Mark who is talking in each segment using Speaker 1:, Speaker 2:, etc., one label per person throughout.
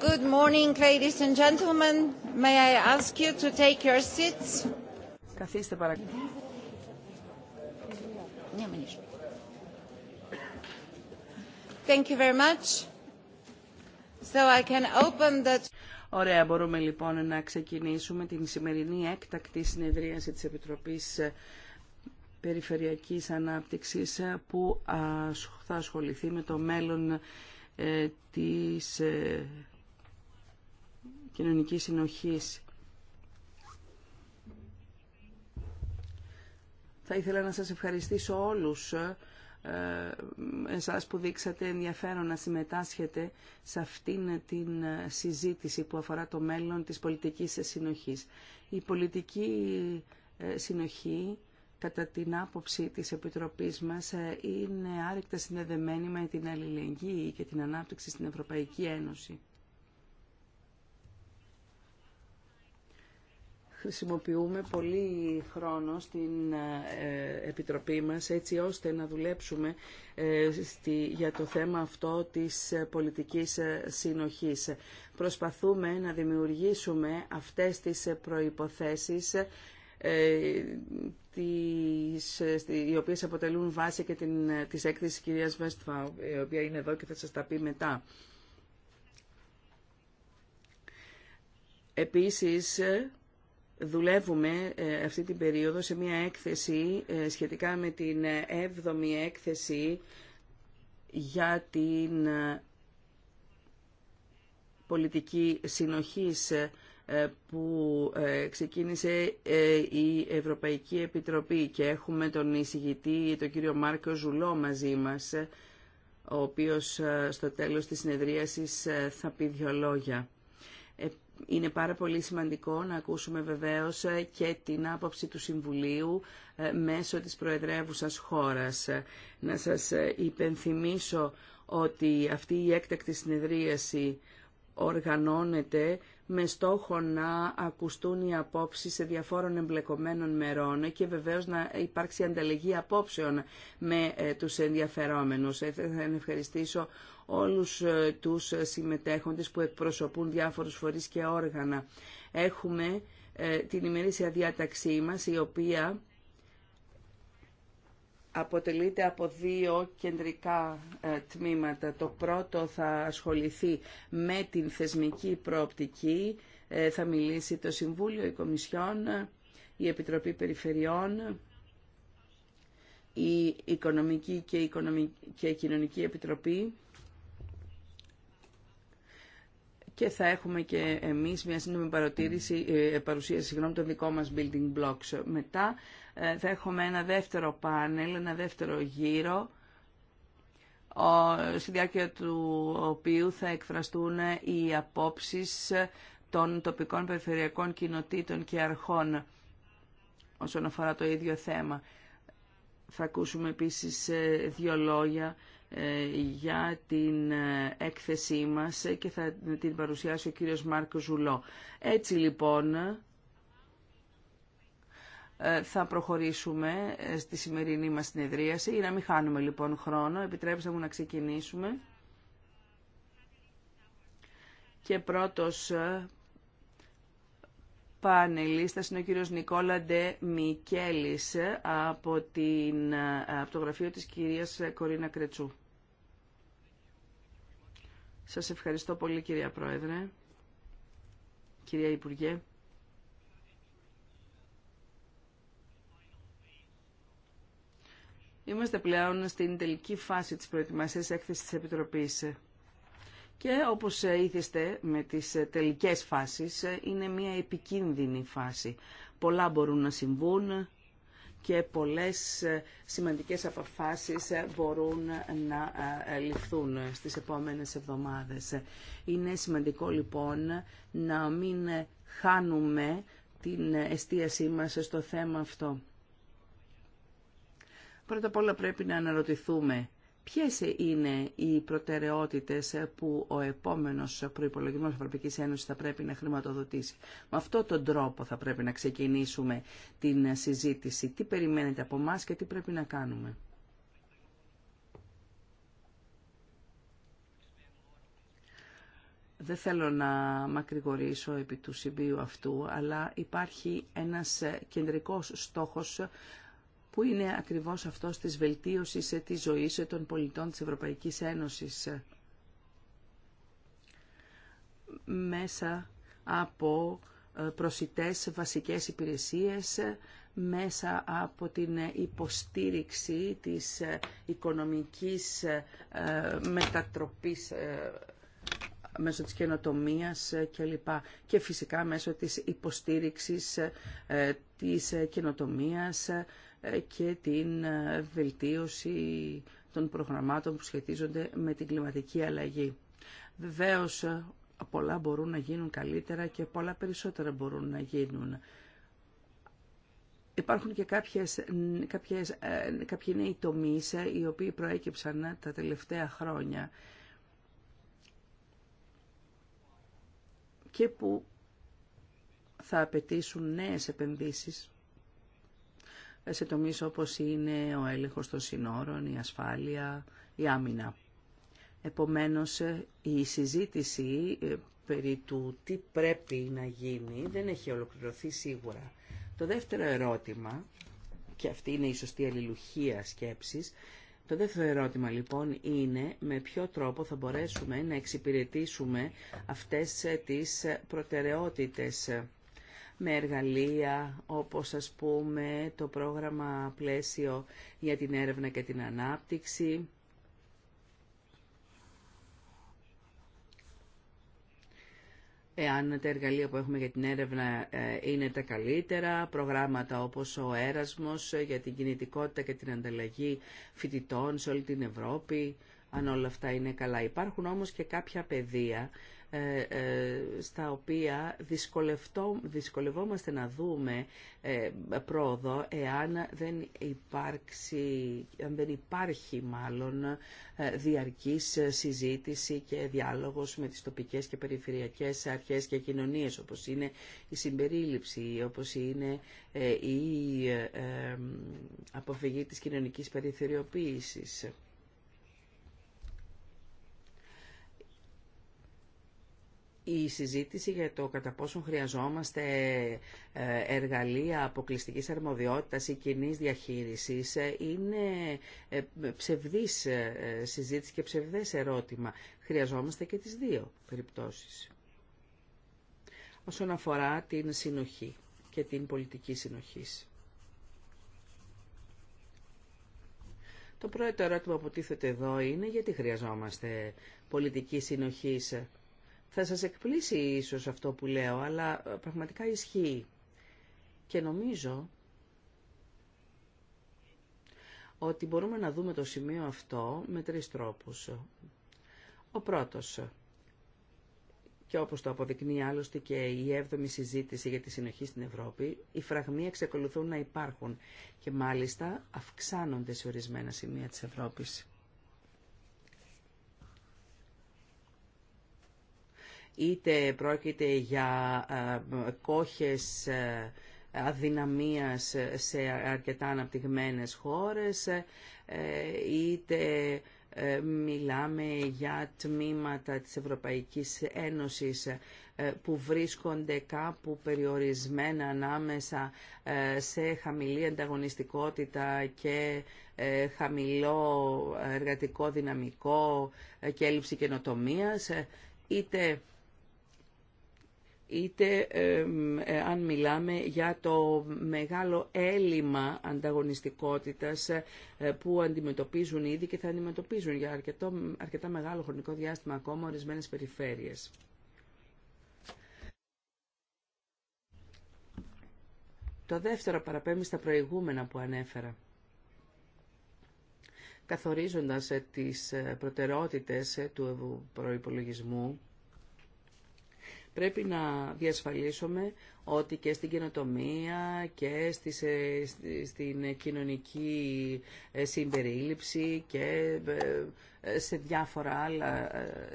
Speaker 1: Good morning, ladies and gentlemen. May I ask you to take your seats?
Speaker 2: Καθίστε παρακαλώ.
Speaker 1: Thank you very much.
Speaker 2: So I can
Speaker 3: open the... Ωραία, μπορούμε λοιπόν να ξεκινήσουμε την σημερινή έκτακτη συνεδρίαση της Επιτροπής Περιφερειακής Ανάπτυξης που θα ασχοληθεί με το μέλλον ε, της ε, κοινωνική συνοχής. Θα ήθελα να σας ευχαριστήσω όλους ε, εσάς που δείξατε ενδιαφέρον να συμμετάσχετε σε αυτήν την συζήτηση που αφορά το μέλλον της πολιτικής συνοχής. Η πολιτική ε, συνοχή κατά την άποψη της Επιτροπής μας ε, είναι άρρηκτα συνδεδεμένη με την αλληλεγγύη και την ανάπτυξη στην Ευρωπαϊκή Ένωση. χρησιμοποιούμε πολύ χρόνο στην ε, Επιτροπή μας έτσι ώστε να δουλέψουμε ε, για το θέμα αυτό της ε, πολιτικής συνοχής. Προσπαθούμε να δημιουργήσουμε αυτές τις προϋποθέσεις τις, οι οποίες αποτελούν βάση και την, της έκθεσης κυρίας Βέστφα, η οποία είναι εδώ και θα σας τα πει μετά. Επίσης, δουλεύουμε ε, αυτή την περίοδο σε μια έκθεση ε, σχετικά με την 7η ε, έκθεση για την πολιτική συνοχής που ξεκίνησε η Ευρωπαϊκή Επιτροπή και έχουμε τον εισηγητή, τον κύριο Μάρκο Ζουλό μαζί μας, ο οποίος στο τέλος της συνεδρίασης θα πει δυο λόγια είναι πάρα πολύ σημαντικό να ακούσουμε βεβαίως ε, και την άποψη του Συμβουλίου ε, μέσω της προεδρεύουσας χώρας. Να σας ε, υπενθυμίσω ότι αυτή η έκτακτη συνεδρίαση οργανώνεται με στόχο να ακουστούν οι απόψεις σε διαφόρων εμπλεκομένων μερών και βεβαίως να υπάρξει ανταλλαγή απόψεων με ε, τους ενδιαφερόμενους. Ε, θα ευχαριστήσω όλους ε, τους συμμετέχοντες που εκπροσωπούν διάφορους φορείς και όργανα. Έχουμε την ημερήσια διάταξή μας η οποία αποτελείται από δύο κεντρικά ε, τμήματα. Το πρώτο θα ασχοληθεί με την θεσμική προοπτική, ε, θα μιλήσει το Συμβούλιο, η Κομισιόν, η Επιτροπή Περιφερειών, η Οικονομική και, Οικονομική και Κοινωνική Επιτροπή και θα έχουμε και εμείς μια σύντομη ε, παρουσίαση συγγνώμη, των δικών μας building blocks. Μετά ε, θα έχουμε ένα δεύτερο πάνελ, ένα δεύτερο γύρο, στη διάρκεια του οποίου θα εκφραστούν οι απόψεις των τοπικών περιφερειακών κοινοτήτων και αρχών όσον αφορά το ίδιο θέμα. Θα ακούσουμε επίσης ε, δύο λόγια ε, για την έκθεσή μας και θα την παρουσιάσει ο κύριος Μάρκο Ζουλό. Έτσι λοιπόν ε, θα προχωρήσουμε ε, στη σημερινή μας συνεδρίαση. Ή να μην χάνουμε λοιπόν χρόνο, επιτρέψτε μου να ξεκινήσουμε. Και πρώτος ε, πανελίστας είναι ο κύριος Νικόλα Ντε Μικέλης από, την, από το γραφείο της κυρίας Κορίνα Κρετσού. Σας ευχαριστώ πολύ κυρία Πρόεδρε, κυρία Υπουργέ. Είμαστε πλέον στην τελική φάση της προετοιμασίας έκθεσης της Επιτροπής. Και όπως ήθεστε με τις τελικές φάσεις, είναι μια επικίνδυνη φάση. Πολλά μπορούν να συμβούν και πολλές σημαντικές αποφάσεις μπορούν να ε, ληφθούν στις επόμενες εβδομάδες. Είναι σημαντικό λοιπόν να μην χάνουμε την εστίασή μας στο θέμα αυτό. Πρώτα απ' όλα πρέπει να αναρωτηθούμε ποιες είναι οι προτεραιότητες που ο επόμενος προϋπολογισμός Ευρωπαϊκής Ένωσης θα πρέπει να χρηματοδοτήσει. Με αυτόν τον τρόπο θα πρέπει να ξεκινήσουμε την συζήτηση. Τι περιμένετε από εμά και τι πρέπει να κάνουμε. Δεν θέλω να μακρηγορήσω επί του συμπίου αυτού, αλλά υπάρχει ένας κεντρικός στόχος που είναι ακριβώς αυτός της βελτίωσης ε, της ζωής ε, των πολιτών της Ευρωπαϊκής Ένωσης ε? μέσα από προσιτές βασικές υπηρεσίες μέσα από την υποστήριξη της οικονομικής μετατροπής μέσω της καινοτομίας κλπ. Και φυσικά μέσω της υποστήριξης της καινοτομίας, ε, και την ε, βελτίωση των προγραμμάτων που σχετίζονται με την κλιματική αλλαγή. Βεβαίως, ε, πολλά μπορούν να γίνουν καλύτερα και πολλά περισσότερα μπορούν να γίνουν. Υπάρχουν και κάποιες, κάποιες, κάποιοι νέοι τομείς οι οποίοι προέκυψαν τα τελευταία χρόνια και που θα απαιτήσουν νέες επενδύσεις σε τομείς όπως είναι ο έλεγχος των συνόρων, η ασφάλεια, η άμυνα. Επομένως, η συζήτηση ε, περί του τι πρέπει να γίνει δεν έχει ολοκληρωθεί σίγουρα. Το δεύτερο ερώτημα, και αυτή είναι η σωστή αλληλουχία σκέψης, το δεύτερο ερώτημα λοιπόν είναι με ποιο τρόπο θα μπορέσουμε να εξυπηρετήσουμε αυτές τις προτεραιότητες με εργαλεία όπως ας πούμε το πρόγραμμα πλαίσιο για την έρευνα και την ανάπτυξη, εάν τα εργαλεία που έχουμε για την έρευνα ε, είναι τα καλύτερα, προγράμματα όπως ο Έρασμος ε, για την κινητικότητα και την ανταλλαγή φοιτητών σε όλη την Ευρώπη, αν όλα αυτά είναι καλά. Υπάρχουν όμως και κάποια πεδία ε, ε, στα οποία δυσκολευόμαστε να δούμε ε, πρόοδο εάν δεν υπάρξει, δεν υπάρχει μάλλον διαρκής συζήτηση και διάλογος με τις τοπικές και περιφερειακές αρχές και κοινωνίες όπως είναι η συμπερίληψη, όπως είναι η αποφυγή της κοινωνικής περιθωριοποίησης. η συζήτηση για το κατά πόσον χρειαζόμαστε ε, εργαλεία αποκλειστικής αρμοδιότητας ή κοινή διαχείρισης ε, είναι ε, ψευδής συζήτηση και ψευδές ερώτημα. Χρειαζόμαστε και τις δύο περιπτώσεις. Όσον αφορά την συνοχή και την πολιτική συνοχής. Το πρώτο ερώτημα που τίθεται εδώ είναι γιατί χρειαζόμαστε πολιτική συνοχή. Θα σας εκπλήσει ίσως αυτό που λέω, αλλά ε, πραγματικά ισχύει. Και νομίζω ότι μπορούμε να δούμε το σημείο αυτό με τρεις τρόπους. Ο πρώτος, και όπως το αποδεικνύει άλλωστε και η έβδομη συζήτηση για τη συνοχή στην Ευρώπη, οι φραγμοί εξακολουθούν να υπάρχουν και μάλιστα αυξάνονται σε ορισμένα σημεία της Ευρώπης. είτε πρόκειται για ε, κόχες ε, αδυναμίας σε αρκετά αναπτυγμένες χώρες, ε, είτε μιλάμε για τμήματα της Ευρωπαϊκής Ένωσης που βρίσκονται κάπου περιορισμένα ανάμεσα σε χαμηλή ανταγωνιστικότητα και χαμηλό εργατικό δυναμικό και έλλειψη καινοτομίας, είτε είτε ε, αν μιλάμε για το μεγάλο έλλειμμα ανταγωνιστικότητας ε, που αντιμετωπίζουν ήδη και θα αντιμετωπίζουν για αρκετό, αρκετά μεγάλο χρονικό διάστημα ακόμα ορισμένες περιφέρειες. Το δεύτερο παραπέμπει στα προηγούμενα που ανέφερα καθορίζοντας ε, τις προτεραιότητες του προϋπολογισμού Πρέπει να διασφαλίσουμε ότι και στην καινοτομία και στις, ε, στην κοινωνική ε, συμπερίληψη και ε, σε διάφορα άλλα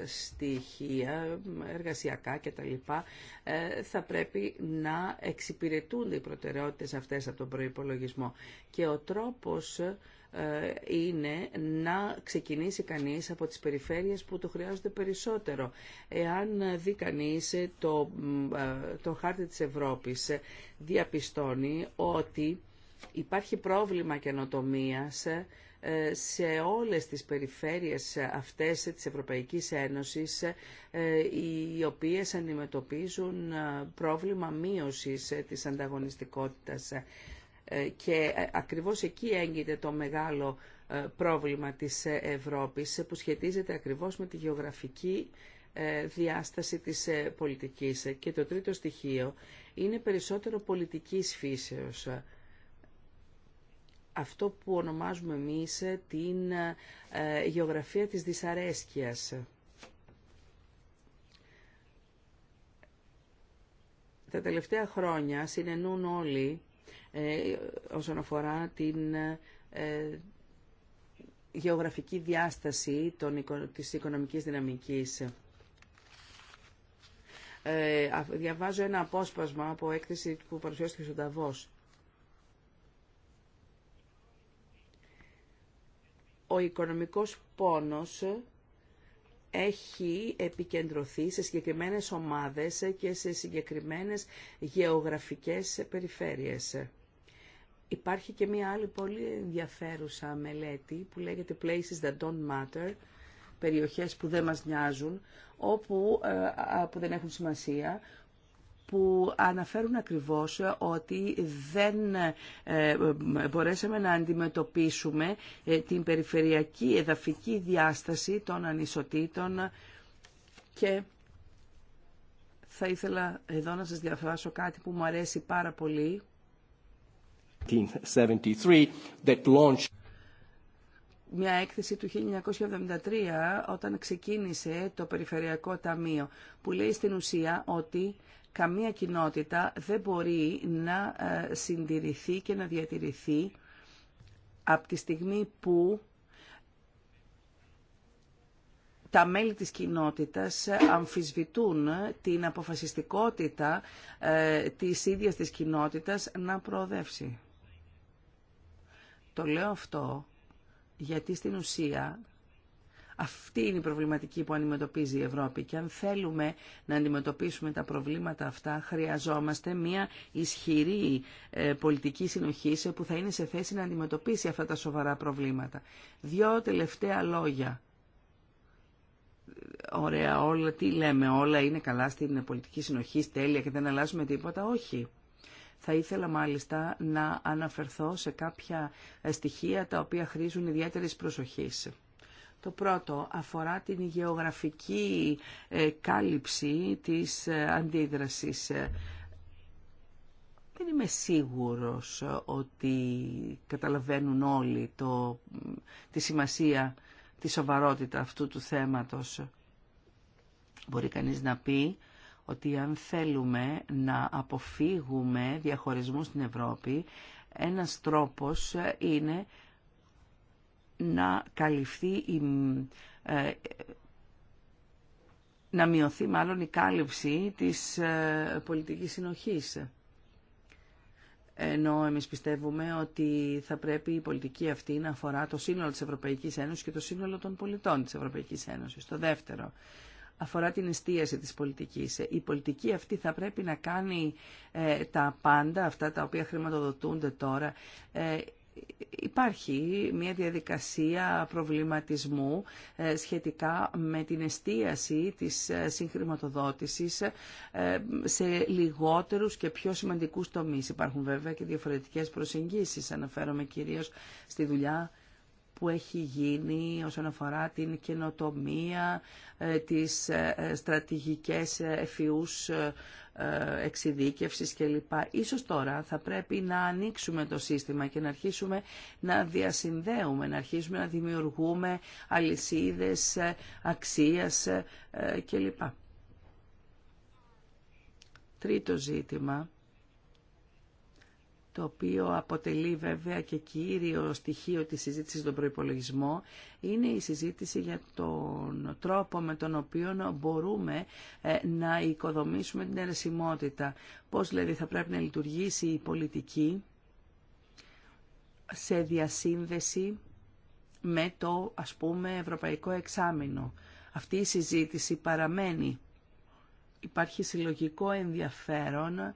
Speaker 3: στοιχεία, εργασιακά κτλ. θα πρέπει να εξυπηρετούνται οι προτεραιότητες αυτές από τον προϋπολογισμό. Και ο τρόπος ε, είναι να ξεκινήσει κανείς από τις περιφέρειες που το χρειάζονται περισσότερο. Εάν δει κανείς το, ε, το χάρτη της Ευρώπης, διαπιστώνει ότι υπάρχει πρόβλημα καινοτομίας ε, σε όλες τις περιφέρειες αυτές της Ευρωπαϊκής Ένωσης οι οποίες αντιμετωπίζουν πρόβλημα μείωσης της ανταγωνιστικότητας. Ε, και ε, ακριβώς εκεί έγκυται το μεγάλο ε, πρόβλημα της Ευρώπης που σχετίζεται ακριβώς με τη γεωγραφική διάσταση της πολιτικής. Και το τρίτο στοιχείο είναι περισσότερο πολιτικής φύσεως. Αυτό που ονομάζουμε εμείς την γεωγραφία της δυσαρέσκειας. Τα τελευταία χρόνια συνενούν όλοι ε, όσον αφορά την ε, γεωγραφική διάσταση των, της οικονομικής δυναμικής. Ε, διαβάζω ένα απόσπασμα από έκθεση που παρουσιάστηκε στον Ταβός. Ο οικονομικός πόνος έχει επικεντρωθεί σε συγκεκριμένες ομάδες και σε συγκεκριμένες γεωγραφικές περιφέρειες. Υπάρχει και μία άλλη πολύ ενδιαφέρουσα μελέτη που λέγεται Places That Don't Matter, περιοχές που δεν μας νοιάζουν, όπου, ε, που δεν έχουν σημασία, που αναφέρουν ακριβώς ότι δεν ε, μπορέσαμε να αντιμετωπίσουμε ε, την περιφερειακή εδαφική διάσταση των ανισοτήτων και θα ήθελα εδώ να σας διαβάσω κάτι που μου αρέσει πάρα πολύ
Speaker 2: 1973 that launched
Speaker 3: μια έκθεση του 1973 όταν ξεκίνησε το Περιφερειακό Ταμείο που λέει στην ουσία ότι καμία κοινότητα δεν μπορεί να ε, συντηρηθεί και να διατηρηθεί από τη στιγμή που τα μέλη της κοινότητας αμφισβητούν την αποφασιστικότητα ε, της ίδιας της κοινότητας να προοδεύσει. Το λέω αυτό γιατί στην ουσία αυτή είναι η προβληματική που αντιμετωπίζει η Ευρώπη και αν θέλουμε να αντιμετωπίσουμε τα προβλήματα αυτά χρειαζόμαστε μια ισχυρή ε, πολιτική συνοχή που θα είναι σε θέση να αντιμετωπίσει αυτά τα σοβαρά προβλήματα. Δυο τελευταία λόγια. Ωραία, όλα τι λέμε, όλα είναι καλά στην πολιτική συνοχή, τέλεια και δεν αλλάζουμε τίποτα. Όχι. Θα ήθελα μάλιστα να αναφερθώ σε κάποια ε, στοιχεία τα οποία χρήζουν ιδιαίτερης προσοχής. Το πρώτο αφορά την γεωγραφική ε, κάλυψη της ε, αντίδρασης. Δεν είμαι σίγουρος ότι καταλαβαίνουν όλοι το, τη σημασία, τη σοβαρότητα αυτού του θέματος. Μπορεί κανείς να πει ότι αν θέλουμε να αποφύγουμε διαχωρισμού στην Ευρώπη, ένας τρόπος είναι να καλυφθεί η, ε, να μειωθεί μάλλον η κάλυψη της ε, πολιτικής συνοχής. Ενώ εμείς πιστεύουμε ότι θα πρέπει η πολιτική αυτή να αφορά το σύνολο της Ευρωπαϊκής Ένωσης και το σύνολο των πολιτών της Ευρωπαϊκής Ένωσης. Το δεύτερο, αφορά την εστίαση της πολιτικής. Ε, η πολιτική αυτή θα πρέπει να κάνει ε, τα πάντα, αυτά τα οποία χρηματοδοτούνται τώρα, ε, Υπάρχει μια διαδικασία προβληματισμού σχετικά με την εστίαση της συγχρηματοδότησης σε λιγότερους και πιο σημαντικούς τομείς. Υπάρχουν βέβαια και διαφορετικές προσεγγίσεις. Αναφέρομαι κυρίως στη δουλειά που έχει γίνει όσον αφορά την καινοτομία, ε, της ε, ε, στρατηγικές εφιούς εξειδίκευσης κλπ. Ίσως τώρα θα πρέπει να ανοίξουμε το σύστημα και να αρχίσουμε να διασυνδέουμε, να αρχίσουμε να δημιουργούμε αλυσίδες αξίας κλπ. Τρίτο ζήτημα το οποίο αποτελεί βέβαια και κύριο στοιχείο της συζήτησης στον προϋπολογισμό, είναι η συζήτηση για τον τρόπο με τον οποίο μπορούμε ε, να οικοδομήσουμε την αιρεσιμότητα. Πώς δηλαδή θα πρέπει να λειτουργήσει η πολιτική σε διασύνδεση με το ας πούμε ευρωπαϊκό εξάμεινο. Αυτή η συζήτηση παραμένει. Υπάρχει συλλογικό ενδιαφέρον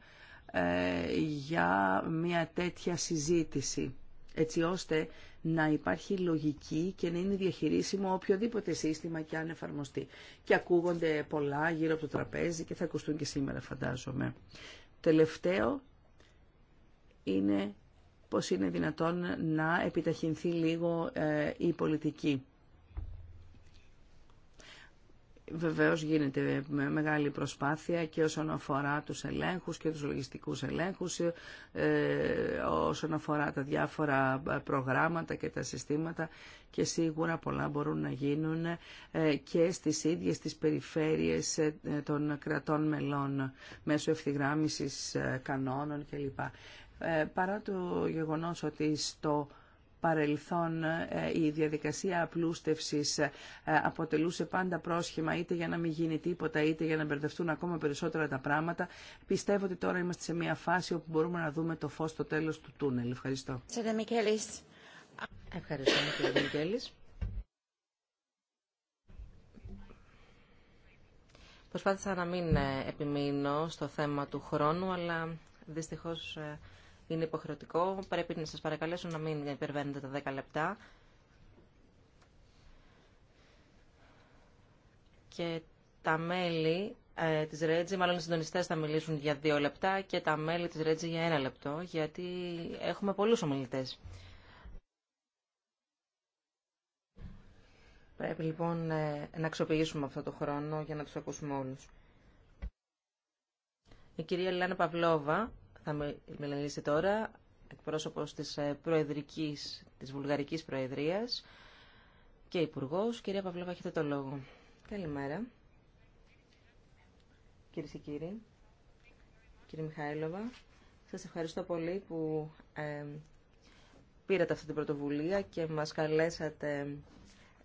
Speaker 3: ε, για μια τέτοια συζήτηση έτσι ώστε να υπάρχει λογική και να είναι διαχειρίσιμο οποιοδήποτε σύστημα και αν εφαρμοστεί. Και ακούγονται πολλά γύρω από το τραπέζι και θα ακουστούν και σήμερα φαντάζομαι. Τελευταίο είναι πως είναι δυνατόν να επιταχυνθεί λίγο ε, η πολιτική. Βεβαίως γίνεται με μεγάλη προσπάθεια και όσον αφορά τους ελέγχους και τους λογιστικούς ελέγχους, ε, όσον αφορά τα διάφορα προγράμματα και τα συστήματα και σίγουρα πολλά μπορούν να γίνουν ε, και στις ίδιες τις περιφέρειες ε, των κρατών μελών μέσω ευθυγράμμισης κανόνων κλπ. Παρά το γεγονός ότι στο παρελθόν ε, η διαδικασία απλούστευσης ε, αποτελούσε πάντα πρόσχημα είτε για να μην γίνει τίποτα είτε για να μπερδευτούν ακόμα περισσότερα τα πράγματα. Πιστεύω ότι τώρα είμαστε σε μια φάση όπου μπορούμε να δούμε το φως στο τέλος του τούνελ. Ευχαριστώ.
Speaker 2: Ευχαριστώ κύριε Μικέλης. Προσπάθησα να μην ε, επιμείνω στο θέμα του χρόνου, αλλά δυστυχώς είναι υποχρεωτικό. Πρέπει να σας παρακαλέσω να μην υπερβαίνετε τα 10 λεπτά. Και τα μέλη ε, της Ρέτζη, μάλλον οι συντονιστές θα μιλήσουν για δύο λεπτά και τα μέλη της Ρέτζη για ένα λεπτό, γιατί έχουμε πολλούς ομιλητές. Πρέπει λοιπόν ε, να αξιοποιήσουμε αυτό το χρόνο για να τους ακούσουμε όλους. Η κυρία Ελένα Παυλόβα θα μιλήσει τώρα εκπρόσωπο της ε, Προεδρικής, της Βουλγαρικής Προεδρίας και υπουργό. Κυρία Παυλόβα, έχετε το λόγο. Καλημέρα. Κυρίε και κύριοι, κύριε Μιχαήλοβα, σας ευχαριστώ πολύ που ε, πήρατε αυτή την πρωτοβουλία και μας καλέσατε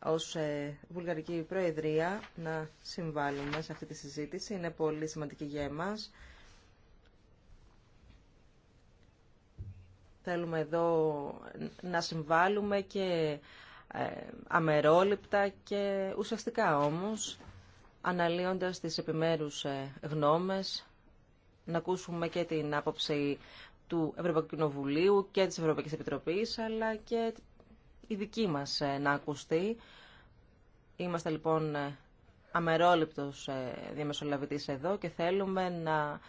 Speaker 2: ως ε, Βουλγαρική Προεδρία να συμβάλλουμε σε αυτή τη συζήτηση. Είναι πολύ σημαντική για εμάς Θέλουμε εδώ να συμβάλλουμε και ε, αμερόληπτα και ουσιαστικά όμως αναλύοντας τις επιμέρους ε, γνώμες να ακούσουμε και την άποψη του Ευρωπαϊκού Κοινοβουλίου και της Ευρωπαϊκής Επιτροπής αλλά και η δική μας ε, να ακουστεί. Είμαστε λοιπόν αμερόληπτος διαμεσολαβητής εδώ και θέλουμε να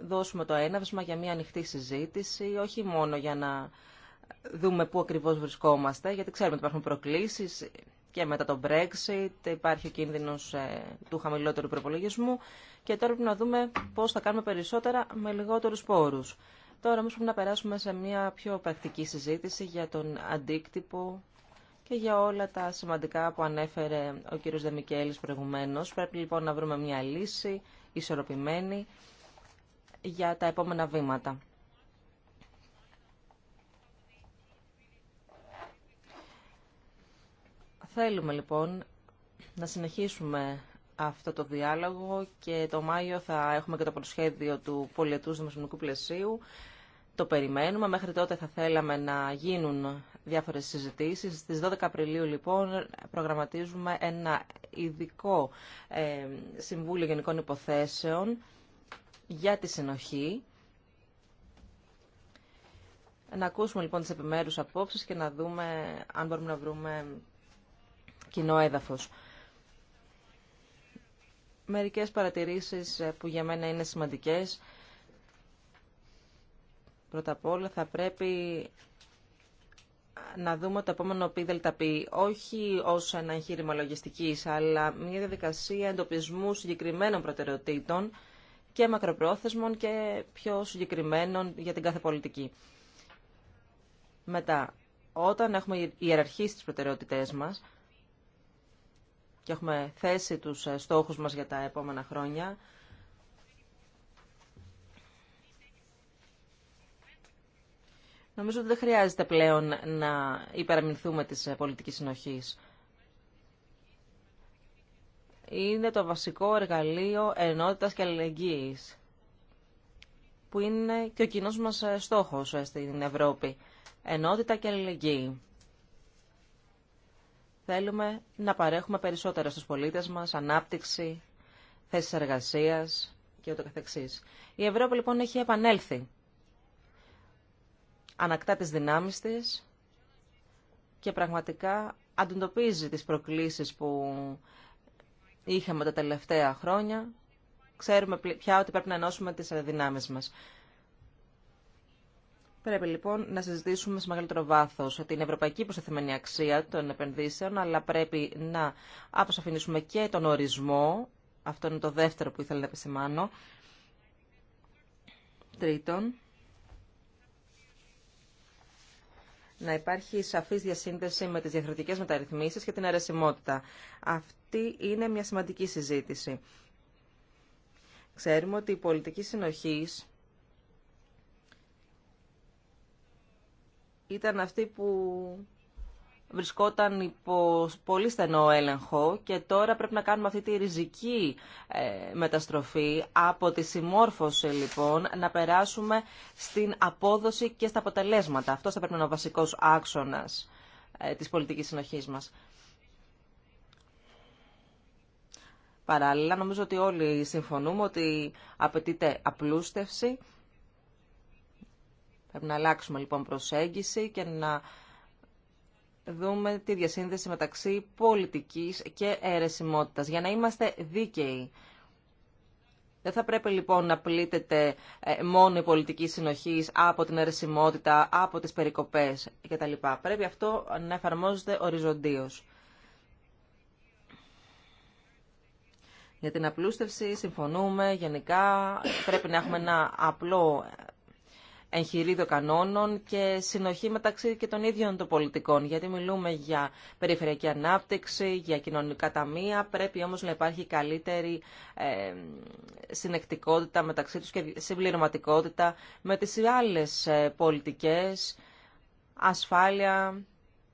Speaker 2: δώσουμε το έναυσμα για μια ανοιχτή συζήτηση, όχι μόνο για να δούμε πού ακριβώς βρισκόμαστε, γιατί ξέρουμε ότι υπάρχουν προκλήσεις και μετά το Brexit, υπάρχει ο κίνδυνος ε, του χαμηλότερου προπολογισμού και τώρα πρέπει να δούμε πώς θα κάνουμε περισσότερα με λιγότερους πόρους. Τώρα όμως πρέπει να περάσουμε σε μια πιο πρακτική συζήτηση για τον αντίκτυπο και για όλα τα σημαντικά που ανέφερε ο κύριος Δεμικέλης προηγουμένως. Πρέπει λοιπόν να βρούμε μια λύση ισορροπημένη για τα επόμενα βήματα. Θέλουμε λοιπόν να συνεχίσουμε αυτό το διάλογο και το Μάιο θα έχουμε και το προσχέδιο του πολιετούς δημοσιονομικού πλαισίου. Το περιμένουμε. Μέχρι τότε θα θέλαμε να γίνουν διάφορες συζητήσεις. Στις 12 Απριλίου λοιπόν προγραμματίζουμε ένα ειδικό ε, Συμβούλιο Γενικών Υποθέσεων για τη συνοχή. Να ακούσουμε λοιπόν τις επιμέρους απόψεις και να δούμε αν μπορούμε να βρούμε κοινό έδαφος. Μερικές παρατηρήσεις ε, που για μένα είναι σημαντικές. Πρώτα απ' όλα θα πρέπει να δούμε το επόμενο πι όχι ως ένα εγχείρημα λογιστικής, αλλά μια διαδικασία εντοπισμού συγκεκριμένων προτεραιοτήτων, και μακροπρόθεσμων και πιο συγκεκριμένων για την κάθε πολιτική. Μετά, όταν έχουμε ιεραρχήσει τις προτεραιότητές μας και έχουμε θέσει τους ε, στόχους μας για τα επόμενα χρόνια, νομίζω ότι δεν χρειάζεται πλέον να υπεραμεινθούμε της ε, πολιτικής συνοχής είναι το βασικό εργαλείο ενότητας και αλληλεγγύης, που είναι και ο κοινός μας ε, στόχος ε, στην Ευρώπη. Ενότητα και αλληλεγγύη. Θέλουμε να παρέχουμε περισσότερα στους πολίτες μας, ανάπτυξη, θέσεις εργασίας και ούτω καθεξής. Η Ευρώπη λοιπόν έχει επανέλθει. Ανακτά τις δυνάμεις της και πραγματικά αντιμετωπίζει τις προκλήσεις που είχαμε τα τελευταία χρόνια. Ξέρουμε πια ότι πρέπει να ενώσουμε τις δυνάμεις μας. Πρέπει λοιπόν να συζητήσουμε σε μεγαλύτερο βάθο την ευρωπαϊκή προσθεθμένη αξία των επενδύσεων, αλλά πρέπει να αποσαφηνίσουμε και τον ορισμό. Αυτό είναι το δεύτερο που ήθελα να επισημάνω. Τρίτον, να υπάρχει σαφής διασύνδεση με τι διαφορετικέ μεταρρυθμίσει και την αρεσιμότητα. Αυτή είναι μια σημαντική συζήτηση. Ξέρουμε ότι η πολιτική συνοχή ήταν αυτή που βρισκόταν υπό πολύ στενό έλεγχο και τώρα πρέπει να κάνουμε αυτή τη ριζική ε, μεταστροφή από τη συμμόρφωση λοιπόν να περάσουμε στην απόδοση και στα αποτελέσματα. Αυτό θα πρέπει να είναι ο βασικός άξονας ε, της πολιτικής συνοχής μας. Παράλληλα, νομίζω ότι όλοι συμφωνούμε ότι απαιτείται απλούστευση. Πρέπει να αλλάξουμε λοιπόν προσέγγιση και να δούμε τη διασύνδεση μεταξύ πολιτικής και αιρεσιμότητας, για να είμαστε δίκαιοι. Δεν θα πρέπει λοιπόν να πλήττεται ε, μόνο η πολιτική συνοχή από την αιρεσιμότητα, από τις περικοπές κτλ. Πρέπει αυτό να εφαρμόζεται οριζοντίως. Για την απλούστευση συμφωνούμε γενικά. Πρέπει να έχουμε ένα απλό εγχειρίδιο κανόνων και συνοχή μεταξύ και των ίδιων των πολιτικών. Γιατί μιλούμε για περιφερειακή ανάπτυξη, για κοινωνικά ταμεία, πρέπει όμως να υπάρχει καλύτερη ε, συνεκτικότητα μεταξύ τους και συμπληρωματικότητα με τις άλλες ε, πολιτικές, ασφάλεια,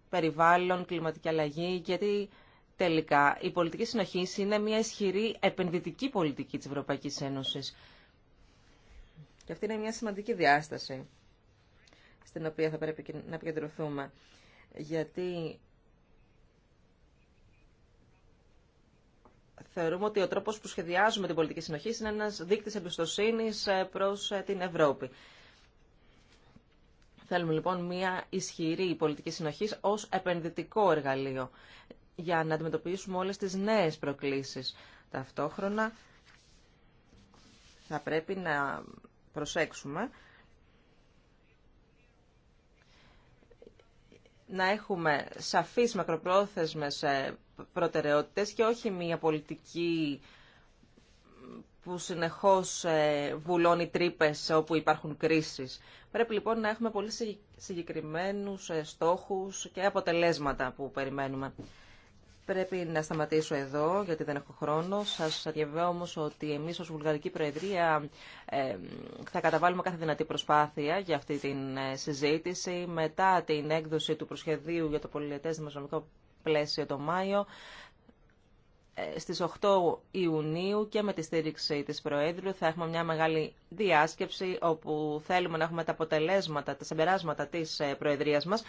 Speaker 2: περιβάλλον, κλιματική αλλαγή, γιατί τελικά η πολιτική συνοχή είναι μια ισχυρή επενδυτική πολιτική της Ευρωπαϊκής Ένωσης. Και αυτή είναι μια σημαντική διάσταση στην οποία θα πρέπει να επικεντρωθούμε. Γιατί θεωρούμε ότι ο τρόπος που σχεδιάζουμε την πολιτική συνοχή είναι ένας δείκτης εμπιστοσύνης ε, προς ε, την Ευρώπη. Θέλουμε λοιπόν μια ισχυρή πολιτική συνοχή ως επενδυτικό εργαλείο για να αντιμετωπίσουμε όλες τις νέες προκλήσεις. Ταυτόχρονα θα πρέπει να προσέξουμε. να έχουμε σαφείς μακροπρόθεσμες ε, προτεραιότητες και όχι μια πολιτική που συνεχώς ε, βουλώνει τρύπες όπου υπάρχουν κρίσεις. Πρέπει λοιπόν να έχουμε πολύ συγκεκριμένους ε, στόχους και αποτελέσματα που περιμένουμε. Πρέπει να σταματήσω εδώ, γιατί δεν έχω χρόνο. Σας διαβεβαιώ όμω ότι εμείς ως Βουλγαρική Προεδρία θα καταβάλουμε κάθε δυνατή προσπάθεια για αυτή την ε, συζήτηση. Μετά την έκδοση του προσχεδίου για το πολυετές δημοσιονομικό πλαίσιο το Μάιο, ε, στις 8 Ιουνίου και με τη στήριξη της Προέδρου θα έχουμε μια μεγάλη διάσκεψη όπου θέλουμε να έχουμε τα αποτελέσματα, τα συμπεράσματα της ε, Προεδρίας μας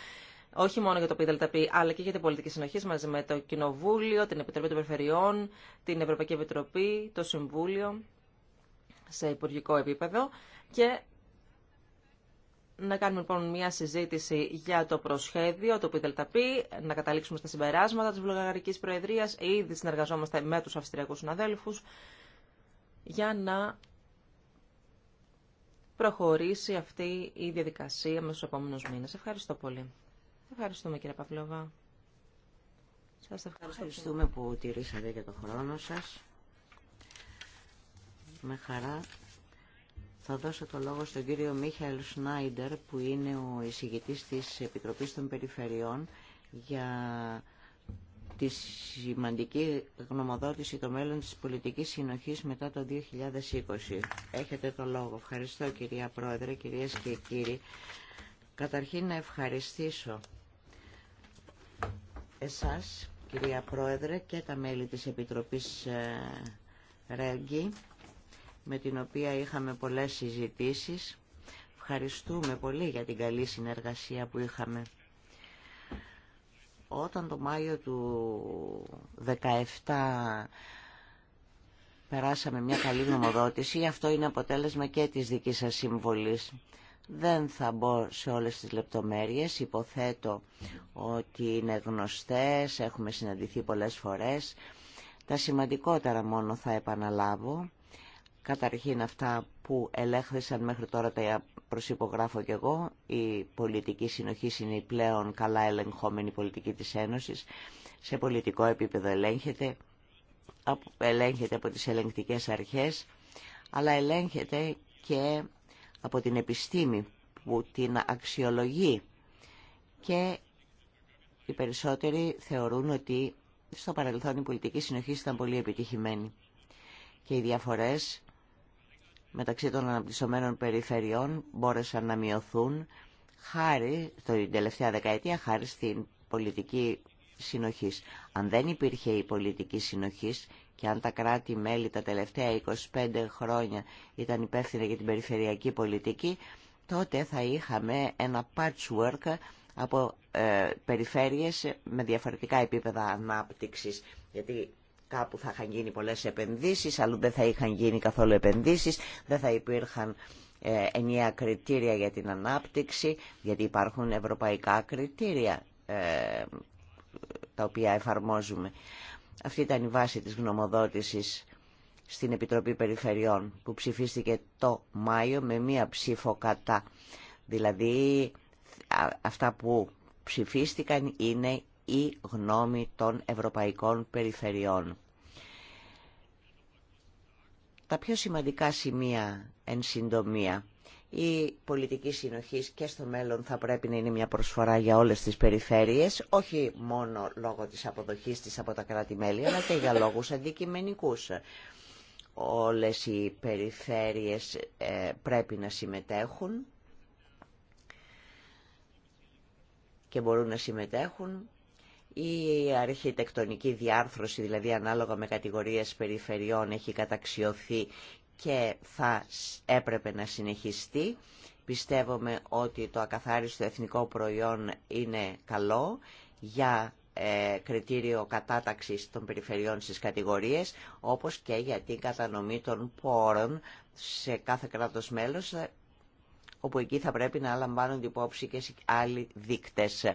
Speaker 2: όχι μόνο για το ΠΔΠ, αλλά και για την πολιτική συνοχή μαζί με το Κοινοβούλιο, την Επιτροπή των Περιφερειών, την Ευρωπαϊκή Επιτροπή, το Συμβούλιο σε υπουργικό επίπεδο και να κάνουμε λοιπόν μια συζήτηση για το προσχέδιο, το ΠΔΠ, να καταλήξουμε στα συμπεράσματα της Βουλγαρικής Προεδρίας. Ήδη συνεργαζόμαστε με τους Αυστριακούς συναδέλφους για να προχωρήσει αυτή η διαδικασία μέσα στους επόμενους μήνε. Ευχαριστώ πολύ. Ευχαριστούμε κύριε Παπλόβα.
Speaker 1: Σας ευχαριστώ. ευχαριστούμε που τηρήσατε και το χρόνο σας. Με χαρά θα δώσω το λόγο στον κύριο Μίχαλ Σνάιντερ που είναι ο εισηγητής της Επιτροπής των Περιφερειών για τη σημαντική γνωμοδότηση το μέλλον της πολιτικής συνοχής μετά το 2020. Έχετε το λόγο. Ευχαριστώ κυρία Πρόεδρε, κυρίες και κύριοι. Καταρχήν να ευχαριστήσω εσάς, κυρία Πρόεδρε, και τα μέλη της Επιτροπής ε, ΡΕΓΚΙ, με την οποία είχαμε πολλές συζητήσεις. Ευχαριστούμε πολύ για την καλή συνεργασία που είχαμε. Όταν το Μάιο του 2017 περάσαμε μια καλή νομοδότηση, αυτό είναι αποτέλεσμα και της δικής σας συμβολής. Δεν θα μπω σε όλες τις λεπτομέρειες, υποθέτω ότι είναι γνωστές, έχουμε συναντηθεί πολλές φορές. Τα σημαντικότερα μόνο θα επαναλάβω. Καταρχήν αυτά που ελέγχθησαν μέχρι τώρα τα προσυπογράφω και εγώ. Η πολιτική συνοχή είναι η πλέον καλά ελεγχόμενη πολιτική της Ένωσης. Σε πολιτικό επίπεδο ελέγχεται, ελέγχεται από τις ελεγκτικές αρχές, αλλά ελέγχεται και από την επιστήμη που την αξιολογεί και οι περισσότεροι θεωρούν ότι στο παρελθόν η πολιτική συνοχή ήταν πολύ επιτυχημένη και οι διαφορές μεταξύ των αναπτυσσομένων περιφερειών μπόρεσαν να μειωθούν χάρη, την τελευταία δεκαετία, χάρη στην πολιτική συνοχής. Αν δεν υπήρχε η πολιτική συνοχής, και αν τα κράτη-μέλη τα τελευταία 25 χρόνια ήταν υπεύθυνα για την περιφερειακή πολιτική, τότε θα είχαμε ένα patchwork από ε, περιφέρειες με διαφορετικά επίπεδα ανάπτυξης. Γιατί κάπου θα είχαν γίνει πολλές επενδύσεις, αλλού δεν θα είχαν γίνει καθόλου επενδύσεις, δεν θα υπήρχαν ε, ενιαία κριτήρια για την ανάπτυξη, γιατί υπάρχουν ευρωπαϊκά κριτήρια ε, τα οποία εφαρμόζουμε. Αυτή ήταν η βάση της γνωμοδότησης στην Επιτροπή Περιφερειών που ψηφίστηκε το Μάιο με μία ψήφο κατά. Δηλαδή αυτά που ψηφίστηκαν είναι η γνώμη των Ευρωπαϊκών Περιφερειών. Τα πιο σημαντικά σημεία εν συντομία η πολιτική συνοχή και στο μέλλον θα πρέπει να είναι μια προσφορά για όλες τις περιφέρειες, όχι μόνο λόγω της αποδοχή τη από τα κράτη-μέλη, αλλά και για λόγου αντικειμενικού. Όλες οι περιφέρειες ε, πρέπει να συμμετέχουν και μπορούν να συμμετέχουν. Η αρχιτεκτονική διάρθρωση, δηλαδή ανάλογα με κατηγορίες περιφερειών, έχει καταξιωθεί και θα έπρεπε να συνεχιστεί. Πιστεύουμε ότι το ακαθάριστο εθνικό προϊόν είναι καλό για ε, κριτήριο κατάταξης των περιφερειών στις κατηγορίες, όπως και για την κατανομή των πόρων σε κάθε κράτος μέλος, ε, όπου εκεί θα πρέπει να λαμβάνονται υπόψη και άλλοι δείκτες.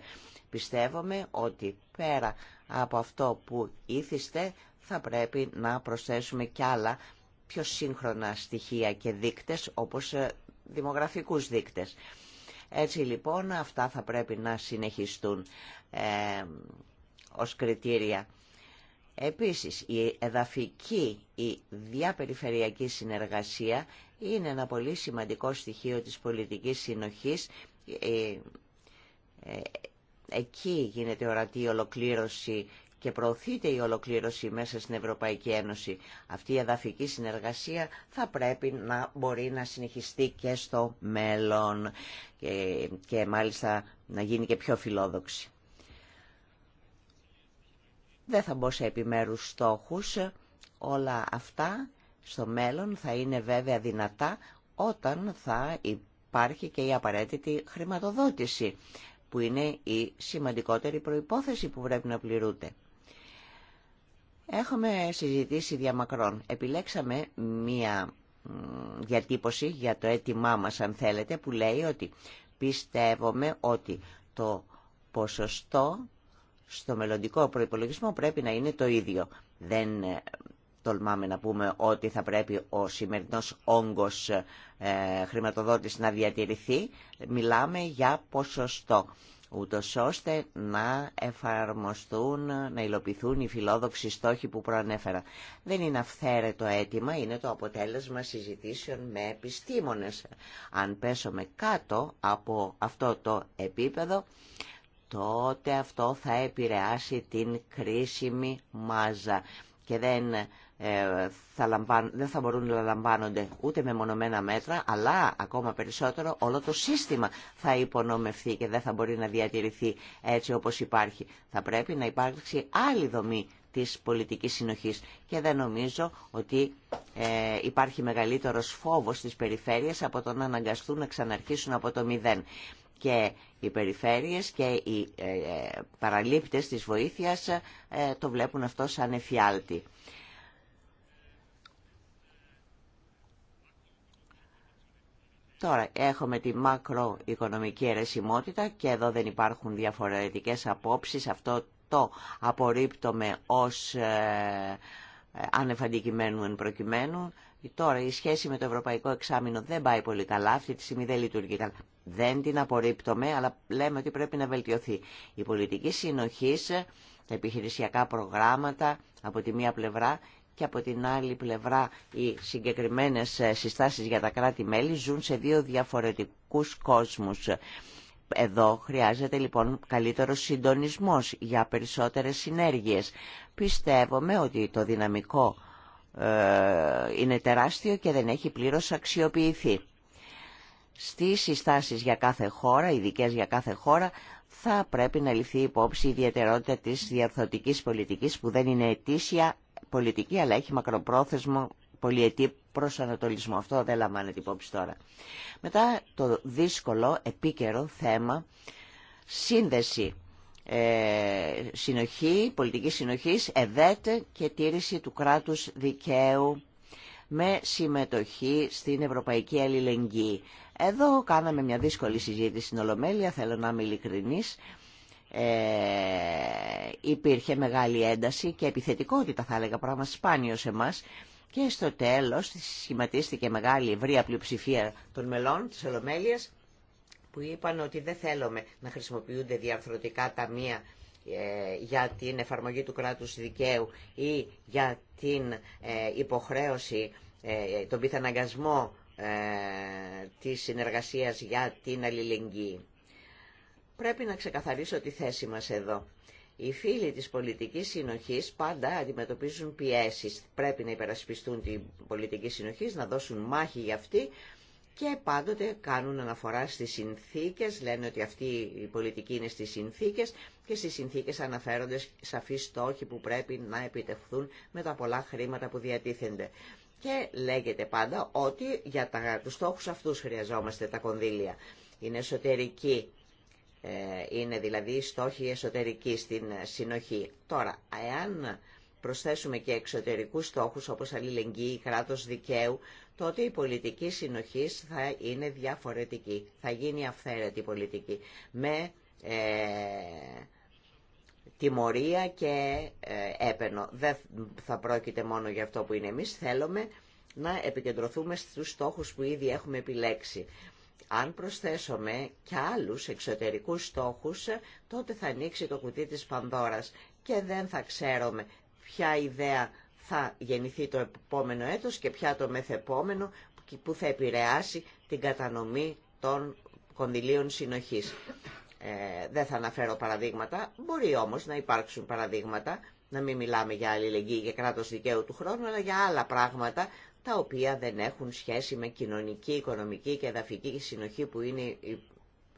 Speaker 1: Πιστεύουμε ότι πέρα από αυτό που ήθιστε, θα πρέπει να προσθέσουμε κι άλλα πιο σύγχρονα στοιχεία και δείκτες όπως ε, δημογραφικούς δείκτες. Έτσι λοιπόν αυτά θα πρέπει να συνεχιστούν ε, ως κριτήρια. Επίσης η εδαφική, η διαπεριφερειακή συνεργασία είναι ένα πολύ σημαντικό στοιχείο της πολιτικής συνοχής. Ε, ε, εκεί γίνεται ορατή η ολοκλήρωση και προωθείται η ολοκλήρωση μέσα στην Ευρωπαϊκή Ένωση. Αυτή η εδαφική συνεργασία θα πρέπει να μπορεί να συνεχιστεί και στο μέλλον και, μάλιστα να γίνει και πιο φιλόδοξη. Δεν θα μπω σε επιμέρους στόχους. Όλα αυτά στο μέλλον θα είναι βέβαια δυνατά όταν θα υπάρχει και η απαραίτητη χρηματοδότηση που είναι η σημαντικότερη προϋπόθεση που πρέπει να πληρούνται. Έχουμε συζητήσει διαμακρών. Επιλέξαμε μία διατύπωση για το αίτημά μας, αν θέλετε, που λέει ότι πιστεύουμε ότι το ποσοστό στο μελλοντικό προϋπολογισμό πρέπει να είναι το ίδιο. Δεν ε, τολμάμε να πούμε ότι θα πρέπει ο σημερινός όγκος ε, χρηματοδότης να διατηρηθεί. Μιλάμε για ποσοστό ούτω ώστε να εφαρμοστούν, να υλοποιηθούν οι φιλόδοξοι στόχοι που προανέφερα. Δεν είναι αυθαίρετο αίτημα, είναι το αποτέλεσμα συζητήσεων με επιστήμονες. Αν πέσουμε κάτω από αυτό το επίπεδο, τότε αυτό θα επηρεάσει την κρίσιμη μάζα και δεν ε, θα δεν θα μπορούν να λαμβάνονται ούτε με μονομένα μέτρα, αλλά ακόμα περισσότερο όλο το σύστημα θα υπονομευθεί και δεν θα μπορεί να διατηρηθεί έτσι όπως υπάρχει. Θα πρέπει να υπάρξει άλλη δομή της πολιτικής συνοχής και δεν νομίζω ότι ε, υπάρχει μεγαλύτερος φόβος στις περιφέρειες από το να αναγκαστούν να ξαναρχίσουν από το μηδέν. Και οι περιφέρειες και οι ε, ε παραλήπτες της βοήθειας ε, το βλέπουν αυτό σαν εφιάλτη. Τώρα έχουμε τη μακροοικονομική αιρεσιμότητα και εδώ δεν υπάρχουν διαφορετικές απόψεις. Αυτό το απορρίπτουμε ως ε, ανεφαντικημένου εν προκειμένου. Τώρα η σχέση με το ευρωπαϊκό εξάμεινο δεν πάει πολύ καλά, αυτή τη στιγμή δεν λειτουργεί καλά. Δεν την απορρίπτωμε, αλλά λέμε ότι πρέπει να βελτιωθεί. Η πολιτική συνοχή, τα επιχειρησιακά προγράμματα από τη μία πλευρά και από την άλλη πλευρά οι συγκεκριμένες ε, συστάσεις για τα κράτη-μέλη ζουν σε δύο διαφορετικούς κόσμους. Εδώ χρειάζεται λοιπόν καλύτερος συντονισμός για περισσότερες συνέργειες. Πιστεύουμε ότι το δυναμικό ε, είναι τεράστιο και δεν έχει πλήρως αξιοποιηθεί. Στις συστάσεις για κάθε χώρα, ειδικέ για κάθε χώρα, θα πρέπει να ληφθεί υπόψη η ιδιαιτερότητα της διαρθωτικής πολιτικής που δεν είναι αιτήσια πολιτική, αλλά έχει μακροπρόθεσμο πολιετή Ανατολισμό. Αυτό δεν λαμβάνεται υπόψη τώρα. Μετά το δύσκολο, επίκαιρο θέμα, σύνδεση ε, συνοχή, πολιτική συνοχής, ΕΔΕΤ και τήρηση του κράτους δικαίου με συμμετοχή στην Ευρωπαϊκή Αλληλεγγύη. Εδώ κάναμε μια δύσκολη συζήτηση στην Ολομέλεια, θέλω να είμαι ειλικρινής ε, υπήρχε μεγάλη ένταση και επιθετικότητα θα έλεγα πράγμα σπάνιο σε εμάς και στο τέλος σχηματίστηκε μεγάλη ευρία πλειοψηφία των μελών της Ολομέλειας που είπαν ότι δεν θέλουμε να χρησιμοποιούνται διαρθρωτικά ταμεία ε, για την εφαρμογή του κράτους δικαίου ή για την ε, υποχρέωση, ε, τον πιθαναγκασμό της συνεργασίας για την αλληλεγγύη. Πρέπει να ξεκαθαρίσω τη θέση μας εδώ. Οι φίλοι της πολιτικής συνοχής πάντα αντιμετωπίζουν πιέσεις. Πρέπει να υπερασπιστούν την πολιτική συνοχής, να δώσουν μάχη για αυτή και πάντοτε κάνουν αναφορά στις συνθήκες, λένε ότι αυτή η πολιτική είναι στις συνθήκες και στις συνθήκες αναφέρονται σαφείς στόχοι που πρέπει να επιτευχθούν με τα πολλά χρήματα που διατίθενται. Και λέγεται πάντα ότι για τα, τους στόχους αυτούς χρειαζόμαστε τα κονδύλια. Είναι εσωτερική ε, είναι δηλαδή οι στόχοι εσωτερικοί στην συνοχή. Τώρα, εάν προσθέσουμε και εξωτερικούς στόχους όπως αλληλεγγύη, κράτος δικαίου, τότε η πολιτική συνοχή θα είναι διαφορετική, θα γίνει αυθαίρετη πολιτική, με ε, τιμωρία και ε, έπαινο. Δεν θα πρόκειται μόνο για αυτό που είναι εμείς, θέλουμε να επικεντρωθούμε στους στόχους που ήδη έχουμε επιλέξει. Αν προσθέσουμε και άλλους εξωτερικούς στόχους, τότε θα ανοίξει το κουτί της Πανδώρας και δεν θα ξέρουμε ποια ιδέα θα γεννηθεί το επόμενο έτος και ποια το μεθεπόμενο που θα επηρεάσει την κατανομή των κονδυλίων συνοχής. Ε, δεν θα αναφέρω παραδείγματα, μπορεί όμως να υπάρξουν παραδείγματα, να μην μιλάμε για αλληλεγγύη και κράτος δικαίου του χρόνου, αλλά για άλλα πράγματα τα οποία δεν έχουν σχέση με κοινωνική, οικονομική και εδαφική συνοχή που είναι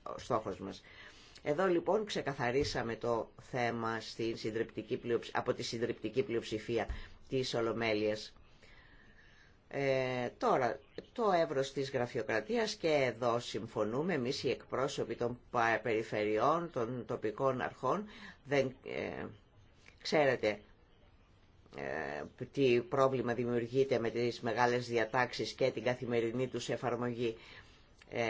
Speaker 1: ο στόχος μας. Εδώ λοιπόν ξεκαθαρίσαμε το θέμα στην συντριπτική από τη συντριπτική πλειοψηφία της Ολομέλειας. Ε, τώρα, το εύρος της γραφειοκρατίας και εδώ συμφωνούμε εμείς οι εκπρόσωποι των περιφερειών, των τοπικών αρχών, δεν, ε, ξέρετε ε, τι πρόβλημα δημιουργείται με τις μεγάλες διατάξεις και την καθημερινή τους εφαρμογή. Ε,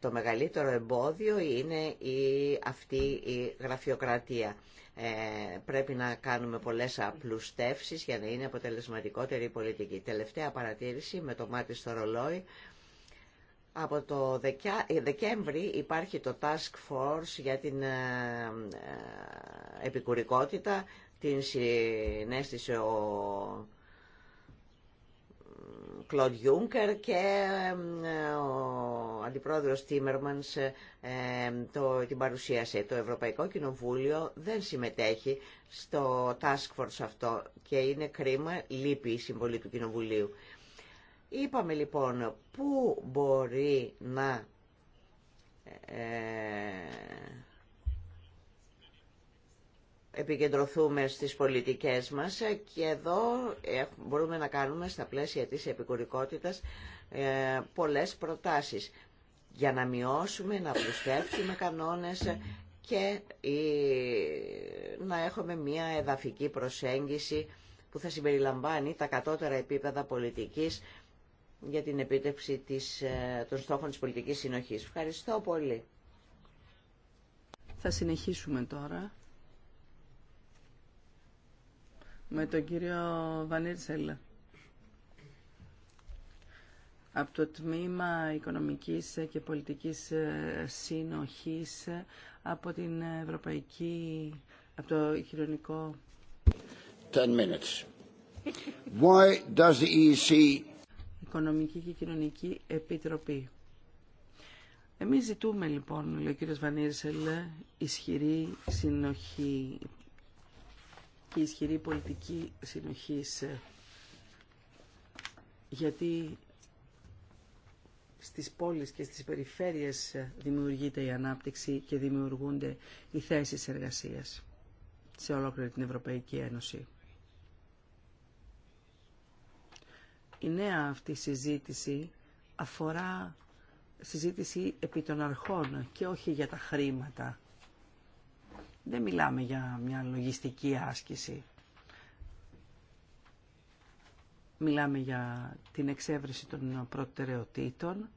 Speaker 1: το μεγαλύτερο εμπόδιο είναι η, αυτή η γραφειοκρατία. Ε, πρέπει να κάνουμε πολλές απλουστεύσεις για να είναι αποτελεσματικότερη η πολιτική. Τελευταία παρατήρηση με το μάτι στο ρολόι. Από το Δεκέμβρη υπάρχει το Task Force για την επικουρικότητα την συνέστησε ο Κλοντ Γιούγκερ και ο αντιπρόεδρος Τίμερμανς το, την παρουσίασε. Το Ευρωπαϊκό Κοινοβούλιο δεν συμμετέχει στο task force αυτό και είναι κρίμα, λείπει η συμβολή του Κοινοβουλίου. Είπαμε λοιπόν πού μπορεί να ε, επικεντρωθούμε στις πολιτικές μας και εδώ μπορούμε να κάνουμε στα πλαίσια της επικουρικότητας ε, πολλές προτάσεις για να μειώσουμε, να πλουστεύσουμε κανόνες και να έχουμε μια εδαφική προσέγγιση που θα συμπεριλαμβάνει τα κατώτερα επίπεδα πολιτικής για την επίτευξη της, ε, των στόχων της πολιτικής συνοχής. Ευχαριστώ πολύ.
Speaker 3: Θα συνεχίσουμε τώρα με τον κύριο Βανίρσελ από το Τμήμα Οικονομικής και Πολιτικής ε, Συνοχής από την Ευρωπαϊκή, από το χειρονικό... 10 minutes. Why does the EC... E Οικονομική και Κοινωνική Επιτροπή. Εμείς ζητούμε λοιπόν, λέει ο κύριος Βανίρσελ, ισχυρή συνοχή, και ισχυρή πολιτική συνοχής γιατί στις πόλεις και στις περιφέρειες δημιουργείται η ανάπτυξη και δημιουργούνται οι θέσεις εργασίας σε ολόκληρη την Ευρωπαϊκή Ένωση. Η νέα αυτή συζήτηση αφορά συζήτηση επί των αρχών και όχι για τα χρήματα δεν μιλάμε για μια λογιστική άσκηση. Μιλάμε για την εξέβρεση των προτεραιοτήτων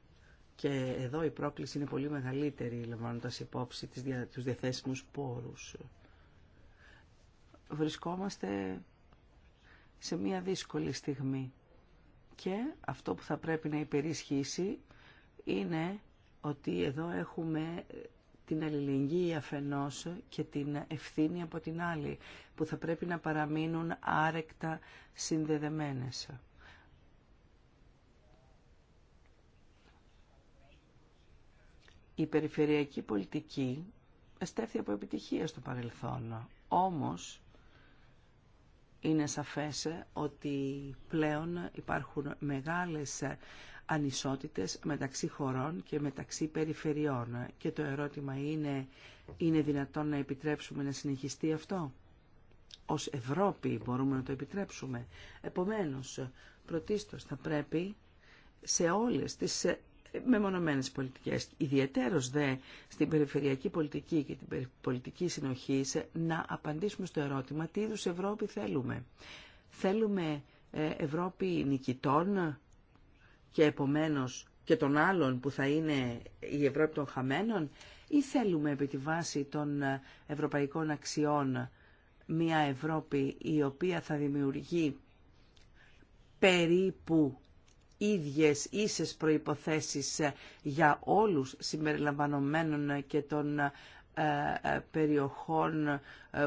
Speaker 3: και εδώ η πρόκληση είναι πολύ μεγαλύτερη λαμβάνοντας υπόψη τις, τους διαθέσιμους πόρους. Βρισκόμαστε σε μια δύσκολη στιγμή και αυτό που θα πρέπει να υπερισχύσει είναι ότι εδώ έχουμε την αλληλεγγύη αφενός και την ευθύνη από την άλλη, που θα πρέπει να παραμείνουν άρεκτα συνδεδεμένες. Η περιφερειακή πολιτική εστέφθη από επιτυχία στο παρελθόν. Όμως, είναι σαφές ότι πλέον υπάρχουν μεγάλες ανισότητες μεταξύ χωρών και μεταξύ περιφερειών. Και το ερώτημα είναι, είναι δυνατόν να επιτρέψουμε να συνεχιστεί αυτό. Ως Ευρώπη μπορούμε να το επιτρέψουμε. Επομένως, πρωτίστως θα πρέπει σε όλες τις ε, μεμονωμένες πολιτικές, ιδιαίτερος δε στην περιφερειακή πολιτική και την πολιτική συνοχή, να απαντήσουμε στο ερώτημα τι είδους Ευρώπη θέλουμε. Θέλουμε ε, Ευρώπη νικητών, και επομένως και των άλλων που θα είναι η Ευρώπη των χαμένων ή θέλουμε επί τη βάση των ευρωπαϊκών αξιών μια Ευρώπη η οποία θα δημιουργεί περίπου ίδιες ίσες προϋποθέσεις για όλους συμπεριλαμβανομένων και των ε, ε, περιοχών ε,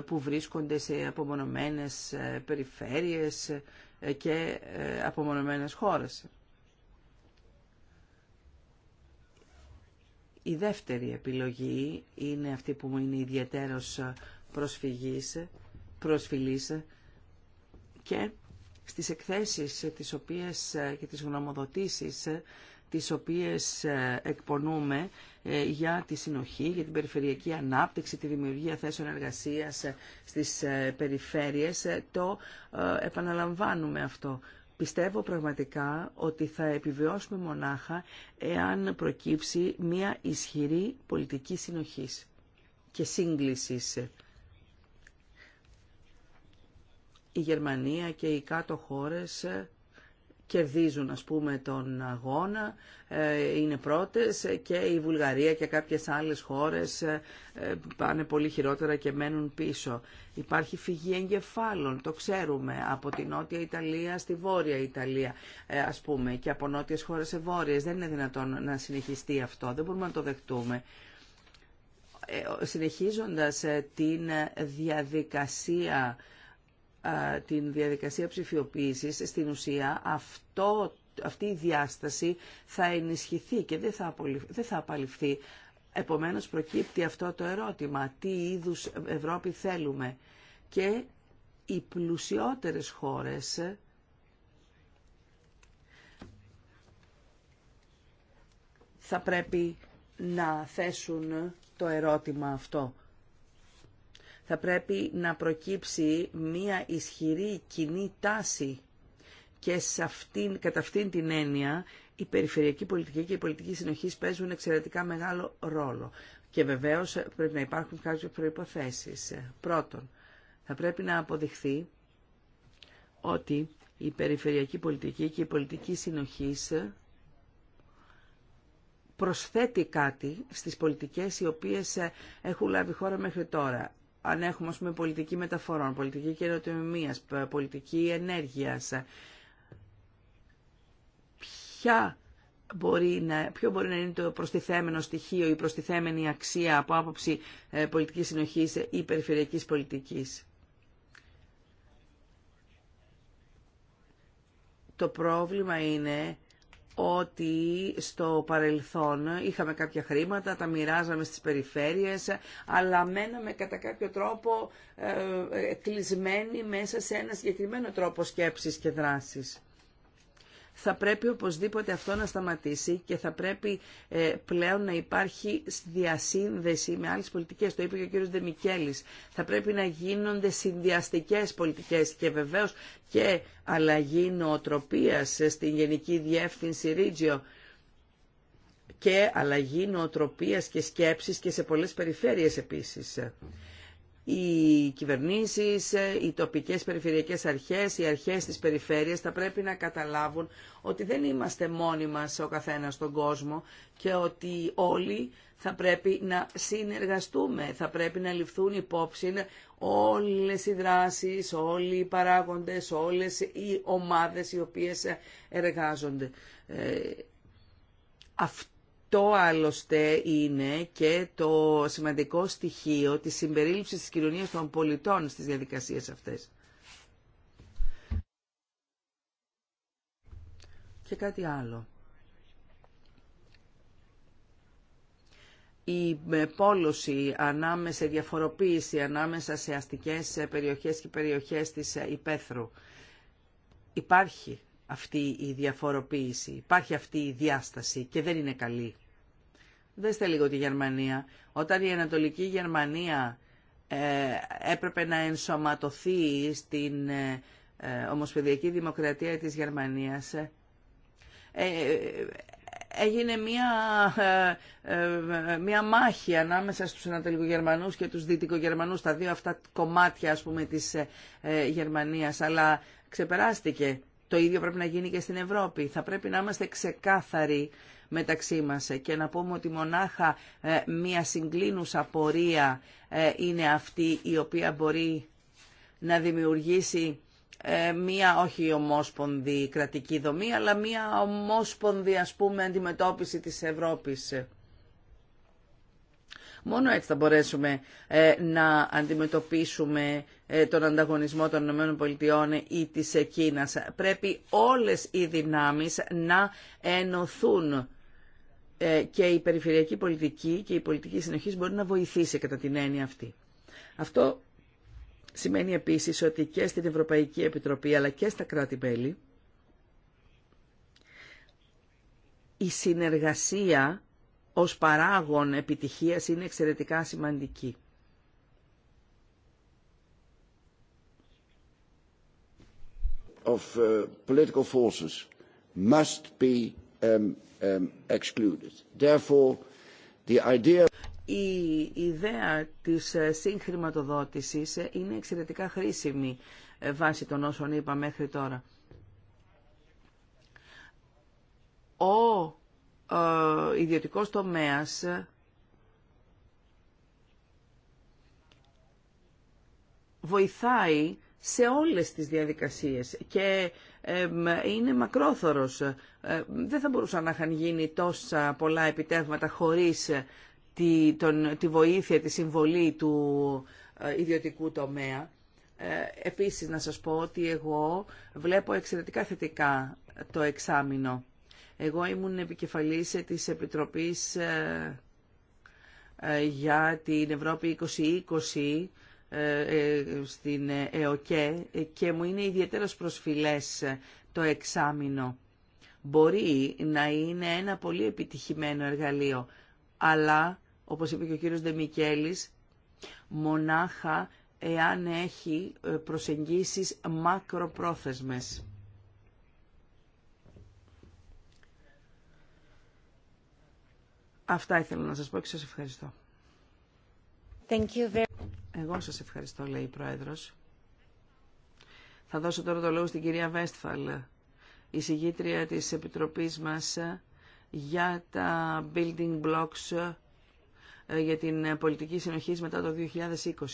Speaker 3: που βρίσκονται σε απομονωμένες περιφέρειες και απομονωμένες χώρες. Η δεύτερη επιλογή είναι αυτή που μου είναι ιδιαίτερος προσφυγής, προσφυλής και στις εκθέσεις τις οποίες, και τις γνωμοδοτήσεις τις οποίες ε, εκπονούμε ε, για τη συνοχή, για την περιφερειακή ανάπτυξη, τη δημιουργία θέσεων εργασίας ε, στις περιφέρειες. Το επαναλαμβάνουμε αυτό. Πιστεύω πραγματικά ότι θα επιβιώσουμε μονάχα εάν προκύψει μια ισχυρή πολιτική συνοχής και σύγκλησης. Η Γερμανία και οι κάτω χώρες κερδίζουν ας πούμε τον αγώνα, ε, είναι πρώτες και η Βουλγαρία και κάποιες άλλες χώρες ε, πάνε πολύ χειρότερα και μένουν πίσω. Υπάρχει φυγή εγκεφάλων, το ξέρουμε, από τη Νότια Ιταλία στη Βόρεια Ιταλία ε, ας πούμε και από νότιες χώρες σε βόρειες. Δεν είναι δυνατόν να συνεχιστεί αυτό, δεν μπορούμε να το δεχτούμε συνεχίζοντας την διαδικασία την διαδικασία ψηφιοποίησης, στην ουσία αυτό, αυτή η διάσταση θα ενισχυθεί και δεν θα, δεν θα απαλληφθεί. Επομένως προκύπτει αυτό το ερώτημα, τι είδους Ευρώπη θέλουμε. Και οι πλουσιότερες χώρες θα πρέπει να θέσουν το ερώτημα αυτό θα πρέπει να προκύψει μία ισχυρή κοινή τάση και σε αυτήν, κατά αυτήν την έννοια η περιφερειακή πολιτική και η πολιτική συνοχή παίζουν εξαιρετικά μεγάλο ρόλο. Και βεβαίως πρέπει να υπάρχουν κάποιες προϋποθέσεις. Πρώτον, θα πρέπει να αποδειχθεί ότι η περιφερειακή πολιτική και η πολιτική συνοχή προσθέτει κάτι στις πολιτικές οι οποίες έχουν λάβει χώρα μέχρι τώρα αν έχουμε ας πούμε, πολιτική μεταφορών, πολιτική καινοτομίας, πολιτική ενέργειας, ποια μπορεί να, ποιο μπορεί να είναι το προστιθέμενο στοιχείο, η προστιθέμενη αξία από άποψη ε, πολιτικής συνοχής ή περιφερειακής πολιτικής. Το πρόβλημα είναι ότι στο παρελθόν είχαμε κάποια χρήματα, τα μοιράζαμε στις περιφέρειες, αλλά μέναμε κατά κάποιο τρόπο ε, ε κλεισμένοι μέσα σε ένα συγκεκριμένο τρόπο σκέψης και δράσης θα πρέπει οπωσδήποτε αυτό να σταματήσει και θα πρέπει ε, πλέον να υπάρχει διασύνδεση με άλλες πολιτικές. Το είπε και ο κύριος Δεμικέλης. Θα πρέπει να γίνονται συνδυαστικές πολιτικές και βεβαίως και αλλαγή νοοτροπίας στην Γενική Διεύθυνση Ρίτζιο και αλλαγή νοοτροπίας και σκέψης και σε πολλές περιφέρειες επίσης οι κυβερνήσεις, οι τοπικές περιφερειακές αρχές, οι αρχές της περιφέρειας θα πρέπει να καταλάβουν ότι δεν είμαστε μόνοι μας ο καθένας στον κόσμο και ότι όλοι θα πρέπει να συνεργαστούμε, θα πρέπει να ληφθούν υπόψη όλες οι δράσεις, όλοι οι παράγοντες, όλες οι ομάδες οι οποίες εργάζονται. Ε, το άλλωστε είναι και το σημαντικό στοιχείο της συμπερίληψης της κοινωνίας των πολιτών στις διαδικασίες αυτές. Και κάτι άλλο. η πόλωση ανάμεσα, διαφοροποίηση ανάμεσα σε αστικές περιοχές και περιοχές της υπαίθρου. Υπάρχει αυτή η διαφοροποίηση, υπάρχει αυτή η διάσταση και δεν είναι καλή. Δέστε λίγο τη Γερμανία. Όταν η Ανατολική Γερμανία ε, έπρεπε να ενσωματωθεί στην ε, ε, Ομοσπονδιακή Δημοκρατία της Γερμανίας, έγινε μια, μια μάχη ανάμεσα στους Γερμανούς και τους Δυτικογερμανούς, τα δύο αυτά κομμάτια ας πούμε, της Γερμανίας, αλλά ξεπεράστηκε. Το ίδιο πρέπει να γίνει και στην Ευρώπη. Θα πρέπει να είμαστε ξεκάθαροι μεταξύ μας και να πούμε ότι μονάχα ε, μια συγκλίνουσα πορεία ε, είναι αυτή η οποία μπορεί να δημιουργήσει ε, μία όχι ομόσπονδη κρατική δομή, αλλά μία ομόσπονδη ας πούμε αντιμετώπιση της Ευρώπης. Μόνο έτσι θα μπορέσουμε να αντιμετωπίσουμε τον ανταγωνισμό των ΗΠΑ ή της Κίνας. Πρέπει όλες οι δυνάμεις να ενωθούν ε, και η περιφερειακή πολιτική και η πολιτική συνοχή μπορεί να βοηθήσει κατά την έννοια αυτή. Αυτό σημαίνει επίσης ότι και στην Ευρωπαϊκή Επιτροπή αλλά και στα κράτη-μέλη η συνεργασία ως παράγον επιτυχίας είναι εξαιρετικά σημαντική. Of, ε, Um, um, η ιδέα της ε, συγχρηματοδότησης ε, είναι εξαιρετικά χρήσιμη ε, βάσει των όσων είπα μέχρι τώρα. Ο ε, ιδιωτικός τομέας βοηθάει σε όλες τις διαδικασίες και είναι μακρόθωρος. Ε, δεν θα μπορούσαν να είχαν γίνει τόσα πολλά επιτεύγματα χωρίς τη, τον, τη βοήθεια, τη συμβολή του ε, ιδιωτικού τομέα. Ε, επίσης να σας πω ότι εγώ βλέπω εξαιρετικά θετικά το εξάμεινο. Εγώ ήμουν επικεφαλής της Επιτροπής για την Ευρώπη 2020 ε, ε, στην ΕΟΚΕ και μου είναι ιδιαίτερα προσφυλές το εξάμεινο. Μπορεί να είναι ένα πολύ επιτυχημένο εργαλείο, αλλά, όπως είπε και ο κύριος Δεμικέλης, μονάχα εάν έχει ε, προσεγγίσεις μακροπρόθεσμες. Αυτά ήθελα να σας πω και σας ευχαριστώ. Εγώ σας ευχαριστώ, λέει η Πρόεδρος. Θα δώσω τώρα το λόγο στην κυρία Βέστφαλ, η συγγήτρια της Επιτροπής μας για τα building blocks ε, για την πολιτική συνοχή μετά το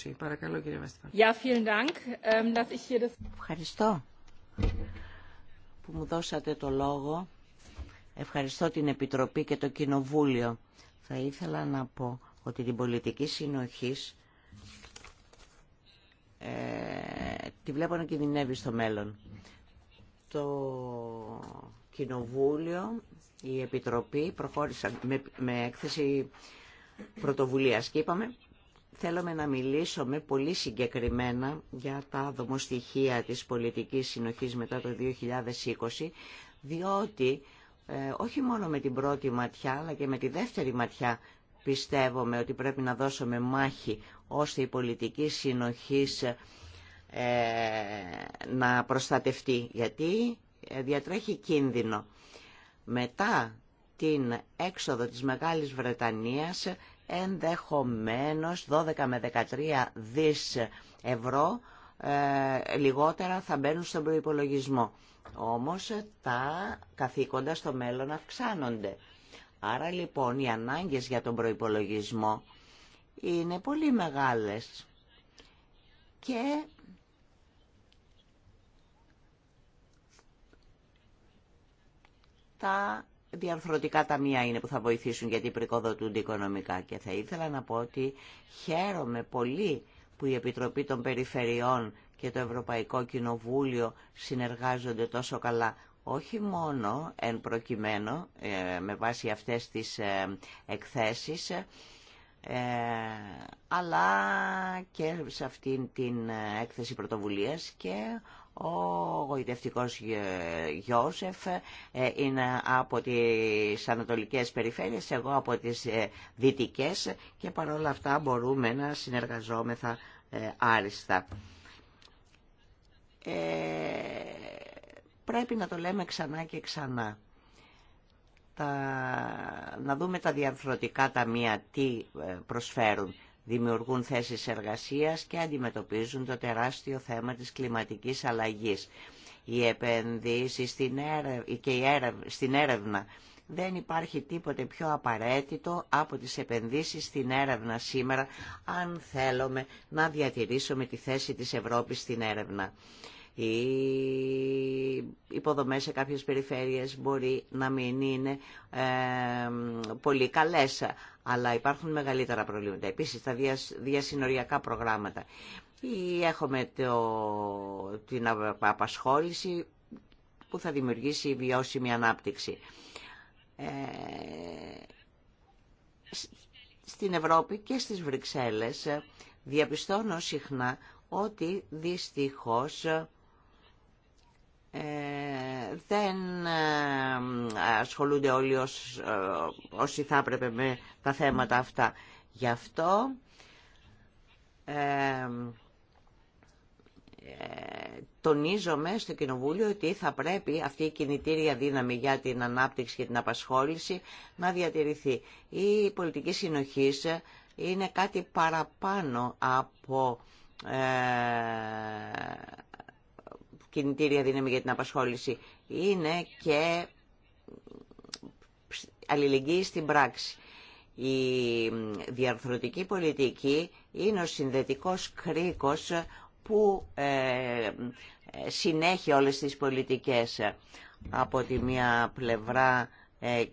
Speaker 3: 2020. Παρακαλώ, κύριε Βέστφαλ.
Speaker 2: Ähm,
Speaker 1: ευχαριστώ που μου δώσατε το λόγο. Ευχαριστώ την Επιτροπή και το Κοινοβούλιο. Θα ήθελα να πω ότι την πολιτική συνοχής ε, τη βλέπω να κινδυνεύει στο μέλλον. Το Κοινοβούλιο, η Επιτροπή προχώρησαν με, έκθεση πρωτοβουλίας και είπαμε θέλουμε να μιλήσουμε πολύ συγκεκριμένα για τα δομοστοιχεία της πολιτικής συνοχής μετά το 2020, διότι ε, όχι μόνο με την πρώτη ματιά αλλά και με τη δεύτερη ματιά πιστεύομαι ότι πρέπει να δώσουμε μάχη ώστε η πολιτική συνοχής ε, να προστατευτεί, γιατί ε, διατρέχει κίνδυνο. Μετά την έξοδο της Μεγάλης Βρετανίας, ενδεχομένως 12 με 13 δις ευρώ ε, λιγότερα θα μπαίνουν στον προϋπολογισμό. Όμως τα καθήκοντα στο μέλλον αυξάνονται. Άρα λοιπόν οι ανάγκες για τον προϋπολογισμό είναι πολύ μεγάλες και τα διαρθρωτικά ταμεία είναι που θα βοηθήσουν γιατί πρικοδοτούνται οικονομικά και θα ήθελα να πω ότι χαίρομαι πολύ που η Επιτροπή των Περιφερειών και το Ευρωπαϊκό Κοινοβούλιο συνεργάζονται τόσο καλά όχι μόνο εν προκειμένου ε, με βάση αυτές τις ε, εκθέσεις, ε, αλλά και σε αυτήν την έκθεση πρωτοβουλίας και ο γοητευτικός Γιώσεφ είναι από τις ανατολικές περιφέρειες, εγώ από τις δυτικές και παρόλα αυτά μπορούμε να συνεργαζόμεθα άριστα πρέπει να το λέμε ξανά και ξανά. Τα... Να δούμε τα διαρθρωτικά ταμεία τι ε, προσφέρουν. Δημιουργούν θέσεις εργασίας και αντιμετωπίζουν το τεράστιο θέμα της κλιματικής αλλαγής. Οι επενδύσεις στην και η στην έρευνα. Δεν υπάρχει τίποτε πιο απαραίτητο από τις επενδύσεις στην έρευνα σήμερα, αν θέλουμε να διατηρήσουμε τη θέση της Ευρώπης στην έρευνα οι υποδομές σε κάποιες περιφέρειες μπορεί να μην είναι πολύ καλές, αλλά υπάρχουν μεγαλύτερα προβλήματα. Επίσης, τα διασυνοριακά προγράμματα. Ή έχουμε το, την απασχόληση που θα δημιουργήσει βιώσιμη ανάπτυξη. Ε, στην Ευρώπη και στις Βρυξέλλες διαπιστώνω συχνά ότι δυστυχώς ε, δεν ε, ασχολούνται όλοι ως, ε, όσοι θα έπρεπε με τα θέματα αυτά. Γι' αυτό ε, τονίζομαι στο Κοινοβούλιο ότι θα πρέπει αυτή η κινητήρια δύναμη για την ανάπτυξη και την απασχόληση να διατηρηθεί. Η πολιτική συνοχή είναι κάτι παραπάνω από κινητήρια δύναμη για την απασχόληση. Είναι και αλληλεγγύη στην πράξη. Η διαρθρωτική πολιτική είναι ο συνδετικός κρίκος που ε, συνέχει όλες τις πολιτικές. Από τη μία πλευρά ε,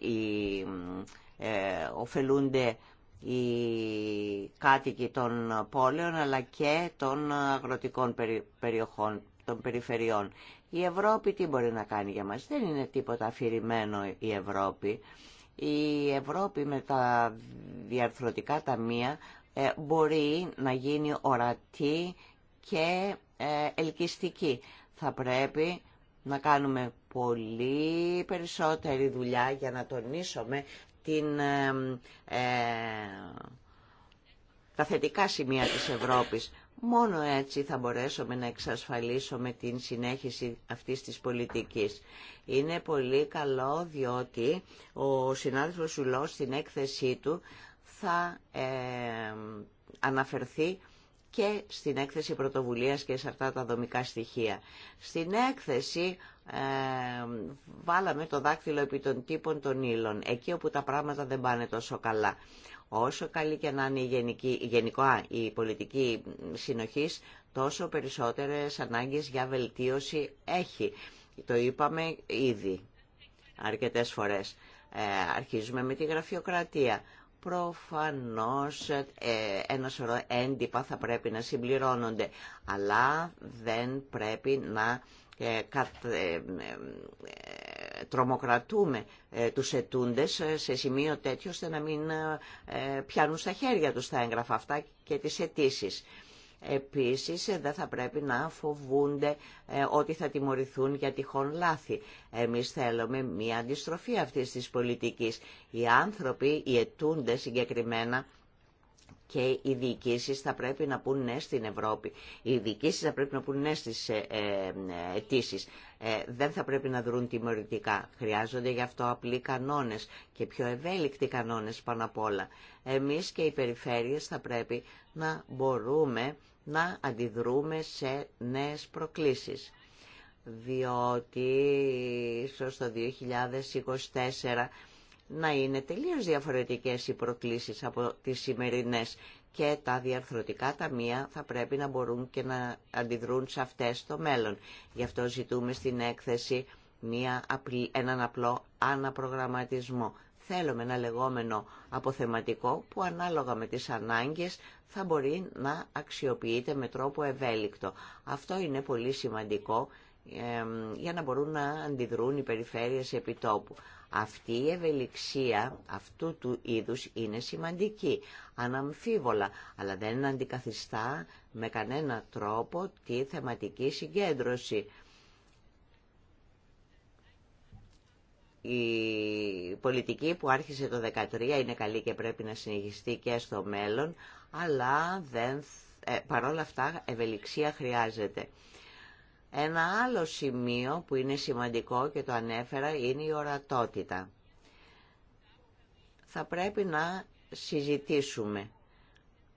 Speaker 1: ε, ωφελούνται οι κάτοικοι των πόλεων αλλά και των αγροτικών περιοχών των περιφερειών. Η Ευρώπη τι μπορεί να κάνει για μας. Δεν είναι τίποτα αφηρημένο η Ευρώπη. Η Ευρώπη με τα διαρθρωτικά ταμεία ε, μπορεί να γίνει ορατή και ε, ελκυστική. Θα πρέπει να κάνουμε πολύ περισσότερη δουλειά για να τονίσουμε την, ε, ε τα θετικά σημεία της Ευρώπης Μόνο έτσι θα μπορέσουμε να εξασφαλίσουμε την συνέχιση αυτής της πολιτικής. Είναι πολύ καλό διότι ο συνάδελφος Σουλό στην έκθεσή του θα ε, αναφερθεί και στην έκθεση πρωτοβουλίας και σε αυτά τα δομικά στοιχεία. Στην έκθεση ε, βάλαμε το δάκτυλο επί των τύπων των ύλων, εκεί όπου τα πράγματα δεν πάνε τόσο καλά. Όσο καλή και να είναι η γενική, γενικά η πολιτική συνοχής, τόσο περισσότερες ανάγκες για βελτίωση έχει. Το είπαμε ήδη αρκετές φορές. Ε, αρχίζουμε με τη γραφειοκρατία. Προφανώς ε, ένα σωρό έντυπα θα πρέπει να συμπληρώνονται, αλλά δεν πρέπει να ε, ε, ε τρομοκρατούμε ε, τους ετούντες ε, σε σημείο τέτοιο ώστε να μην ε, πιάνουν στα χέρια τους τα έγγραφα αυτά και τις αιτήσει. Επίσης δεν θα πρέπει να φοβούνται ότι θα τιμωρηθούν για τυχόν λάθη. Εμείς θέλουμε μια αντιστροφή αυτής της πολιτικής. Οι άνθρωποι, οι ετούντες συγκεκριμένα, και οι διοικήσεις θα πρέπει να πούν ναι στην Ευρώπη. Οι διοικήσεις θα πρέπει να πούν ναι στις ε, ε, αιτήσει. Ε, δεν θα πρέπει να δρουν τιμωρητικά. Χρειάζονται γι' αυτό απλοί κανόνες και πιο ευέλικτοι κανόνες πάνω απ' όλα. Εμείς και οι περιφέρειες θα πρέπει να μπορούμε να αντιδρούμε σε νέες προκλήσεις. Διότι ίσως το 2024 να είναι τελείως διαφορετικές οι προκλήσεις από τις σημερινές και τα διαρθρωτικά ταμεία θα πρέπει να μπορούν και να αντιδρούν σε αυτές το μέλλον. Γι' αυτό ζητούμε στην έκθεση μια απλή, έναν απλό αναπρογραμματισμό. Θέλουμε ένα λεγόμενο αποθεματικό που ανάλογα με τις ανάγκες θα μπορεί να αξιοποιείται με τρόπο ευέλικτο. Αυτό είναι πολύ σημαντικό για να μπορούν να αντιδρούν οι περιφέρειες επιτόπου. Αυτή η ευελιξία αυτού του είδους είναι σημαντική, αναμφίβολα, αλλά δεν αντικαθιστά με κανένα τρόπο τη θεματική συγκέντρωση. Η πολιτική που άρχισε το 2013 είναι καλή και πρέπει να συνεχιστεί και στο μέλλον, αλλά δεν, ε, παρόλα αυτά ευελιξία χρειάζεται. Ένα άλλο σημείο που είναι σημαντικό και το ανέφερα είναι η ορατότητα. Θα πρέπει να συζητήσουμε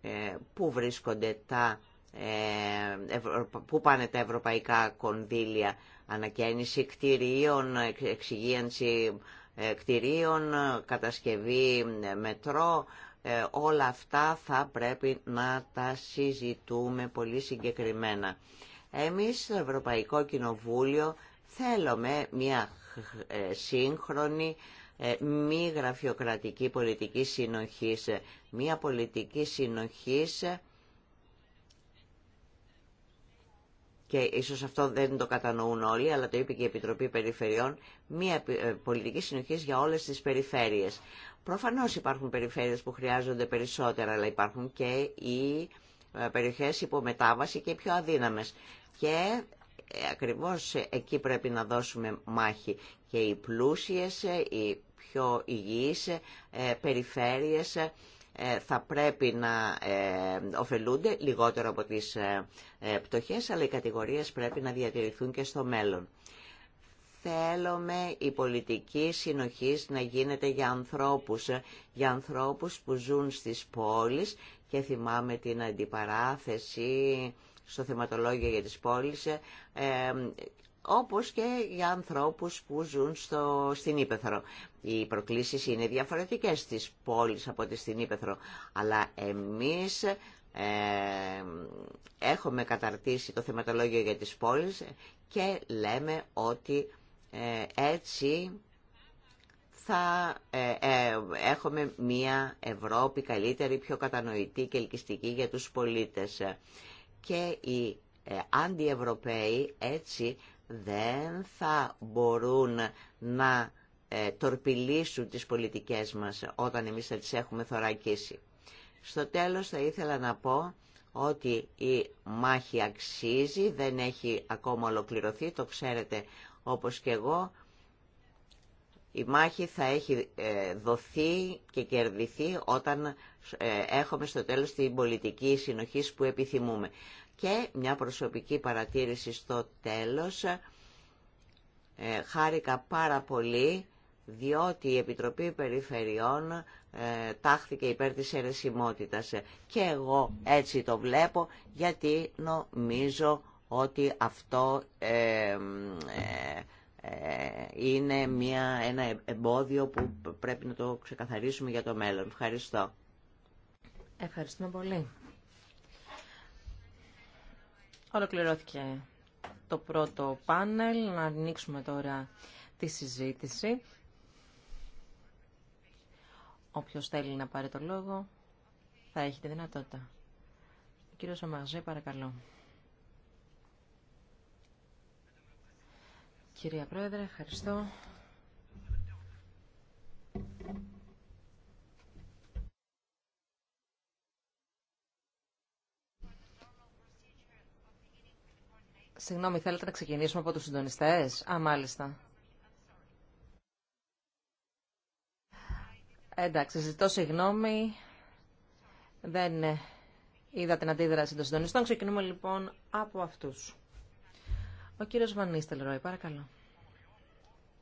Speaker 1: ε, πού βρίσκονται τα ε, πού πάνε τα ευρωπαϊκά κονδύλια, ανακαίνιση κτηρίων, εξυγίανση ε, κτηρίων, κατασκευή μετρό, όλα αυτά θα πρέπει να τα συζητούμε πολύ συγκεκριμένα. Εμείς στο Ευρωπαϊκό Κοινοβούλιο θέλουμε μια ε, σύγχρονη ε, μη γραφειοκρατική πολιτική συνοχής, μια πολιτική συνοχής και ίσως αυτό δεν το κατανοούν όλοι, αλλά το είπε και η Επιτροπή Περιφερειών, μια ε, πολιτική συνοχή για όλες τις περιφέρειες. Προφανώς υπάρχουν περιφέρειες που χρειάζονται περισσότερα, αλλά υπάρχουν και οι ε, περιοχές υπομετάβαση και πιο αδύναμες. Και ε, ακριβώς εκεί πρέπει να δώσουμε μάχη. Και οι πλούσιες, ε, οι πιο υγιείς περιφέρειες θα πρέπει να ωφελούνται λιγότερο από τις πτωχές, αλλά οι κατηγορίες πρέπει να διατηρηθούν και στο μέλλον. Θέλουμε η πολιτική συνοχής να γίνεται για ανθρώπους, για ανθρώπους που ζουν στις πόλεις και θυμάμαι την αντιπαράθεση στο θεματολόγιο για τις πόλεις, ε, όπως και για ανθρώπους που ζουν στο, στην Ήπεθρο. Οι προκλήσεις είναι διαφορετικές στις πόλεις από τις στην Ήπεθρο, αλλά εμείς ε, έχουμε καταρτήσει το θεματολόγιο για τις πόλεις και λέμε ότι ε, έτσι θα ε, ε, έχουμε μία Ευρώπη καλύτερη, πιο κατανοητή και ελκυστική για τους πολίτες. Και οι ε, αντιευρωπαίοι έτσι δεν θα μπορούν να ε, τορπιλήσουν τις πολιτικές μας όταν εμείς θα τις έχουμε θωρακίσει. Στο τέλος θα ήθελα να πω ότι η μάχη αξίζει, δεν έχει ακόμα ολοκληρωθεί, το ξέρετε όπως και εγώ, η μάχη θα έχει ε, δοθεί και κερδιθεί όταν ε, έχουμε στο τέλος την πολιτική συνοχή που επιθυμούμε. Και μια προσωπική παρατήρηση στο τέλος. Ε, χάρηκα πάρα πολύ διότι η Επιτροπή Περιφερειών τάχθηκε υπέρ της αιρεσιμότητας. Και εγώ έτσι το βλέπω γιατί νομίζω ότι αυτό είναι μια, ένα εμπόδιο που πρέπει να το ξεκαθαρίσουμε για το μέλλον. Ευχαριστώ.
Speaker 2: Ευχαριστούμε πολύ.
Speaker 1: Ολοκληρώθηκε το πρώτο
Speaker 2: πάνελ. Να ανοίξουμε τώρα τη συζήτηση. Όποιος θέλει να πάρει το λόγο θα έχει τη δυνατότητα. Κύριο Σαμαζέ, παρακαλώ. κυρία Πρόεδρε. Ευχαριστώ. Συγγνώμη, θέλετε να ξεκινήσουμε από τους συντονιστές. Α, μάλιστα. Εντάξει, ζητώ συγγνώμη. Δεν ε, είδα την αντίδραση των συντονιστών. Ξεκινούμε λοιπόν από αυτούς. Ο κύριος Βανίστελ Ρόι, παρακαλώ.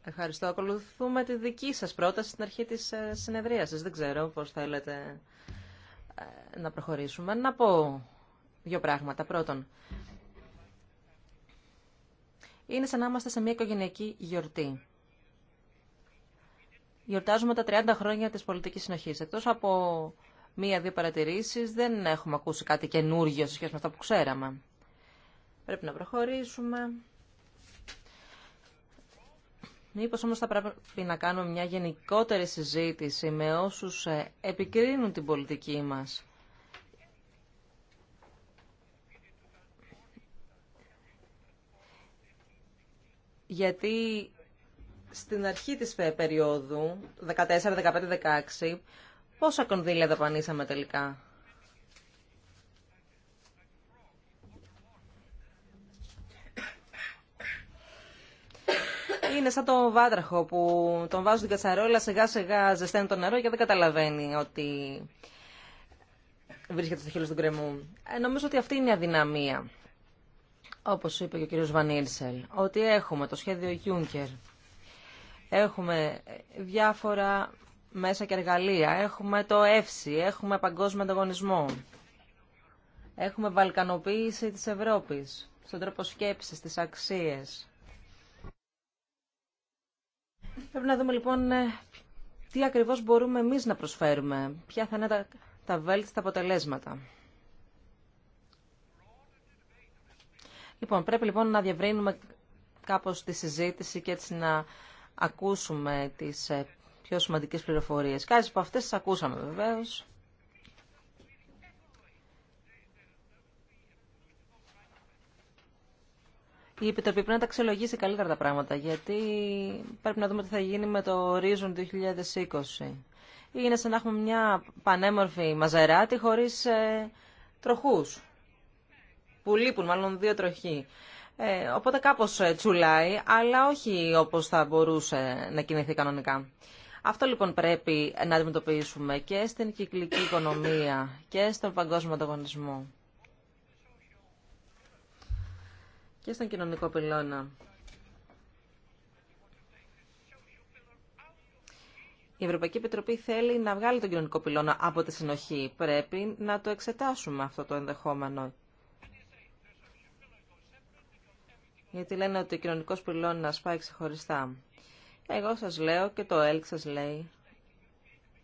Speaker 2: Ευχαριστώ. Ακολουθούμε τη δική σας πρόταση στην αρχή της ε, συνεδρίασης. Δεν ξέρω πώς θέλετε ε, να προχωρήσουμε. Να πω δύο πράγματα. Πρώτον, είναι σαν να είμαστε σε μια οικογενειακή γιορτή. Γιορτάζουμε τα 30 χρόνια της πολιτικής συνοχής. Εκτός από μία-δύο παρατηρήσεις, δεν έχουμε ακούσει κάτι καινούργιο σε σχέση με αυτά που ξέραμε. Πρέπει να προχωρήσουμε. Μήπως όμως θα πρέπει να κάνουμε μια γενικότερη συζήτηση με όσους ε, επικρίνουν την πολιτική μας. Γιατί στην αρχή της περίοδου, 14, 15, 16, πόσα κονδύλια δαπανίσαμε τελικά. είναι σαν τον βάτραχο που τον βάζουν την κατσαρόλα, σιγά σιγά ζεσταίνει το νερό και δεν καταλαβαίνει ότι βρίσκεται στο χείλος του γκρεμού. Ε, νομίζω ότι αυτή είναι η αδυναμία, όπως είπε και ο κύριος Βανίλσελ, ότι έχουμε το σχέδιο Juncker, έχουμε διάφορα μέσα και εργαλεία, έχουμε το ΕΦΣΙ, έχουμε παγκόσμιο ανταγωνισμό, έχουμε βαλκανοποίηση της Ευρώπης, στον τρόπο σκέψης, στις αξίες, Πρέπει να δούμε λοιπόν ε, τι ακριβώς μπορούμε εμείς να προσφέρουμε, ποια θα είναι τα, τα βέλτιστα αποτελέσματα. Λοιπόν, πρέπει λοιπόν να διευρύνουμε κάπως τη συζήτηση και έτσι να ακούσουμε τις ε, πιο σημαντικές πληροφορίες. Κάτι από αυτές τις ακούσαμε βεβαίως. η Επιτροπή πρέπει να τα αξιολογήσει καλύτερα τα πράγματα, γιατί πρέπει να δούμε τι θα γίνει με το Horizon 2020. Είναι σαν να έχουμε μια πανέμορφη μαζεράτη χωρίς ε, τροχούς, που λείπουν μάλλον δύο τροχοί. Ε, οπότε κάπως ε, τσουλάει, αλλά όχι όπως θα μπορούσε να κινηθεί κανονικά. Αυτό λοιπόν πρέπει να αντιμετωπίσουμε και στην κυκλική οικονομία και στον παγκόσμιο ανταγωνισμό. και στον κοινωνικό πυλώνα. Η Ευρωπαϊκή Επιτροπή θέλει να βγάλει τον κοινωνικό πυλώνα από τη συνοχή. Πρέπει να το εξετάσουμε αυτό το ενδεχόμενο. Γιατί λένε ότι ο κοινωνικό πυλώνα πάει ξεχωριστά. Εγώ σα λέω και το ΕΛΚ σα λέει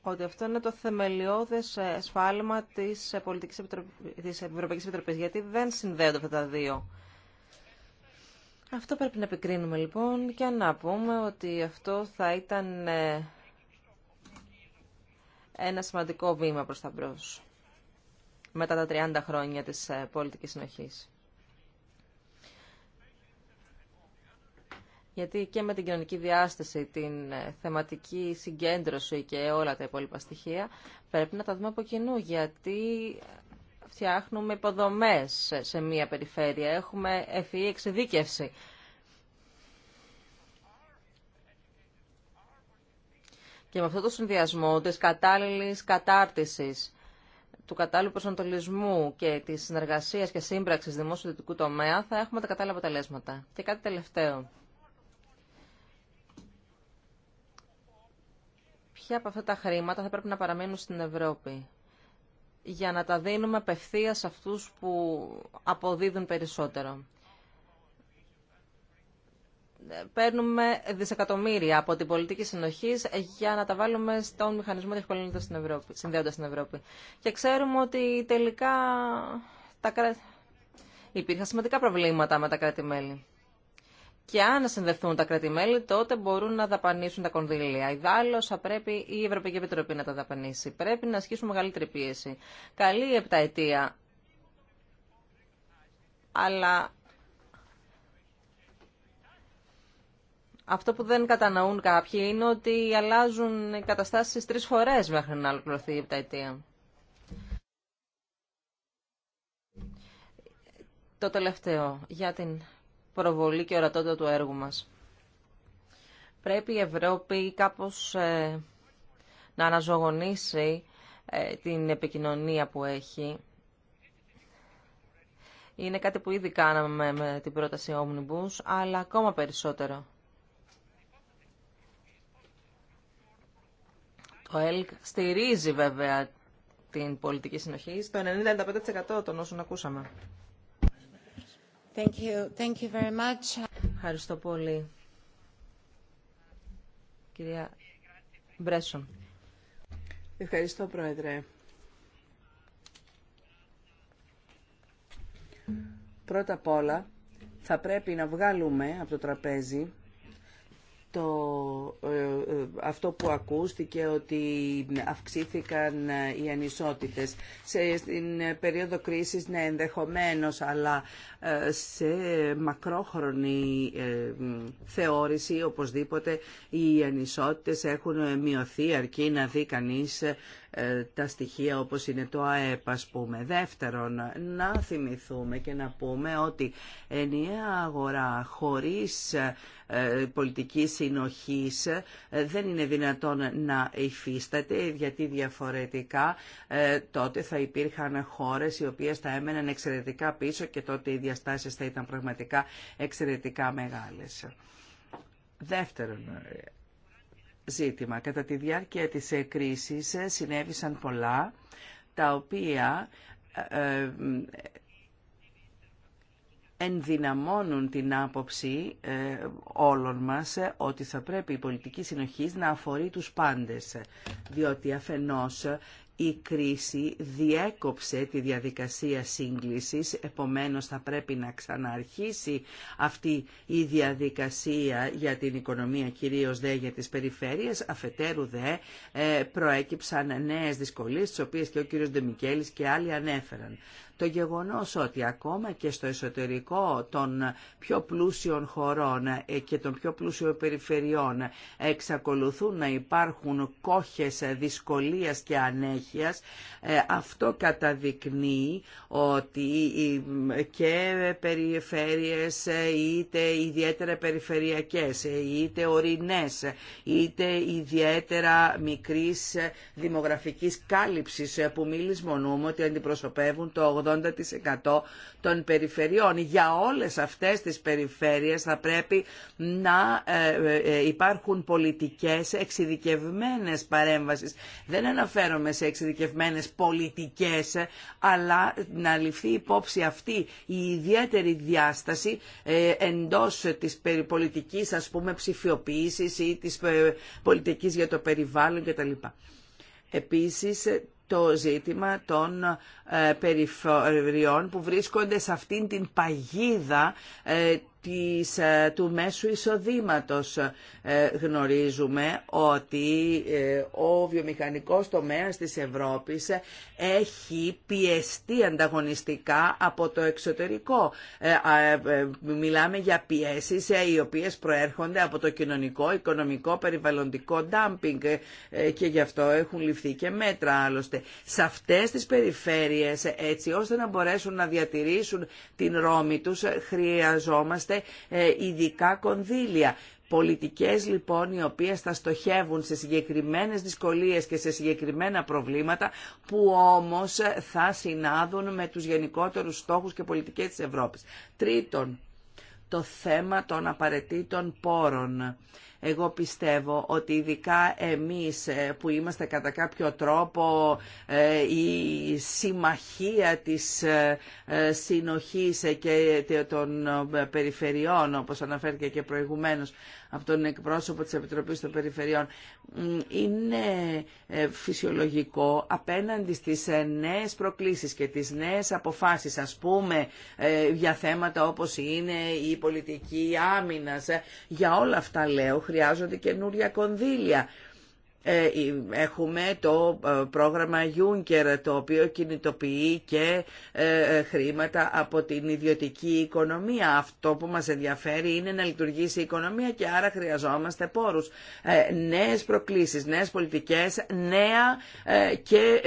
Speaker 2: ότι αυτό είναι το θεμελιώδε σφάλμα τη της Ευρωπαϊκή Επιτροπή. Γιατί δεν συνδέονται αυτά τα δύο. Αυτό πρέπει να επικρίνουμε λοιπόν και να πούμε ότι αυτό θα ήταν ε, ένα σημαντικό βήμα προς τα μπρος μετά τα 30 χρόνια της ε, πολιτικής συνοχής. Γιατί και με την κοινωνική διάσταση, την ε, θεματική συγκέντρωση και όλα τα υπόλοιπα στοιχεία πρέπει να τα δούμε από κοινού. Γιατί φτιάχνουμε υποδομές σε μία περιφέρεια. Έχουμε ευφυή εξειδίκευση. Και με αυτό το συνδυασμό της κατάλληλης κατάρτισης, του κατάλληλου προσανατολισμού και της συνεργασίας και σύμπραξης δημοσιο δυτικού τομέα θα έχουμε τα κατάλληλα αποτελέσματα. Και κάτι τελευταίο. Ποια από αυτά τα χρήματα θα πρέπει να παραμείνουν στην Ευρώπη για να τα δίνουμε απευθεία σε αυτούς που αποδίδουν περισσότερο. Παίρνουμε δισεκατομμύρια από την πολιτική συνοχή για να τα βάλουμε στον μηχανισμό διευκολύνοντα στην Ευρώπη, συνδέοντα στην Ευρώπη. Και ξέρουμε ότι τελικά τα κρα... υπήρχαν σημαντικά προβλήματα με τα κράτη-μέλη. Και αν συνδεθούν τα κρατη τότε μπορούν να δαπανίσουν τα κονδύλια. Ιδάλω, θα πρέπει η Ευρωπαϊκή Επιτροπή να τα δαπανίσει. Πρέπει να ασκήσουμε μεγαλύτερη πίεση. Καλή επταετία. Αλλά αυτό που δεν κατανοούν κάποιοι είναι ότι αλλάζουν οι καταστάσεις τρεις φορές μέχρι να ολοκληρωθεί η επταετία. Το τελευταίο για την προβολή και ορατότητα του έργου μας. Πρέπει η Ευρώπη κάπως ε, να αναζωογονήσει ε, την επικοινωνία που έχει. Είναι κάτι που ήδη κάναμε με την πρόταση Omnibus, αλλά ακόμα περισσότερο. Το ΕΛΚ στηρίζει βέβαια την πολιτική συνοχή στο 95 των όσων ακούσαμε.
Speaker 1: Thank
Speaker 2: Ευχαριστώ πολύ. Κυρία Μπρέσον. Ευχαριστώ, Πρόεδρε.
Speaker 3: Πρώτα απ' όλα, θα πρέπει να βγάλουμε από το τραπέζι το, ε, ε, αυτό που ακούστηκε ότι αυξήθηκαν ε, οι ανισότητες σε, στην περίοδο κρίσης ναι ενδεχομένως αλλά σε μακρόχρονη θεώρηση οπωσδήποτε οι ανισότητες έχουν μειωθεί αρκεί να δει κανείς τα στοιχεία όπως είναι το ΑΕΠ ας πούμε. Δεύτερον, να θυμηθούμε και να πούμε ότι ενιαία αγορά χωρίς ε, πολιτικής συνοχής ε, δεν είναι δυνατόν να υφίσταται γιατί διαφορετικά ε, τότε θα υπήρχαν χώρες οι οποίες θα έμεναν εξαιρετικά πίσω και τότε οι διαστάσεις θα ήταν πραγματικά εξαιρετικά μεγάλες. Δεύτερον, ζήτημα. Κατά τη διάρκεια της κρίσης συνέβησαν πολλά, τα οποία ενδυναμώνουν την άποψη ε, όλων μας ε, ότι θα πρέπει η πολιτική συνοχής να αφορεί τους πάντες, διότι αφενός η κρίση διέκοψε τη διαδικασία σύγκλησης, επομένως θα πρέπει να ξαναρχίσει αυτή η διαδικασία για την οικονομία, κυρίως δε για τις περιφέρειες, αφετέρου δε ε, προέκυψαν νέες δυσκολίες, τις οποίες και ο κύριος Ντεμικέλης και άλλοι ανέφεραν. Το γεγονός ότι ακόμα και στο εσωτερικό των πιο πλούσιων χωρών ε, και των πιο πλούσιων περιφερειών εξακολουθούν να υπάρχουν κόχες δυσκολίας και ανέχειας, ε, αυτό καταδεικνύει ότι και περιφέρειες ε, είτε ιδιαίτερα περιφερειακές, είτε ορεινές, είτε ιδιαίτερα μικρής δημογραφικής κάλυψης που μίλης ότι αντιπροσωπεύουν το 80% των περιφερειών. Για όλες αυτές τις περιφέρειες θα πρέπει να ε, ε, ε, υπάρχουν πολιτικές εξειδικευμένες παρέμβασης Δεν αναφέρομαι σε εξειδικευμένες πολιτικές, αλλά να ληφθεί υπόψη αυτή η ιδιαίτερη διάσταση εντός της πολιτικής ας πούμε ψηφιοποίησης ή της πολιτικής για το περιβάλλον κτλ. Επίσης, το ζήτημα των ε, ε, περιφερειών που βρίσκονται σε αυτήν την παγίδα ε, ε, του μέσου εισοδήματος. Ε, γνωρίζουμε ότι ε, ο βιομηχανικός τομέας της Ευρώπης έχει πιεστεί ανταγωνιστικά από το εξωτερικό. Μιλάμε για πιέσεις οι οποίες προέρχονται από το κοινωνικό, οικονομικό, περιβαλλοντικό ντάμπινγκ και γι' αυτό έχουν ληφθεί και μέτρα άλλωστε. Σε αυτές τις περιφέρειες έτσι ώστε να μπορέσουν να διατηρήσουν την ρόμη τους χρειαζόμαστε ε, ειδικά κονδύλια. Πολιτικές λοιπόν οι οποίες θα στοχεύουν σε συγκεκριμένες δυσκολίες και σε συγκεκριμένα προβλήματα που όμως ε, θα συνάδουν με τους γενικότερους στόχους και πολιτικές της Ευρώπης. Τρίτον, το θέμα των απαραίτητων πόρων. Εγώ πιστεύω ότι ειδικά εμείς ε, που είμαστε κατά κάποιο τρόπο ε, η συμμαχία της ε, συνοχής και των περιφερειών όπως αναφέρθηκε και προηγουμένως από τον εκπρόσωπο της Επιτροπής των Περιφερειών. Είναι ε, φυσιολογικό απέναντι στις ε, νέες προκλήσεις και τις νέες αποφάσεις, ας πούμε, ε, για θέματα όπως είναι η πολιτική άμυνας. Για όλα αυτά, λέω, χρειάζονται καινούρια κονδύλια. Ε, έχουμε το ε, πρόγραμμα Juncker το οποίο κινητοποιεί και ε, χρήματα από την ιδιωτική οικονομία. Αυτό που μας ενδιαφέρει είναι να λειτουργήσει η οικονομία και άρα χρειαζόμαστε πόρους. Νέες προκλήσεις, νέες πολιτικές, νέα και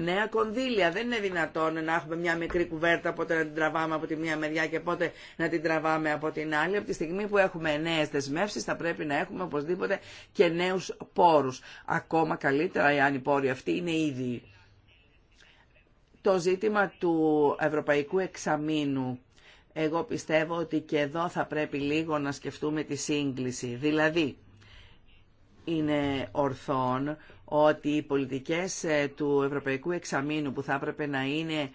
Speaker 3: νέα κονδύλια. Δεν είναι δυνατόν να έχουμε μια μικρή κουβέρτα πότε να την τραβάμε από τη μία μεριά και πότε να την τραβάμε από την άλλη. Από τη στιγμή που έχουμε νέες δεσμεύσεις θα πρέπει να έχουμε οπωσδήποτε και νέους πόρους ακόμα καλύτερα εάν οι πόροι αυτοί είναι ήδη. Το ζήτημα του Ευρωπαϊκού Εξαμήνου, εγώ πιστεύω ότι και εδώ θα πρέπει λίγο να σκεφτούμε τη σύγκληση. Δηλαδή, είναι ορθόν ότι οι πολιτικές ε, του Ευρωπαϊκού Εξαμήνου που θα έπρεπε να είναι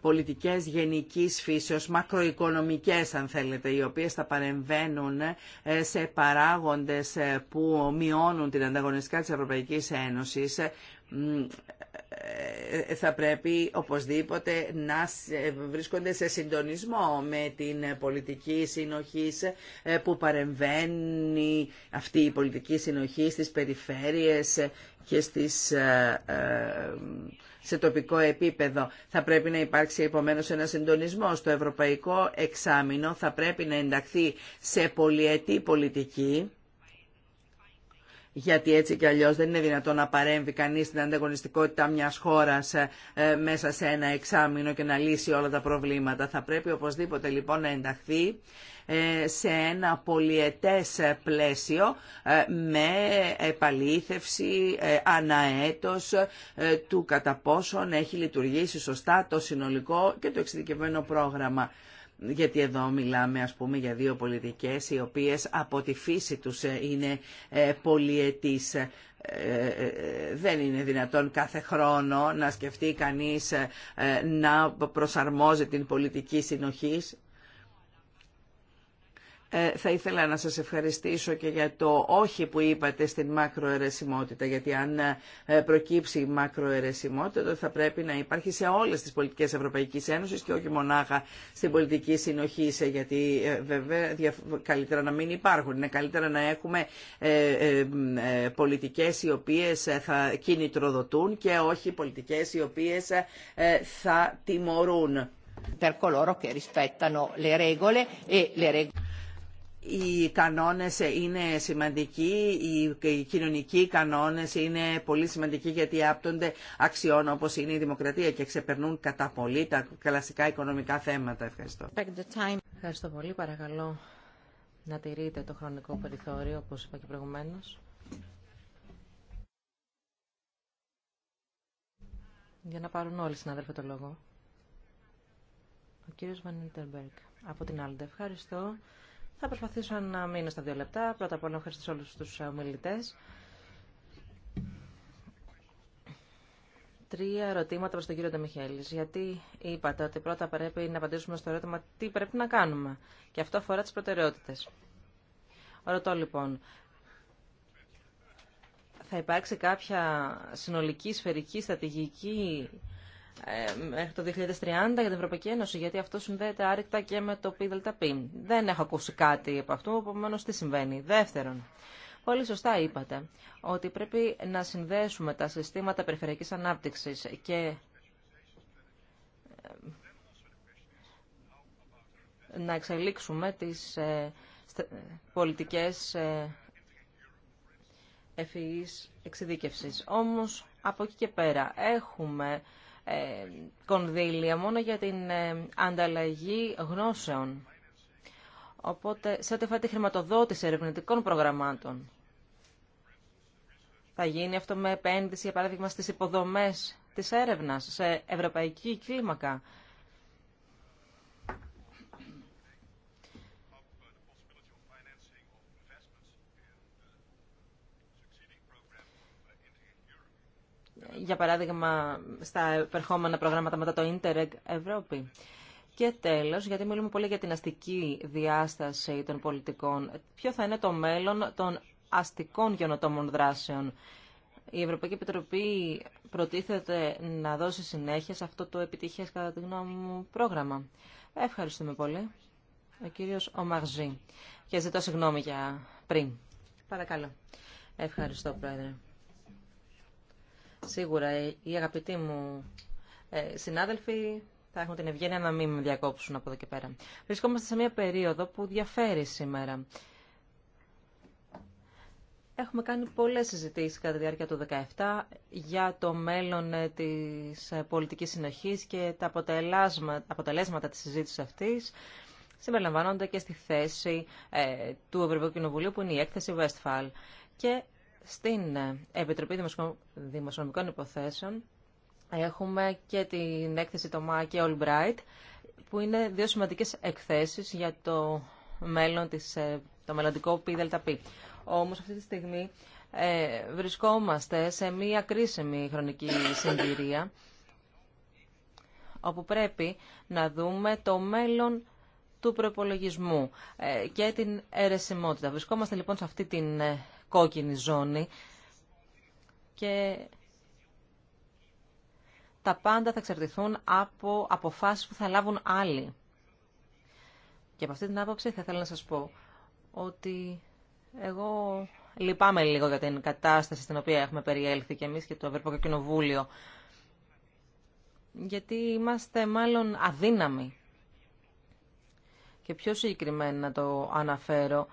Speaker 3: πολιτικές γενικής φύσεως, μακροοικονομικές αν θέλετε, οι οποίες θα παρεμβαίνουν ε, σε παράγοντες ε, που μειώνουν την ανταγωνιστικά της Ευρωπαϊκής Ένωσης, ε, θα πρέπει οπωσδήποτε να βρίσκονται σε συντονισμό με την πολιτική συνοχή που παρεμβαίνει αυτή η πολιτική συνοχή στις περιφέρειες και στις σε τοπικό επίπεδο. Θα πρέπει να υπάρξει επομένως ένα συντονισμό. Το ευρωπαϊκό εξάμεινο θα πρέπει να ενταχθεί σε πολιετή πολιτική γιατί έτσι και αλλιώς δεν είναι δυνατόν να παρέμβει κανείς στην ανταγωνιστικότητα μιας χώρας ε, ε, μέσα σε ένα εξάμεινο και να λύσει όλα τα προβλήματα. Θα πρέπει οπωσδήποτε λοιπόν να ενταχθεί ε, σε ένα πολιετές πλαίσιο με επαλήθευση αναέτος του κατά πόσον έχει λειτουργήσει σωστά το συνολικό και το εξειδικευμένο πρόγραμμα γιατί εδώ μιλάμε ας πούμε για δύο πολιτικές οι οποίες από τη φύση τους ε, είναι ε, πολυετής. Ε, δεν είναι δυνατόν κάθε χρόνο να σκεφτεί κανείς να προσαρμόζει την πολιτική συνοχής ε, θα ήθελα να σας ευχαριστήσω και για το όχι που είπατε στην μακροαιρεσιμότητα, γιατί αν ε, προκύψει η μακροαιρεσιμότητα θα πρέπει να υπάρχει σε όλες τις πολιτικές Ευρωπαϊκής Ένωσης και όχι μονάχα στην πολιτική συνοχή, γιατί ε, βέβαια καλύτερα να μην υπάρχουν. Είναι καλύτερα να έχουμε πολιτικές οι οποίες θα κινητροδοτούν και όχι πολιτικές οι οποίες θα τιμωρούν. E οι κανόνες είναι σημαντικοί, οι κοινωνικοί κανόνες είναι πολύ σημαντικοί γιατί άπτονται αξιών όπως είναι η δημοκρατία και ξεπερνούν κατά πολύ τα κλασικά οικονομικά θέματα. Ευχαριστώ.
Speaker 2: Ευχαριστώ πολύ. Παρακαλώ να τηρείτε το χρονικό περιθώριο όπως είπα και προηγουμένως. Για να πάρουν όλοι οι συνάδελφοι το λόγο. Ο κύριος από την Άλντε. Ευχαριστώ. Θα προσπαθήσω να μείνω στα δύο λεπτά. Πρώτα απ' όλα ευχαριστώ όλους τους ε, ομιλητέ. Τρία ερωτήματα προ τον κύριο Ντεμιχέλης. Γιατί είπατε ότι πρώτα πρέπει να απαντήσουμε στο ερώτημα τι πρέπει να κάνουμε. Και αυτό αφορά τις προτεραιότητες. Ρωτώ λοιπόν, θα υπάρξει κάποια συνολική σφαιρική στρατηγική ε, μέχρι το 2030 για την Ευρωπαϊκή Ένωση, γιατί αυτό συνδέεται άρρηκτα και με το ΠΔΠ. Δεν έχω ακούσει κάτι από αυτό, επομένω τι συμβαίνει. Δεύτερον, πολύ σωστά είπατε ότι πρέπει να συνδέσουμε τα συστήματα περιφερειακής ανάπτυξης και ε, να εξελίξουμε τις ε, πολιτικές ευφυής εξειδίκευσης. Όμως, από εκεί και πέρα, έχουμε ε, κονδύλια μόνο για την ε, ανταλλαγή γνώσεων. Οπότε, σε ό,τι αφορά τη χρηματοδότηση ερευνητικών προγραμμάτων, θα γίνει αυτό με επένδυση, για παράδειγμα, στις υποδομές της έρευνας, σε ευρωπαϊκή κλίμακα. για παράδειγμα, στα επερχόμενα προγράμματα μετά το Interreg Ευρώπη. Και τέλος, γιατί μιλούμε πολύ για την αστική διάσταση των πολιτικών, ποιο θα είναι το μέλλον των αστικών γενοτόμων δράσεων. Η Ευρωπαϊκή Επιτροπή προτίθεται να δώσει συνέχεια σε αυτό το επιτυχές κατά τη γνώμη μου πρόγραμμα. Ευχαριστούμε πολύ. Ο κύριος Ομαγζή. Και ζητώ συγγνώμη για πριν. Παρακαλώ. Ευχαριστώ, Πρόεδρε. Σίγουρα ε, οι αγαπητοί μου ε, συνάδελφοι θα έχουν την ευγένεια να μην με διακόψουν από εδώ και πέρα. Βρισκόμαστε σε μια περίοδο που διαφέρει σήμερα. Έχουμε κάνει πολλές συζητήσεις κατά τη διάρκεια του 2017 για το μέλλον ε, της πολιτικής συνοχής και τα αποτελέσματα, αποτελέσματα της συζήτησης αυτής συμπεριλαμβάνονται και στη θέση του Ευρωπαϊκού Κοινοβουλίου που είναι η έκθεση Westphal. Και στην ε, Επιτροπή Δημοσιονομικών Υποθέσεων έχουμε και την έκθεση το και ολμπραιτ που είναι δύο σημαντικές εκθέσεις για το, μέλλον της, ε, το μελλοντικό ΠΔΠ. Όμως αυτή τη στιγμή ε, βρισκόμαστε σε μία κρίσιμη χρονική συγκυρία, όπου πρέπει να δούμε το μέλλον του προπολογισμού και την αιρεσιμότητα. Βρισκόμαστε λοιπόν σε αυτή την κόκκινη ζώνη και τα πάντα θα εξαρτηθούν από αποφάσεις που θα λάβουν άλλοι. Και από αυτή την άποψη θα ήθελα να σας πω ότι εγώ λυπάμαι λίγο για την κατάσταση στην οποία έχουμε περιέλθει και εμείς και το Ευρωπαϊκό Κοινοβούλιο, γιατί είμαστε μάλλον αδύναμοι. Και πιο συγκεκριμένα να το αναφέρω,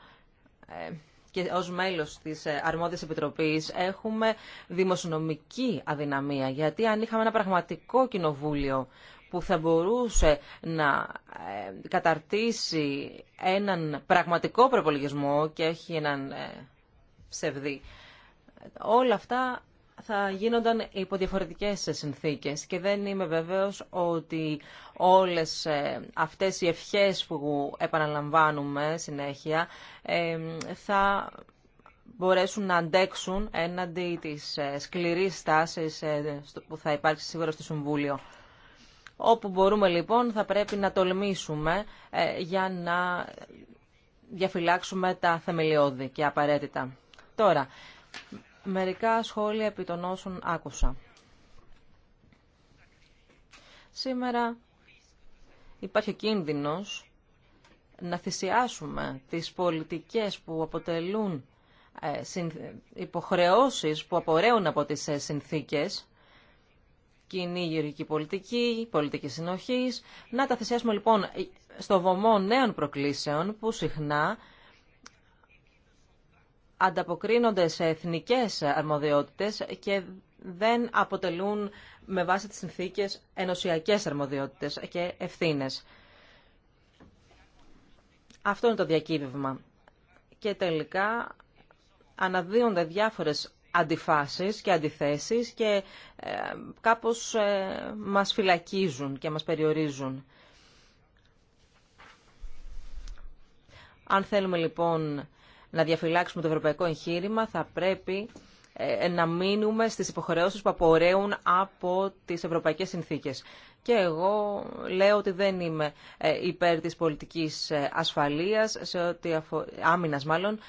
Speaker 2: ε, και ω μέλο της ε, αρμόδια επιτροπή έχουμε δημοσιονομική αδυναμία. Γιατί αν είχαμε ένα πραγματικό κοινοβούλιο που θα μπορούσε να ε, καταρτήσει έναν πραγματικό προπολογισμό και όχι έναν ε, ψευδή, όλα αυτά θα γίνονταν υπό διαφορετικέ συνθήκες και δεν είμαι βέβαιος ότι όλες ε, αυτές οι ευχές που επαναλαμβάνουμε συνέχεια ε, θα μπορέσουν να αντέξουν έναντι της ε, σκληρής στάσης που θα υπάρξει σίγουρα στο Συμβούλιο. Όπου μπορούμε λοιπόν θα πρέπει να τολμήσουμε για να διαφυλάξουμε τα θεμελιώδη και απαραίτητα. Τώρα, μερικά σχόλια επί των όσων άκουσα. Σήμερα υπάρχει κίνδυνος να θυσιάσουμε τις πολιτικές που αποτελούν ε, υποχρεώσεις που απορρέουν από τις ε, συνθήκες κοινή γεωργική πολιτική, πολιτική συνοχής. Να τα θυσιάσουμε λοιπόν στο βωμό νέων προκλήσεων που συχνά ανταποκρίνονται σε εθνικές αρμοδιότητες και δεν αποτελούν με βάση τις συνθήκες ενωσιακές αρμοδιότητες και ευθύνες. Αυτό είναι το διακύβευμα. Και τελικά αναδύονται διάφορες αντιφάσεις και αντιθέσεις και ε, κάπως ε, μας φυλακίζουν και μας περιορίζουν. Αν θέλουμε λοιπόν να διαφυλάξουμε το ευρωπαϊκό εγχείρημα, θα πρέπει ε, να μείνουμε στις υποχρεώσεις που απορρέουν από τις ευρωπαϊκές συνθήκες. Και εγώ λέω ότι δεν είμαι ε, υπέρ της πολιτικής ε, ασφαλείας, σε ό,τι αφο... άμυνας μάλλον,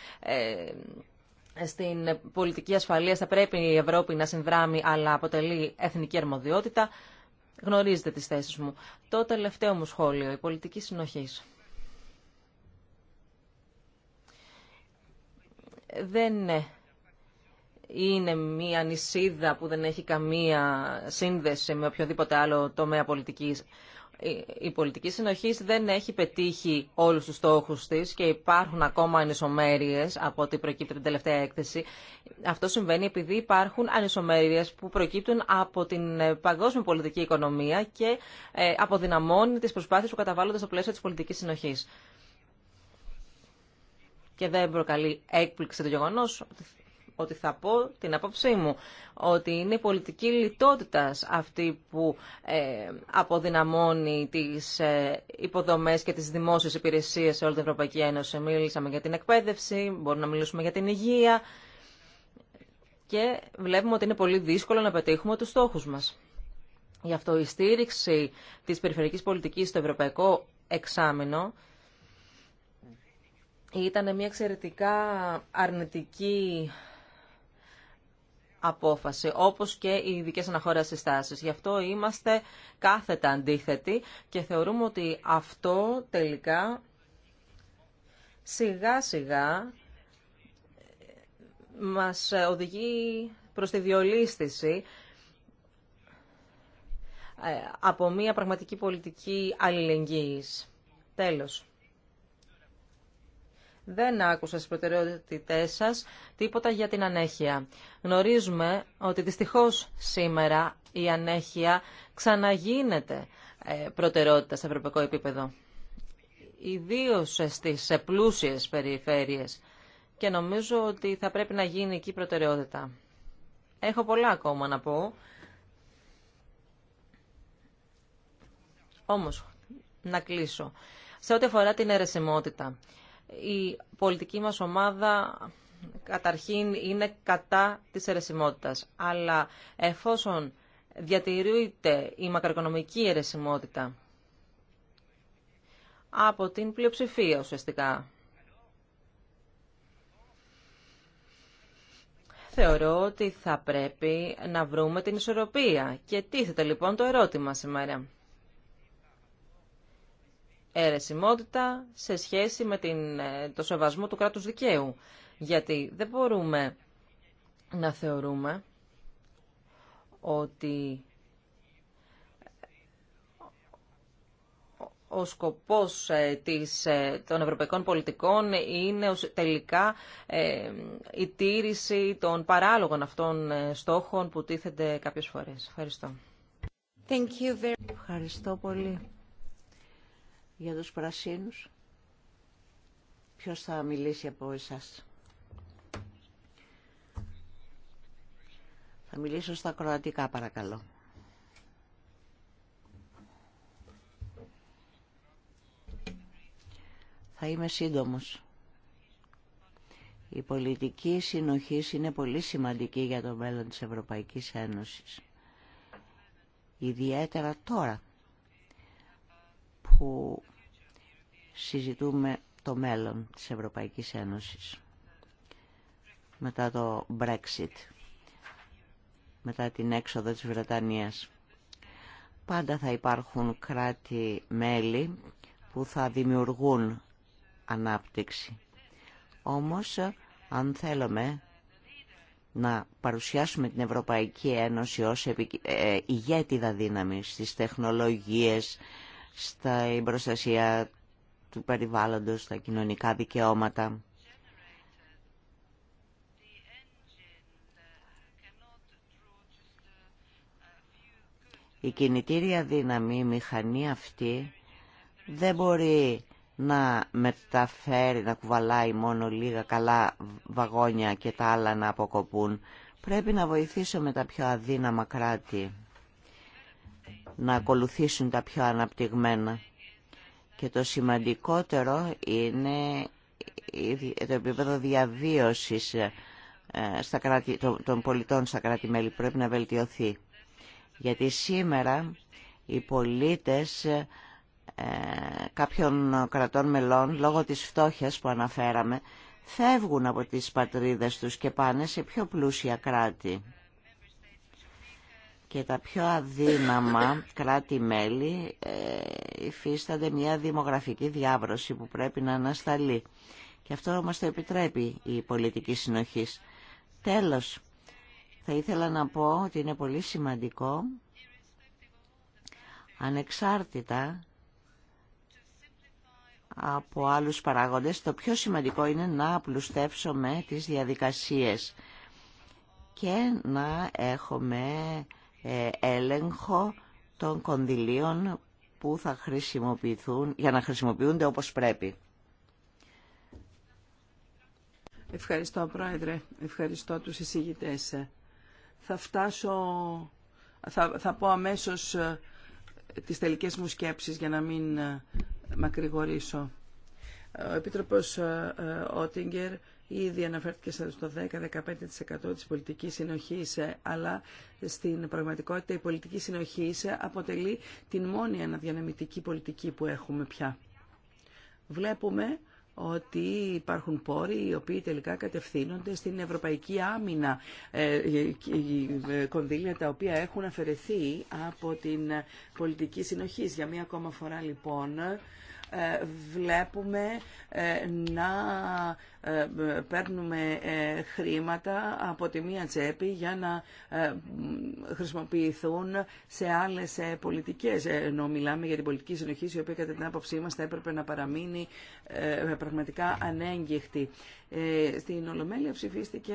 Speaker 2: στην πολιτική ασφαλεία θα πρέπει η Ευρώπη να συνδράμει, αλλά αποτελεί εθνική αρμοδιότητα. Γνωρίζετε τις θέσεις μου. Το τελευταίο μου σχόλιο, η πολιτική συνοχής. δεν είναι μία νησίδα που δεν έχει καμία σύνδεση με οποιοδήποτε άλλο τομέα πολιτικής. Η πολιτική συνοχή δεν έχει πετύχει όλους τους στόχους της και υπάρχουν ακόμα ανισομέρειες από ό,τι προκύπτει την τελευταία έκθεση. Αυτό συμβαίνει επειδή υπάρχουν ανισομέρειες που προκύπτουν από την ε, παγκόσμια πολιτική οικονομία και ε, αποδυναμώνει τις προσπάθειες που καταβάλλονται στο πλαίσιο της πολιτικής συνοχής και δεν προκαλεί έκπληξη το γεγονό ότι θα πω την απόψή μου, ότι είναι η πολιτική λιτότητας αυτή που ε, αποδυναμώνει τις ε, υποδομές και τις δημόσιες υπηρεσίες σε όλη την Ευρωπαϊκή Ένωση. Μίλησαμε για την εκπαίδευση, μπορούμε να μιλήσουμε για την υγεία και βλέπουμε ότι είναι πολύ δύσκολο να πετύχουμε τους στόχους μας. Γι' αυτό η στήριξη της περιφερειακή πολιτικής στο ευρωπαϊκό εξάμεινο ήταν μια εξαιρετικά αρνητική απόφαση, όπως και οι ειδικέ αναχώρες συστάσεις. Γι' αυτό είμαστε κάθετα αντίθετοι και θεωρούμε ότι αυτό τελικά σιγά σιγά μας οδηγεί προς τη διολίσθηση ε, από μια πραγματική πολιτική αλληλεγγύης. Τέλος δεν άκουσα στις προτεραιότητε σα τίποτα για την ανέχεια. Γνωρίζουμε ότι δυστυχώ σήμερα η ανέχεια ξαναγίνεται ε, προτεραιότητα σε ευρωπαϊκό επίπεδο. Ιδίω στι πλούσιε περιφέρειες. Και νομίζω ότι θα πρέπει να γίνει εκεί προτεραιότητα. Έχω πολλά ακόμα να πω. Όμως, να κλείσω. Σε ό,τι αφορά την αιρεσιμότητα η πολιτική μας ομάδα καταρχήν είναι κατά της αιρεσιμότητας. Αλλά εφόσον διατηρείται η μακροοικονομική αιρεσιμότητα από την πλειοψηφία ουσιαστικά. Θεωρώ ότι θα πρέπει να βρούμε την ισορροπία. Και τίθεται λοιπόν το ερώτημα σήμερα αιρεσιμότητα σε σχέση με την, ε, το σεβασμό του κράτους δικαίου. Γιατί δεν μπορούμε να θεωρούμε ότι ο σκοπός ε, ε, των ευρωπαϊκών πολιτικών είναι τελικά η τήρηση των παράλογων αυτών στόχων που τίθενται κάποιες φορές. Ευχαριστώ.
Speaker 1: Thank you very... πολύ για τους πρασίνους. Ποιος θα μιλήσει από εσάς. Θα μιλήσω στα κροατικά παρακαλώ. Θα είμαι σύντομος. Η πολιτική συνοχή είναι πολύ σημαντική για το μέλλον της Ευρωπαϊκής Ένωσης. Ιδιαίτερα τώρα που συζητούμε το μέλλον της Ευρωπαϊκής Ένωσης μετά το Brexit, μετά την έξοδο της Βρετανίας. Πάντα θα υπάρχουν κράτη-μέλη που θα δημιουργούν ανάπτυξη. Όμως, αν θέλουμε να παρουσιάσουμε την Ευρωπαϊκή Ένωση ως ε, ηγέτιδα δύναμη στις τεχνολογίες, στα προστασία του περιβάλλοντος, τα κοινωνικά δικαιώματα. Η κινητήρια δύναμη, η μηχανή αυτή δεν μπορεί να μεταφέρει, να κουβαλάει μόνο λίγα καλά βαγόνια και τα άλλα να αποκοπούν. Πρέπει να βοηθήσουμε τα πιο αδύναμα κράτη να ακολουθήσουν τα πιο αναπτυγμένα. Και το σημαντικότερο είναι το επίπεδο διαβίωσης ε, στα των πολιτών στα κράτη-μέλη πρέπει να βελτιωθεί. Γιατί σήμερα οι πολίτες ε, κάποιων κρατών μελών, λόγω της φτώχειας που αναφέραμε, φεύγουν από τις πατρίδες τους και πάνε σε πιο πλούσια κράτη και τα πιο αδύναμα κράτη-μέλη ε, υφίστανται μια δημογραφική διάβρωση που πρέπει να ανασταλεί. Και αυτό μας το επιτρέπει η πολιτική συνοχής. Τέλος, θα ήθελα να πω ότι είναι πολύ σημαντικό ανεξάρτητα από άλλους παράγοντες, το πιο σημαντικό είναι να απλουστεύσουμε τις διαδικασίες και να έχουμε ε, έλεγχο των κονδυλίων που θα χρησιμοποιηθούν για να χρησιμοποιούνται όπως πρέπει.
Speaker 3: Ευχαριστώ Πρόεδρε, ευχαριστώ τους εισηγητές. Θα φτάσω, θα, θα πω αμέσως ε, τις τελικές μου σκέψεις για να μην ε, μακρηγορήσω. Ο Επίτροπος Ότιγκερ Ήδη αναφέρθηκε στο 10-15% της πολιτικής συνοχής, ε, αλλά στην πραγματικότητα η πολιτική συνοχής ε, αποτελεί την μόνη αναδιανεμητική πολιτική που έχουμε πια. Βλέπουμε ότι υπάρχουν πόροι οι οποίοι τελικά κατευθύνονται στην ευρωπαϊκή άμυνα, ε, κονδύλια τα οποία έχουν αφαιρεθεί από την πολιτική συνοχής. Για μία ακόμα φορά λοιπόν ε, βλέπουμε ε, να ε, παίρνουμε χρήματα από τη μία τσέπη για να χρησιμοποιηθούν σε άλλες πολιτικές. Ενώ μιλάμε για την πολιτική συνοχή, η οποία κατά την άποψή μας θα έπρεπε να παραμείνει πραγματικά ανέγγιχτη. Ε, στην Ολομέλεια ψηφίστηκε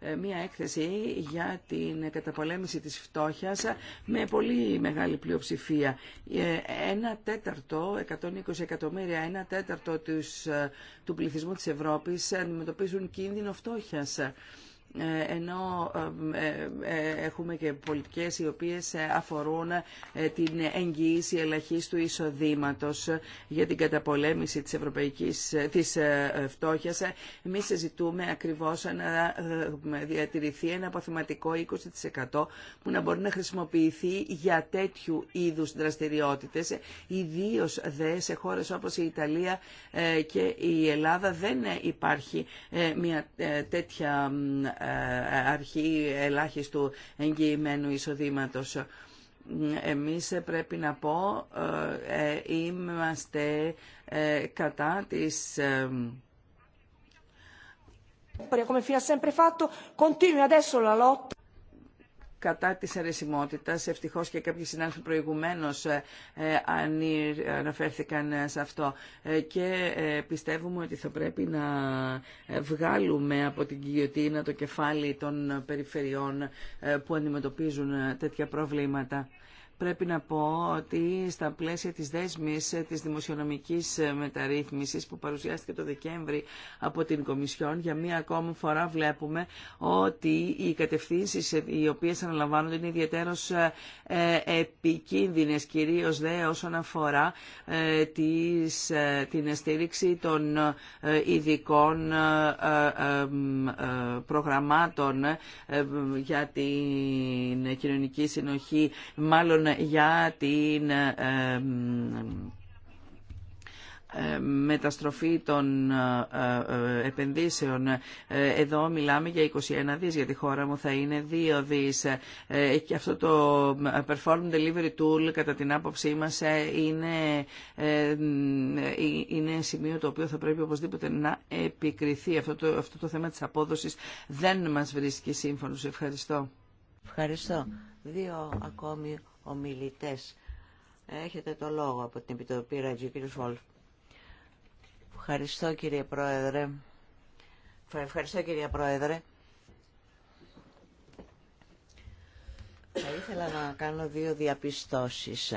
Speaker 3: ε, μία έκθεση για την καταπολέμηση της φτώχειας με πολύ μεγάλη πλειοψηφία. Ε, ένα τέταρτο, 120 εκατομμύρια, ένα τέταρτο του πληθυσμού της Ευρώπης αντιμετωπίζουν κίνδυνο φτώχειας ενώ ε, ε, έχουμε και πολιτικές οι οποίες αφορούν ε, την εγγύηση ελαχίστου εισοδήματος για την καταπολέμηση της ευρωπαϊκής της φτώχειας. Εμείς συζητούμε ακριβώς να διατηρηθεί ένα αποθηματικό 20% που να μπορεί να χρησιμοποιηθεί για τέτοιου είδους δραστηριότητες, ιδίως δε σε χώρες όπως η Ιταλία και η Ελλάδα δεν υπάρχει μια τέτοια ε, αρχή ελάχιστου εγγυημένου εισοδήματος. Εμείς πρέπει να πω ε, ε, είμαστε κατά της come fino a sempre fatto, continui adesso la lotta κατά της αρεσιμότητας. Ευτυχώς και κάποιοι συνάδελφοι προηγουμένως ε, ε, αναφέρθηκαν ε, σε αυτό. Και πιστεύουμε ότι θα πρέπει να βγάλουμε από την να το κεφάλι των περιφερειών που αντιμετωπίζουν τέτοια προβλήματα πρέπει να πω ότι στα πλαίσια της δέσμης ε, της δημοσιονομικής ε, μεταρρύθμισης που παρουσιάστηκε το Δεκέμβρη από την Κομισιόν, για μία ακόμη φορά βλέπουμε ότι οι κατευθύνσεις ε, οι οποίες αναλαμβάνονται είναι ιδιαίτερως επικίνδυνες, κυρίως δε όσον αφορά την στήριξη των ειδικών προγραμμάτων για την κοινωνική συνοχή, μάλλον για την μεταστροφή των ε, ε, επενδύσεων. Ε, εδώ μιλάμε για 21 δις, για τη χώρα μου θα είναι 2 δις. Και αυτό το Perform Delivery Tool, κατά την άποψή μας, είναι, είναι σημείο το οποίο θα πρέπει οπωσδήποτε να επικριθεί. Αυτό το, αυτό το θέμα της απόδοσης δεν μας βρίσκει σύμφωνος. Ευχαριστώ.
Speaker 1: Ευχαριστώ. Δύο ακόμη ομιλητές. Έχετε το λόγο από την Επιτροπή Ρατζιού κύριε Σόλφ. Ευχαριστώ κύριε Πρόεδρε. Ευχαριστώ κύριε Πρόεδρε. Θα ήθελα να κάνω δύο διαπιστώσεις.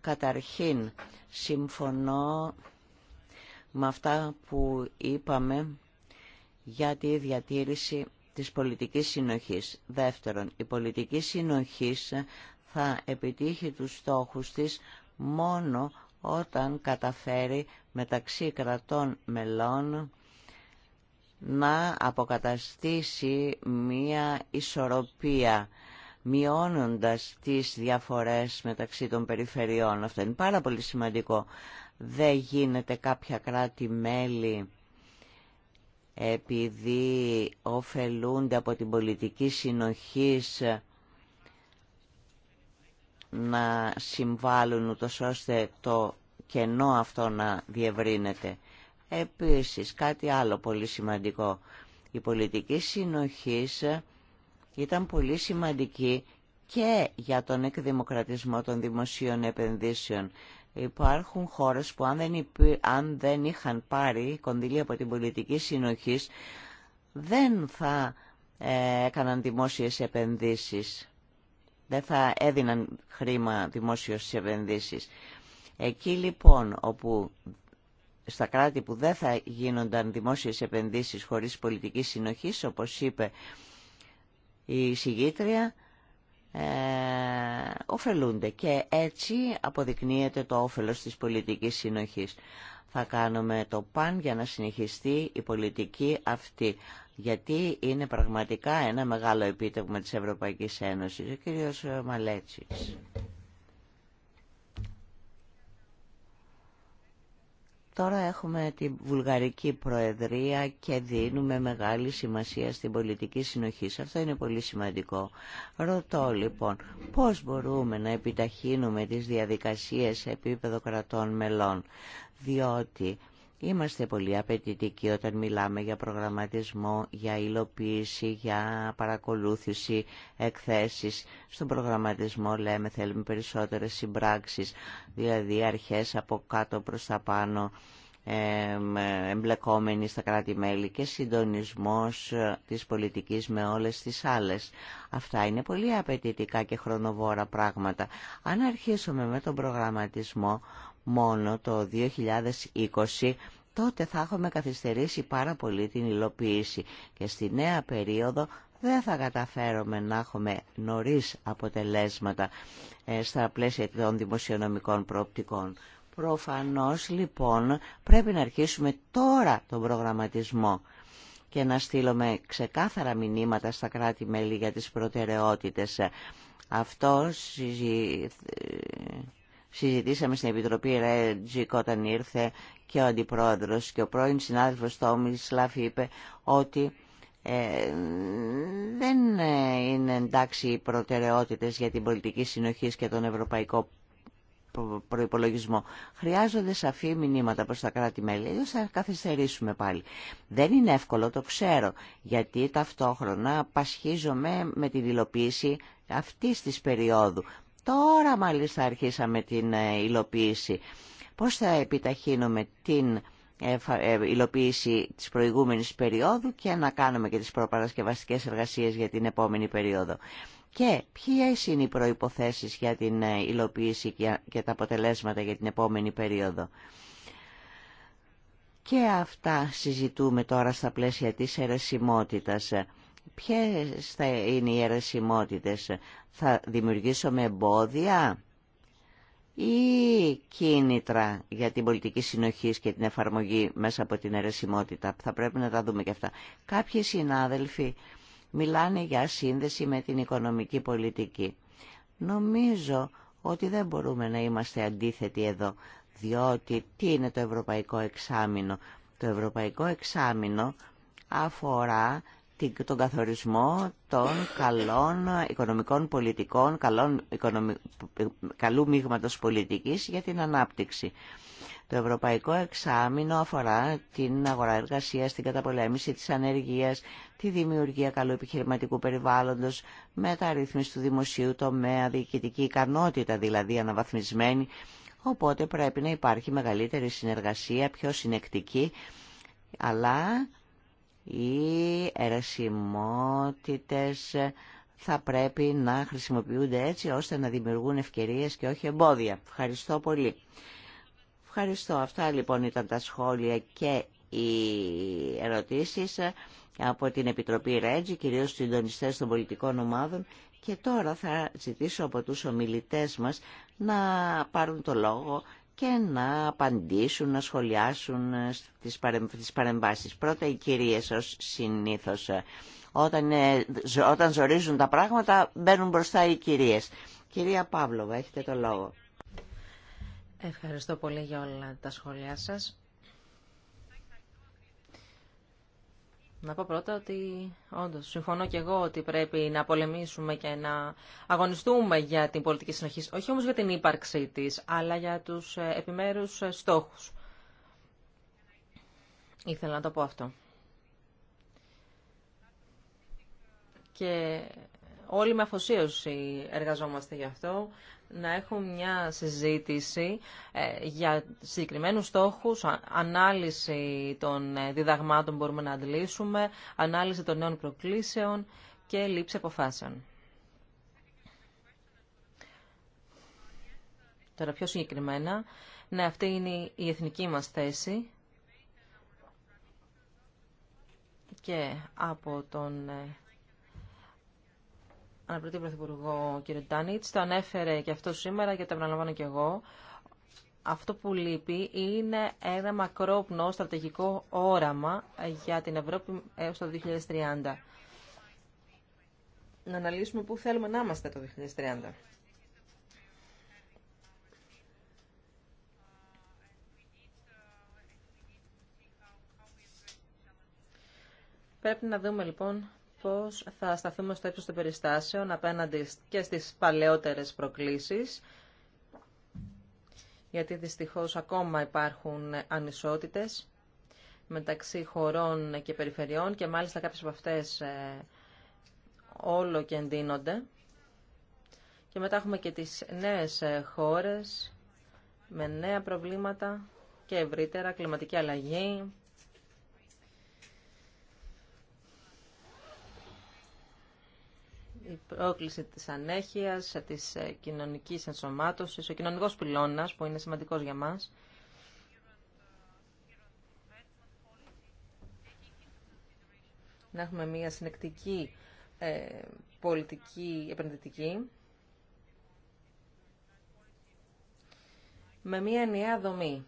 Speaker 1: Καταρχήν, συμφωνώ με αυτά που είπαμε για τη διατήρηση της πολιτικής συνοχής. Δεύτερον, η πολιτική συνοχής θα επιτύχει τους στόχους της μόνο όταν καταφέρει μεταξύ κρατών μελών να αποκαταστήσει μία ισορροπία μειώνοντας τις διαφορές μεταξύ των περιφερειών. Αυτό είναι πάρα πολύ σημαντικό. Δεν γίνεται κάποια κράτη-μέλη επειδή ωφελούνται από την πολιτική συνοχής να συμβάλλουν ούτως ώστε το κενό αυτό να διευρύνεται. Επίσης, κάτι άλλο πολύ σημαντικό. Η πολιτική συνοχής ήταν πολύ σημαντική και για τον εκδημοκρατισμό των δημοσίων επενδύσεων. Υπάρχουν χώρες που αν δεν, αν δεν είχαν πάρει κονδύλια από την πολιτική συνοχής δεν θα ε, έκαναν δημόσιες επενδύσεις δεν θα έδιναν χρήμα δημόσιο στις επενδύσεις. Εκεί λοιπόν όπου στα κράτη που δεν θα γίνονταν δημόσιες επενδύσεις χωρίς πολιτική συνοχή, όπως είπε η συγγήτρια, ε, ωφελούνται και έτσι αποδεικνύεται το όφελος της πολιτικής συνοχής. Θα κάνουμε το παν για να συνεχιστεί η πολιτική αυτή γιατί είναι πραγματικά ένα μεγάλο επίτευγμα της Ευρωπαϊκής Ένωσης, ο κύριος Μαλέτσης. Τώρα έχουμε τη Βουλγαρική Προεδρία και δίνουμε μεγάλη σημασία στην πολιτική συνοχή. Αυτό είναι πολύ σημαντικό. Ρωτώ λοιπόν, πώς μπορούμε να επιταχύνουμε τις διαδικασίες σε επίπεδο κρατών μελών, διότι Είμαστε πολύ απαιτητικοί όταν μιλάμε για προγραμματισμό, για υλοποίηση, για παρακολούθηση, εκθέσεις. Στον προγραμματισμό λέμε θέλουμε περισσότερες συμπράξεις, δηλαδή αρχές από κάτω προς τα πάνω, εμπλεκόμενοι στα κράτη-μέλη και συντονισμός ε, της πολιτικής με όλες τις άλλες. Αυτά είναι πολύ απαιτητικά και χρονοβόρα πράγματα. Αν αρχίσουμε με τον προγραμματισμό μόνο το 2020, τότε θα έχουμε καθυστερήσει πάρα πολύ την υλοποίηση και στη νέα περίοδο δεν θα καταφέρουμε να έχουμε νωρίς αποτελέσματα ε, στα πλαίσια των δημοσιονομικών προοπτικών. Προφανώς λοιπόν πρέπει να αρχίσουμε τώρα τον προγραμματισμό και να στείλουμε ξεκάθαρα μηνύματα στα κράτη-μέλη για τις προτεραιότητες. Αυτό Συζητήσαμε στην Επιτροπή Ρέτζικ όταν ήρθε και ο Αντιπρόεδρος και ο πρώην συνάδελφος Τόμι Σλάφ είπε ότι ε, δεν ε, είναι εντάξει οι προτεραιότητες για την πολιτική συνοχή και τον ευρωπαϊκό προϋπολογισμό. Χρειάζονται σαφή μηνύματα προς τα κράτη-μέλη, αλλιώς θα καθυστερήσουμε πάλι. Δεν είναι εύκολο, το ξέρω, γιατί ταυτόχρονα πασχίζομαι με την υλοποίηση αυτή της περίοδου Τώρα μάλιστα αρχίσαμε την ε, υλοποίηση. Πώς θα επιταχύνουμε την ε, ε, υλοποίηση της προηγούμενης περίοδου και να κάνουμε και τις προπαρασκευαστικές εργασίες για την επόμενη περίοδο. Και ποιες είναι οι προϋποθέσεις για την υλοποίηση και τα αποτελέσματα για την επόμενη περίοδο. Και αυτά συζητούμε τώρα στα πλαίσια της αιρεσιμότητας. Ποιες θα είναι οι αιρεσιμότητες, θα δημιουργήσουμε εμπόδια ή κίνητρα για την πολιτική συνοχή και την εφαρμογή μέσα από την αιρεσιμότητα. Θα πρέπει να τα δούμε και αυτά. Κάποιοι συνάδελφοι μιλάνε για σύνδεση με την οικονομική πολιτική. Νομίζω ότι δεν μπορούμε να είμαστε αντίθετοι εδώ, διότι τι είναι το Ευρωπαϊκό Εξάμεινο. Το Ευρωπαϊκό Εξάμεινο αφορά τον καθορισμό των καλών οικονομικών πολιτικών, καλών καλού μείγματος πολιτικής για την ανάπτυξη. Το Ευρωπαϊκό Εξάμεινο αφορά την αγορά εργασία την καταπολέμηση της ανεργίας, τη δημιουργία καλού επιχειρηματικού περιβάλλοντος, μεταρρύθμιση του δημοσίου τομέα, διοικητική ικανότητα δηλαδή αναβαθμισμένη, οπότε πρέπει να υπάρχει μεγαλύτερη συνεργασία, πιο συνεκτική, αλλά οι ερασιμότητες θα πρέπει να χρησιμοποιούνται έτσι ώστε να δημιουργούν ευκαιρίες και όχι εμπόδια. Ευχαριστώ πολύ. Ευχαριστώ. Αυτά λοιπόν ήταν τα σχόλια και οι ερωτήσεις από την Επιτροπή Ρέτζη, κυρίως του συντονιστές των πολιτικών ομάδων. Και τώρα θα ζητήσω από τους ομιλητές μας να πάρουν το λόγο και να απαντήσουν, να σχολιάσουν ε, τις παρεμβάσεις. Πρώτα οι κυρίες ως συνήθως. Ε, όταν, ε, όταν ζορίζουν τα πράγματα μπαίνουν μπροστά οι κυρίες. Κυρία Παύλοβα, έχετε το λόγο.
Speaker 2: Ευχαριστώ πολύ για όλα τα σχόλιά σας. Να πω πρώτα ότι όντως συμφωνώ και εγώ ότι πρέπει να πολεμήσουμε και να αγωνιστούμε για την πολιτική συνοχή, όχι όμως για την ύπαρξή της, αλλά για τους ε, επιμέρους ε, στόχους. Ήθελα να το πω αυτό. Και όλοι με αφοσίωση εργαζόμαστε γι' αυτό να έχουμε μια συζήτηση ε, για συγκεκριμένους στόχους, ανάλυση των ε, διδαγμάτων που μπορούμε να αντλήσουμε, ανάλυση των νέων προκλήσεων και λήψη αποφάσεων. Τώρα πιο συγκεκριμένα, ναι, αυτή είναι η εθνική μας θέση και από τον ε, αναπληρωτή Πρωθυπουργό κ. Τάνιτ, Το ανέφερε και αυτό σήμερα και το επαναλαμβάνω και εγώ. Αυτό που λείπει είναι ένα μακρόπνο στρατηγικό όραμα για την Ευρώπη έως το 2030. Να αναλύσουμε πού θέλουμε να είμαστε το 2030. Πρέπει να δούμε λοιπόν πώς θα σταθούμε στο ύψος των περιστάσεων απέναντι και στις παλαιότερες προκλήσεις, γιατί δυστυχώς ακόμα υπάρχουν ανισότητες μεταξύ χωρών και περιφερειών και μάλιστα κάποιες από αυτές ε, όλο και εντείνονται. Και μετά έχουμε και τις νέες ε, χώρες με νέα προβλήματα και ευρύτερα κλιματική αλλαγή, η πρόκληση της ανέχειας, της ε, κοινωνικής ενσωμάτωσης, ο κοινωνικό πυλώνα που είναι σημαντικός για μας. Να έχουμε μια συνεκτική ε, πολιτική επενδυτική με μια ενιαία δομή.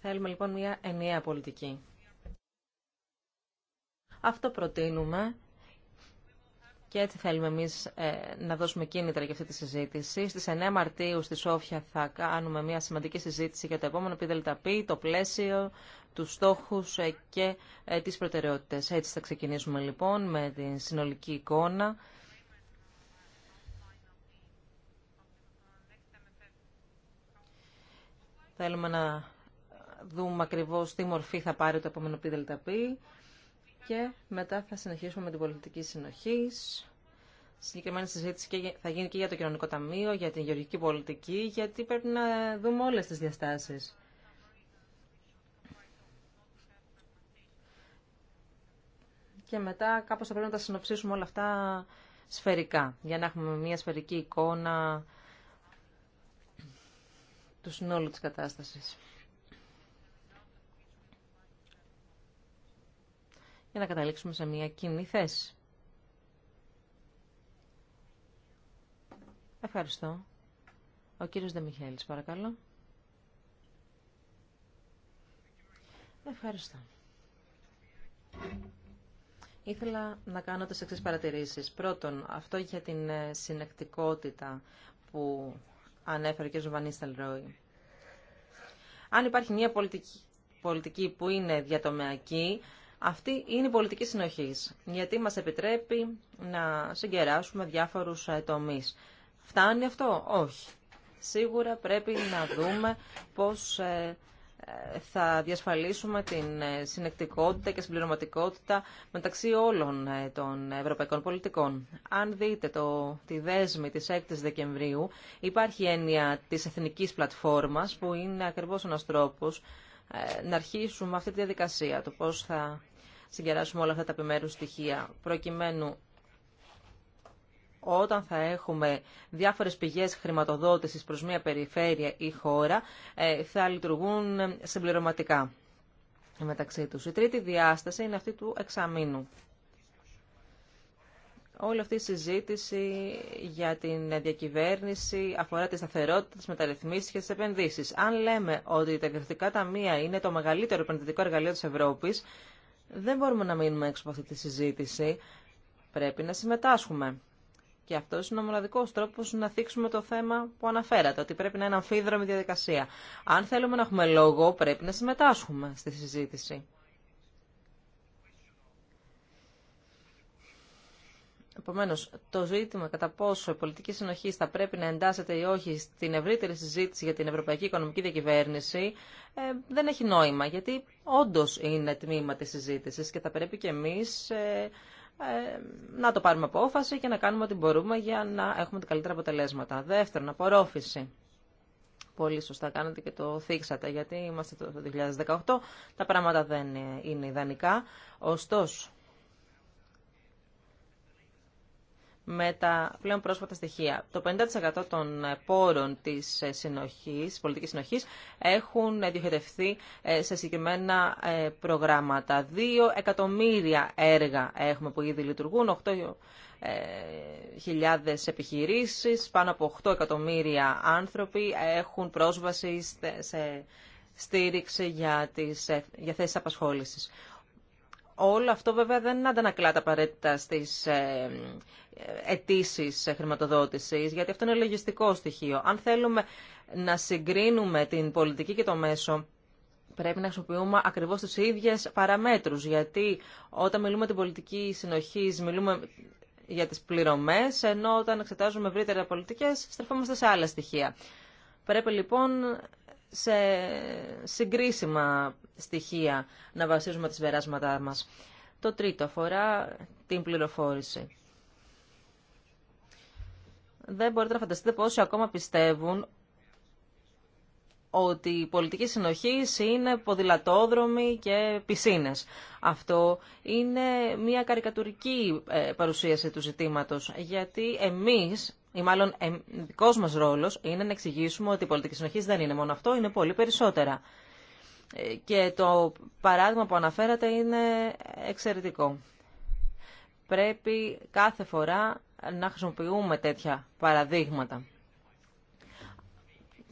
Speaker 2: Θέλουμε λοιπόν μια ενιαία πολιτική. Αυτό προτείνουμε και έτσι θέλουμε εμείς ε, να δώσουμε κίνητρα για αυτή τη συζήτηση. Στις 9 Μαρτίου στη Σόφια θα κάνουμε μια σημαντική συζήτηση για το επόμενο ΠΔΠ, το πλαίσιο, του στόχους ε, και ε, τι προτεραιότητε. Έτσι θα ξεκινήσουμε λοιπόν με την συνολική εικόνα. Θέλουμε να δούμε ακριβώς τι μορφή θα πάρει το επόμενο ΠΔΠ και μετά θα συνεχίσουμε με την πολιτική συνοχή. Συγκεκριμένη συζήτηση και θα γίνει και για το κοινωνικό ταμείο, για την γεωργική πολιτική, γιατί πρέπει να δούμε όλες τις διαστάσεις. Και μετά κάπως θα πρέπει να τα συνοψίσουμε όλα αυτά σφαιρικά, για να έχουμε μια σφαιρική εικόνα του συνόλου της κατάστασης. για να καταλήξουμε σε μια κοινή θέση. Ευχαριστώ. Ο κύριος Δεμιχέλης, παρακαλώ. Ευχαριστώ. Ήθελα να κάνω τις εξής παρατηρήσεις. Πρώτον, αυτό για την ε, συνεκτικότητα που ανέφερε και ο κ. Ρόι. Αν υπάρχει μια πολιτική, πολιτική που είναι διατομεακή, αυτή είναι η πολιτική συνοχή, γιατί μας επιτρέπει να συγκεράσουμε διάφορους ε, τομεί. Φτάνει αυτό? Όχι. Σίγουρα πρέπει να δούμε πώς ε, ε, θα διασφαλίσουμε την συνεκτικότητα και συμπληρωματικότητα μεταξύ όλων των ευρωπαϊκών πολιτικών. Αν δείτε το, τη δέσμη της 6 Δεκεμβρίου, υπάρχει έννοια της εθνικής πλατφόρμας, που είναι ακριβώς ένας τρόπος να αρχίσουμε αυτή τη διαδικασία, το πώς θα συγκεράσουμε όλα αυτά τα επιμέρου στοιχεία, προκειμένου όταν θα έχουμε διάφορες πηγές χρηματοδότησης προς μια περιφέρεια ή χώρα, ε, θα λειτουργούν συμπληρωματικά μεταξύ τους. Η τρίτη διάσταση είναι αυτή του εξαμήνου. Όλη αυτή η συζήτηση για την διακυβέρνηση αφορά τη σταθερότητα, τις μεταρρυθμίσει και τις επενδύσεις. Αν λέμε ότι τα εγκριτικά ταμεία είναι το μεγαλύτερο επενδυτικό εργαλείο τη Ευρώπη, δεν μπορούμε να μείνουμε έξω από αυτή τη συζήτηση. Πρέπει να συμμετάσχουμε. Και αυτό είναι ο μοναδικό τρόπο να θίξουμε το θέμα που αναφέρατε, ότι πρέπει να είναι αμφίδρομη διαδικασία. Αν θέλουμε να έχουμε λόγο, πρέπει να συμμετάσχουμε στη συζήτηση. Επομένω, το ζήτημα κατά πόσο η πολιτική συνοχή θα πρέπει να εντάσσεται ή όχι στην ευρύτερη συζήτηση για την ευρωπαϊκή οικονομική διακυβέρνηση ε, δεν έχει νόημα, γιατί όντω είναι τμήμα τη συζήτηση και θα πρέπει και εμεί ε, ε, να το πάρουμε απόφαση και να κάνουμε ό,τι μπορούμε για να έχουμε τα καλύτερα αποτελέσματα. Δεύτερον, απορρόφηση. Πολύ σωστά κάνατε και το θίξατε, γιατί είμαστε το 2018, τα πράγματα δεν είναι ιδανικά. Ωστόσο, με τα πλέον πρόσφατα στοιχεία. Το 50% των πόρων της ε, συνοχής, πολιτικής συνοχής έχουν διοχετευθεί ε, σε συγκεκριμένα ε, προγράμματα. Δύο εκατομμύρια έργα έχουμε που ήδη λειτουργούν, 8.000 επιχειρήσεις, πάνω από 8 εκατομμύρια άνθρωποι έχουν πρόσβαση σε στήριξη για, τις, για θέσεις απασχόλησης όλο αυτό βέβαια δεν τα απαραίτητα στις ε, αιτήσει χρηματοδότηση, γιατί αυτό είναι λογιστικό στοιχείο. Αν θέλουμε να συγκρίνουμε την πολιτική και το μέσο, πρέπει να χρησιμοποιούμε ακριβώς τι ίδιε παραμέτρους, γιατί όταν μιλούμε την πολιτική συνοχή, μιλούμε για τις πληρωμές, ενώ όταν εξετάζουμε ευρύτερα πολιτικέ, στρεφόμαστε σε άλλα στοιχεία. Πρέπει λοιπόν σε συγκρίσιμα στοιχεία να βασίζουμε τις περάσματά μας. Το τρίτο αφορά την πληροφόρηση. Δεν μπορείτε να φανταστείτε πόσοι ακόμα πιστεύουν ότι η πολιτική συνοχή είναι ποδηλατόδρομοι και πισίνες. Αυτό είναι μια καρικατουρική ε, παρουσίαση του ζητήματος, γιατί εμείς ή μάλλον ε, δικό μα ρόλο είναι να εξηγήσουμε ότι η πολιτική συνοχή δεν είναι μόνο αυτό, είναι πολύ περισσότερα. Ε, και το παράδειγμα που αναφέρατε είναι εξαιρετικό. Πρέπει κάθε φορά να χρησιμοποιούμε τέτοια παραδείγματα.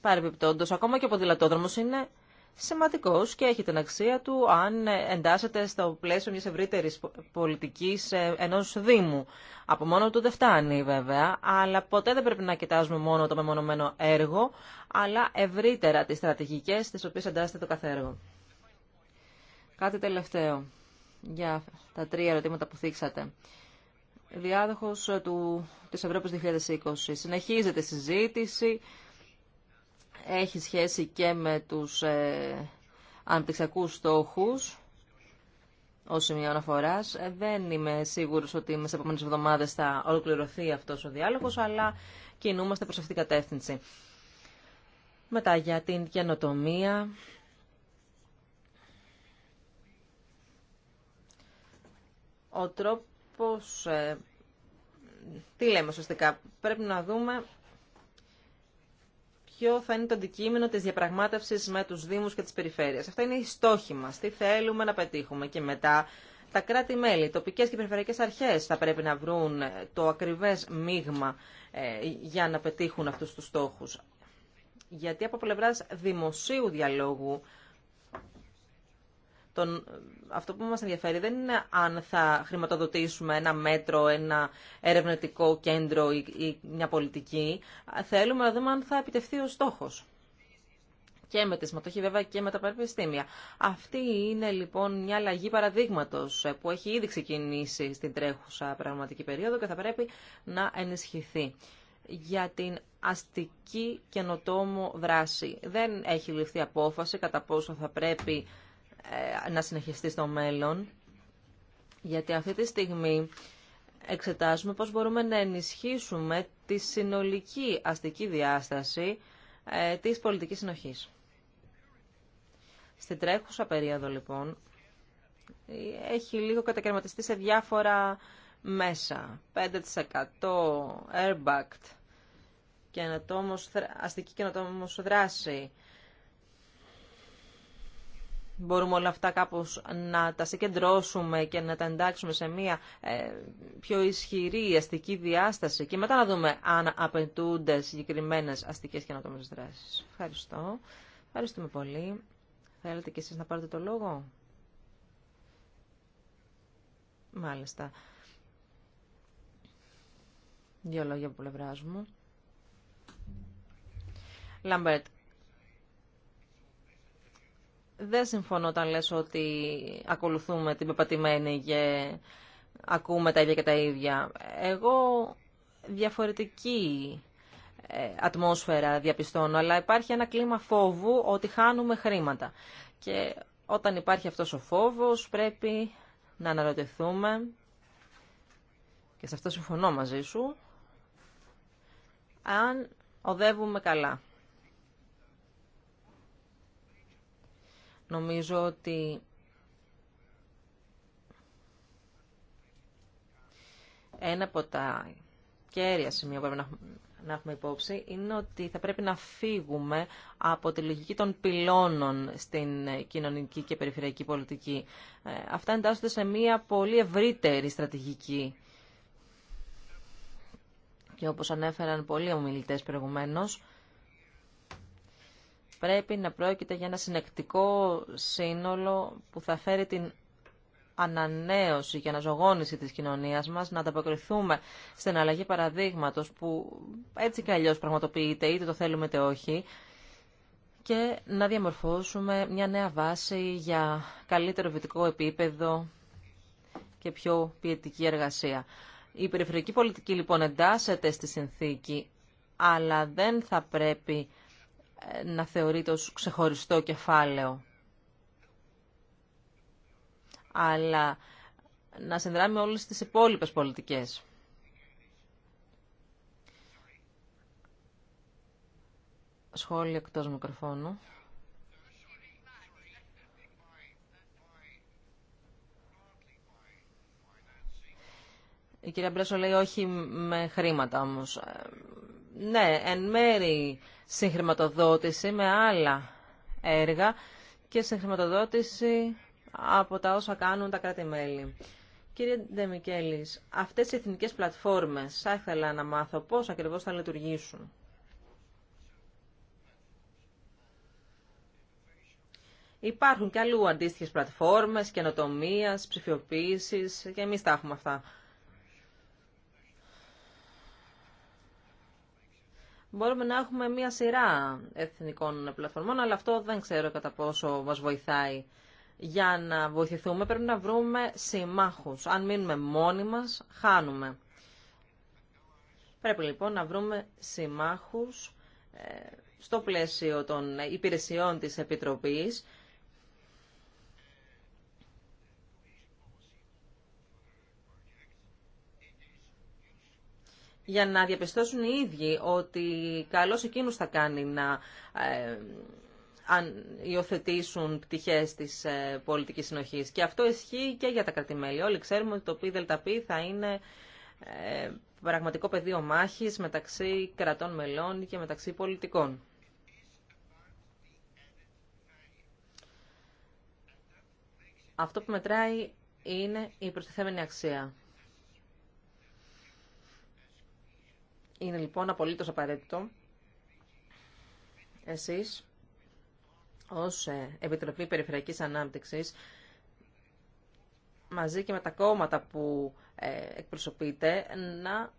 Speaker 2: Παρεπιπτόντως, ακόμα και ο ποδηλατόδρομος είναι σημαντικό και έχει την αξία του αν εντάσσεται στο πλαίσιο μιας ευρύτερη πολιτικής ε, ενός Δήμου. Από μόνο του δεν φτάνει βέβαια, αλλά ποτέ δεν πρέπει να κοιτάζουμε μόνο το μεμονωμένο έργο, αλλά ευρύτερα τις στρατηγικές στις οποίες εντάσσεται το καθέργο. Κάτι τελευταίο για τα τρία ερωτήματα που θίξατε. Διάδοχος ε, του, της Ευρώπης 2020. Συνεχίζεται η συζήτηση έχει σχέση και με τους ε, αναπτυξιακούς στόχους ω σημείο αναφορά. Ε, δεν είμαι σίγουρο ότι με τι επόμενε εβδομάδε θα ολοκληρωθεί αυτό ο διάλογο, αλλά κινούμαστε προ αυτήν την κατεύθυνση. Μετά για την καινοτομία. Ο τρόπος, ε, τι λέμε σωστικά, πρέπει να δούμε ποιο θα είναι το αντικείμενο της διαπραγμάτευσης με τους Δήμους και τις περιφέρειες. Αυτά είναι οι στόχοι μα. τι θέλουμε να πετύχουμε και μετά τα κράτη-μέλη, τοπικέ και περιφερειακές αρχές θα πρέπει να βρουν ε, το ακριβές μείγμα ε, για να πετύχουν αυτούς τους στόχους. Γιατί από πλευρά δημοσίου διαλόγου τον, αυτό που μας ενδιαφέρει δεν είναι αν θα χρηματοδοτήσουμε ένα μέτρο, ένα ερευνητικό κέντρο ή, ή μια πολιτική. Θέλουμε να δούμε αν θα επιτευχθεί ο στόχος. Και με τη συμμετοχή βέβαια και με τα πανεπιστήμια. Αυτή είναι λοιπόν μια αλλαγή παραδείγματος ε, που έχει ήδη ξεκινήσει στην τρέχουσα πραγματική περίοδο και θα πρέπει να ενισχυθεί για την αστική καινοτόμο δράση. Δεν έχει ληφθεί απόφαση κατά πόσο θα πρέπει ε, να συνεχιστεί στο μέλλον, γιατί αυτή τη στιγμή εξετάζουμε πώς μπορούμε να ενισχύσουμε τη συνολική αστική διάσταση ε, της πολιτικής συνοχής. Στην τρέχουσα περίοδο, λοιπόν, έχει λίγο κατακαιρματιστεί σε διάφορα μέσα. 5% και αστική καινοτόμως δράση, μπορούμε όλα αυτά κάπως να τα συγκεντρώσουμε και να τα εντάξουμε σε μια ε, πιο ισχυρή αστική διάσταση και μετά να δούμε αν απαιτούνται συγκεκριμένε αστικές και ανάτομες δράσεις. Ευχαριστώ. Ευχαριστούμε πολύ. Θέλετε και εσείς να πάρετε το λόγο. Μάλιστα. Δύο λόγια από πλευρά μου. Λαμπέρτ, δεν συμφωνώ όταν λες ότι ακολουθούμε την πεπατημένη και ακούμε τα ίδια και τα ίδια. Εγώ διαφορετική ε, ατμόσφαιρα διαπιστώνω, αλλά υπάρχει ένα κλίμα φόβου ότι χάνουμε χρήματα. Και όταν υπάρχει αυτός ο φόβος πρέπει να αναρωτηθούμε, και σε αυτό συμφωνώ μαζί σου, αν οδεύουμε καλά. Νομίζω ότι ένα από τα κέρια σημεία που πρέπει να έχουμε υπόψη είναι ότι θα πρέπει να φύγουμε από τη λογική των πυλώνων στην κοινωνική και περιφερειακή πολιτική. Ε, αυτά εντάσσονται σε μια πολύ ευρύτερη στρατηγική. Και όπως ανέφεραν πολλοί ομιλητές προηγουμένως, πρέπει να πρόκειται για ένα συνεκτικό σύνολο που θα φέρει την ανανέωση και αναζωγόνηση της κοινωνίας μας, να ανταποκριθούμε στην αλλαγή παραδείγματος που έτσι και αλλιώς πραγματοποιείται, είτε το θέλουμε είτε όχι, και να διαμορφώσουμε μια νέα βάση για καλύτερο βιτικό επίπεδο και πιο ποιητική εργασία. Η περιφερειακή πολιτική λοιπόν εντάσσεται στη συνθήκη, αλλά δεν θα πρέπει να θεωρείται ως ξεχωριστό κεφάλαιο. Αλλά να συνδράμει όλες τις υπόλοιπες πολιτικές. Σχόλια εκτός μικροφώνου. Η κυρία Μπρέσο λέει όχι με χρήματα όμως ναι, εν μέρη συγχρηματοδότηση με άλλα έργα και συγχρηματοδότηση από τα όσα κάνουν τα κράτη-μέλη. Κύριε Ντεμικέλης, αυτές οι εθνικές πλατφόρμες, θα ήθελα να μάθω πώς ακριβώς θα λειτουργήσουν. Υπάρχουν και αλλού αντίστοιχες πλατφόρμες, καινοτομία, ψηφιοποίηση και εμείς τα έχουμε αυτά. Μπορούμε να έχουμε μία σειρά εθνικών πλατφορμών, αλλά αυτό δεν ξέρω κατά πόσο μας βοηθάει. Για να βοηθηθούμε πρέπει να βρούμε συμμάχους. Αν μείνουμε μόνοι μας, χάνουμε. Πρέπει λοιπόν να βρούμε συμμάχους ε, στο πλαίσιο των υπηρεσιών της Επιτροπής για να διαπιστώσουν οι ίδιοι ότι καλώς εκείνους θα κάνει να ε, αν υιοθετήσουν πτυχές της ε, πολιτική συνοχή. Και αυτό ισχύει και για τα κρατημέλη. Όλοι ξέρουμε ότι το ΠΔΠ θα είναι ε, πραγματικό πεδίο μάχη μεταξύ κρατών μελών και μεταξύ πολιτικών. Αυτό που μετράει είναι η προστιθέμενη αξία. Είναι λοιπόν απολύτως απαραίτητο εσείς ως ε, Επιτροπή Περιφερειακής Ανάπτυξης μαζί και με τα κόμματα που ε, εκπροσωπείτε να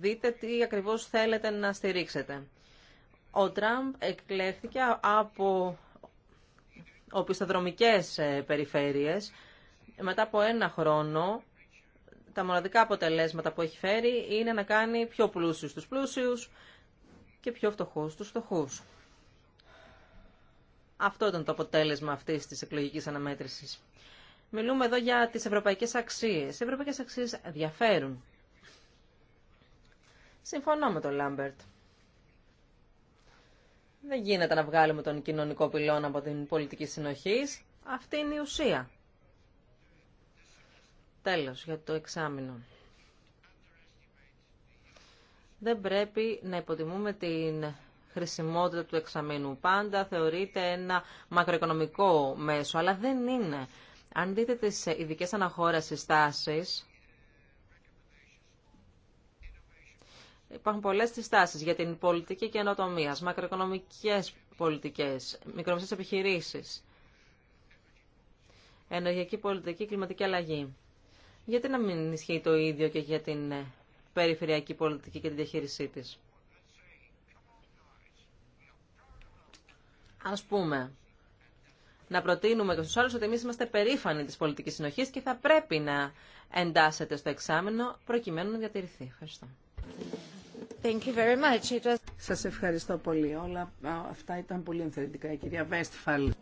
Speaker 2: δείτε τι ακριβώς θέλετε να στηρίξετε. Ο Τραμπ εκλέχθηκε από οπισθοδρομικές ε, περιφέρειες μετά από ένα χρόνο τα μοναδικά αποτελέσματα που έχει φέρει είναι να κάνει πιο πλούσιους τους πλούσιους και πιο φτωχούς τους φτωχούς. Αυτό ήταν το αποτέλεσμα αυτής της εκλογικής αναμέτρησης. Μιλούμε εδώ για τις ευρωπαϊκές αξίες. Οι ευρωπαϊκές αξίες διαφέρουν. Συμφωνώ με τον Λάμπερτ. Δεν γίνεται να βγάλουμε τον κοινωνικό πυλόν από την πολιτική συνοχή. Αυτή είναι η ουσία. Τέλος, για το εξάμεινο. Δεν πρέπει να υποτιμούμε την χρησιμότητα του εξαμήνου. Πάντα θεωρείται ένα μακροοικονομικό μέσο, αλλά δεν είναι. Αν δείτε τις ειδικέ αναχώρες συστάσεις, υπάρχουν πολλές συστάσεις για την πολιτική καινοτομία, μακροοικονομικές πολιτικές, μικρομεσές επιχειρήσεις, ενεργειακή πολιτική, κλιματική αλλαγή γιατί να μην ισχύει το ίδιο και για την ε, περιφερειακή πολιτική και τη διαχείρισή της. Ας πούμε, να προτείνουμε και στους άλλους ότι εμείς είμαστε περήφανοι της πολιτικής συνοχής και θα πρέπει να εντάσσεται στο εξάμεινο προκειμένου να διατηρηθεί. Ευχαριστώ.
Speaker 3: Thank you very much. Σας ευχαριστώ πολύ. Όλα αυτά ήταν πολύ ενθαρρυντικά, η κυρία
Speaker 1: Βέστιφαλ.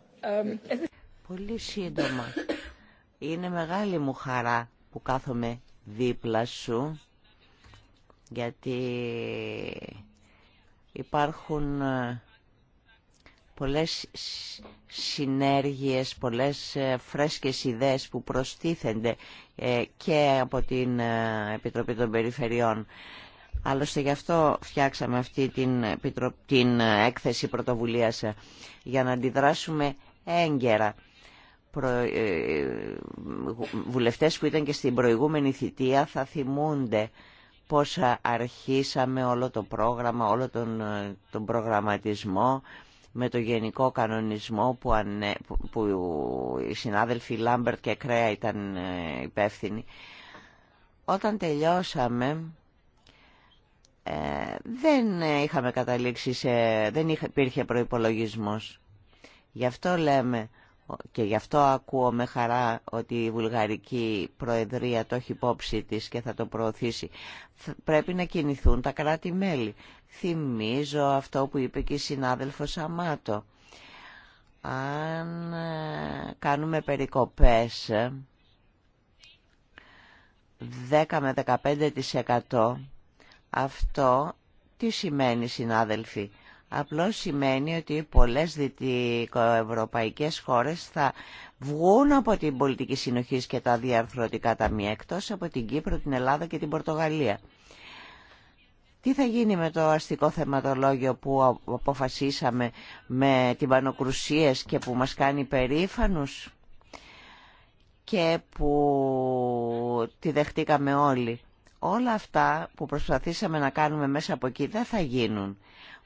Speaker 1: Um, πολύ σύντομα. Είναι μεγάλη μου χαρά που κάθομαι δίπλα σου γιατί υπάρχουν ε, πολλές συνέργειες, πολλές ε, φρέσκες ιδέες που προστίθενται ε, και από την Επιτροπή των Περιφερειών. Άλλωστε γι' αυτό φτιάξαμε αυτή την, την έκθεση πρωτοβουλίας για να αντιδράσουμε έγκαιρα ε, βουλευτές που ήταν και στην προηγούμενη θητεία θα θυμούνται πώς αρχίσαμε όλο το πρόγραμμα, όλο τον, ε, τον προγραμματισμό με το γενικό κανονισμό που, ανε, που, οι συνάδελφοι Λάμπερτ και Κρέα ήταν ε, υπεύθυνοι. Όταν τελειώσαμε δεν είχαμε καταλήξει σε... δεν υπήρχε προϋπολογισμός. Γι' αυτό λέμε και γι' αυτό ακούω με χαρά ότι η Βουλγαρική Προεδρία το έχει υπόψη της και θα το προωθήσει. Πρέπει να κινηθούν τα κράτη-μέλη. Θυμίζω αυτό που είπε και η συνάδελφος Αμάτο. Αν ε, κάνουμε περικοπές 10 ε, με 15% αυτό τι σημαίνει συνάδελφοι. Απλώς σημαίνει ότι πολλές δυτικοευρωπαϊκές χώρες θα βγουν από την πολιτική συνοχή και τα διαρθρωτικά ταμεία εκτός από την Κύπρο, την Ελλάδα και την Πορτογαλία. Τι θα γίνει με το αστικό θεματολόγιο που αποφασίσαμε με την πανοκρουσίες και που μας κάνει περήφανους και που τη δεχτήκαμε όλοι. Όλα αυτά που προσπαθήσαμε να κάνουμε μέσα από εκεί δεν θα γίνουν.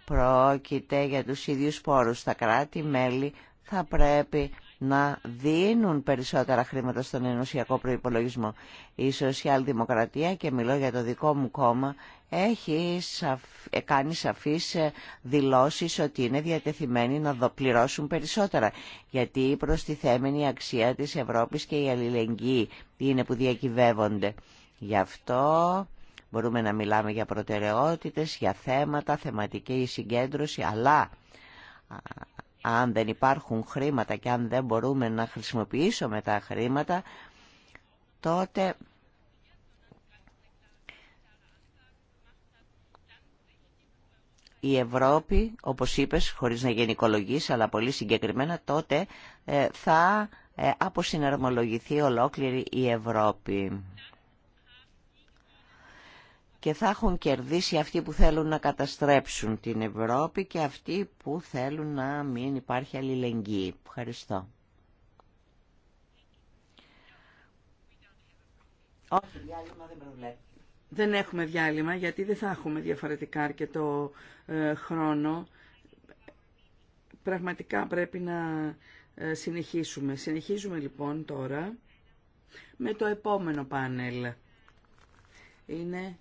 Speaker 1: Πρόκειται για τους ίδιους πόρους. Τα κράτη-μέλη θα πρέπει να δίνουν περισσότερα χρήματα στον ενωσιακό προϋπολογισμό. Η Σοσιαλδημοκρατία, και μιλώ για το δικό μου κόμμα, έχει κάνει σαφείς δηλώσεις ότι είναι διατεθειμένοι να πληρώσουν περισσότερα, γιατί η προστιθέμενη αξία της Ευρώπης και η αλληλεγγύη είναι που διακυβεύονται. Γι' αυτό Μπορούμε να μιλάμε για προτεραιότητες, για θέματα, θεματική συγκέντρωση, αλλά αν δεν υπάρχουν χρήματα και αν δεν μπορούμε να χρησιμοποιήσουμε τα χρήματα, τότε η Ευρώπη, όπως είπες, χωρίς να γενικολογείς, αλλά πολύ συγκεκριμένα, τότε ε, θα ε, αποσυναρμολογηθεί ολόκληρη η Ευρώπη και θα έχουν κερδίσει αυτοί που θέλουν να καταστρέψουν την Ευρώπη και αυτοί που θέλουν να μην υπάρχει αλληλεγγύη. Ευχαριστώ. Όχι, διάλειμμα δεν προβλέπει. Δεν έχουμε διάλειμμα γιατί δεν θα έχουμε
Speaker 3: διαφορετικά αρκετό ε, χρόνο. Πραγματικά πρέπει να ε, συνεχίσουμε. Συνεχίζουμε λοιπόν τώρα με το επόμενο πάνελ. Είναι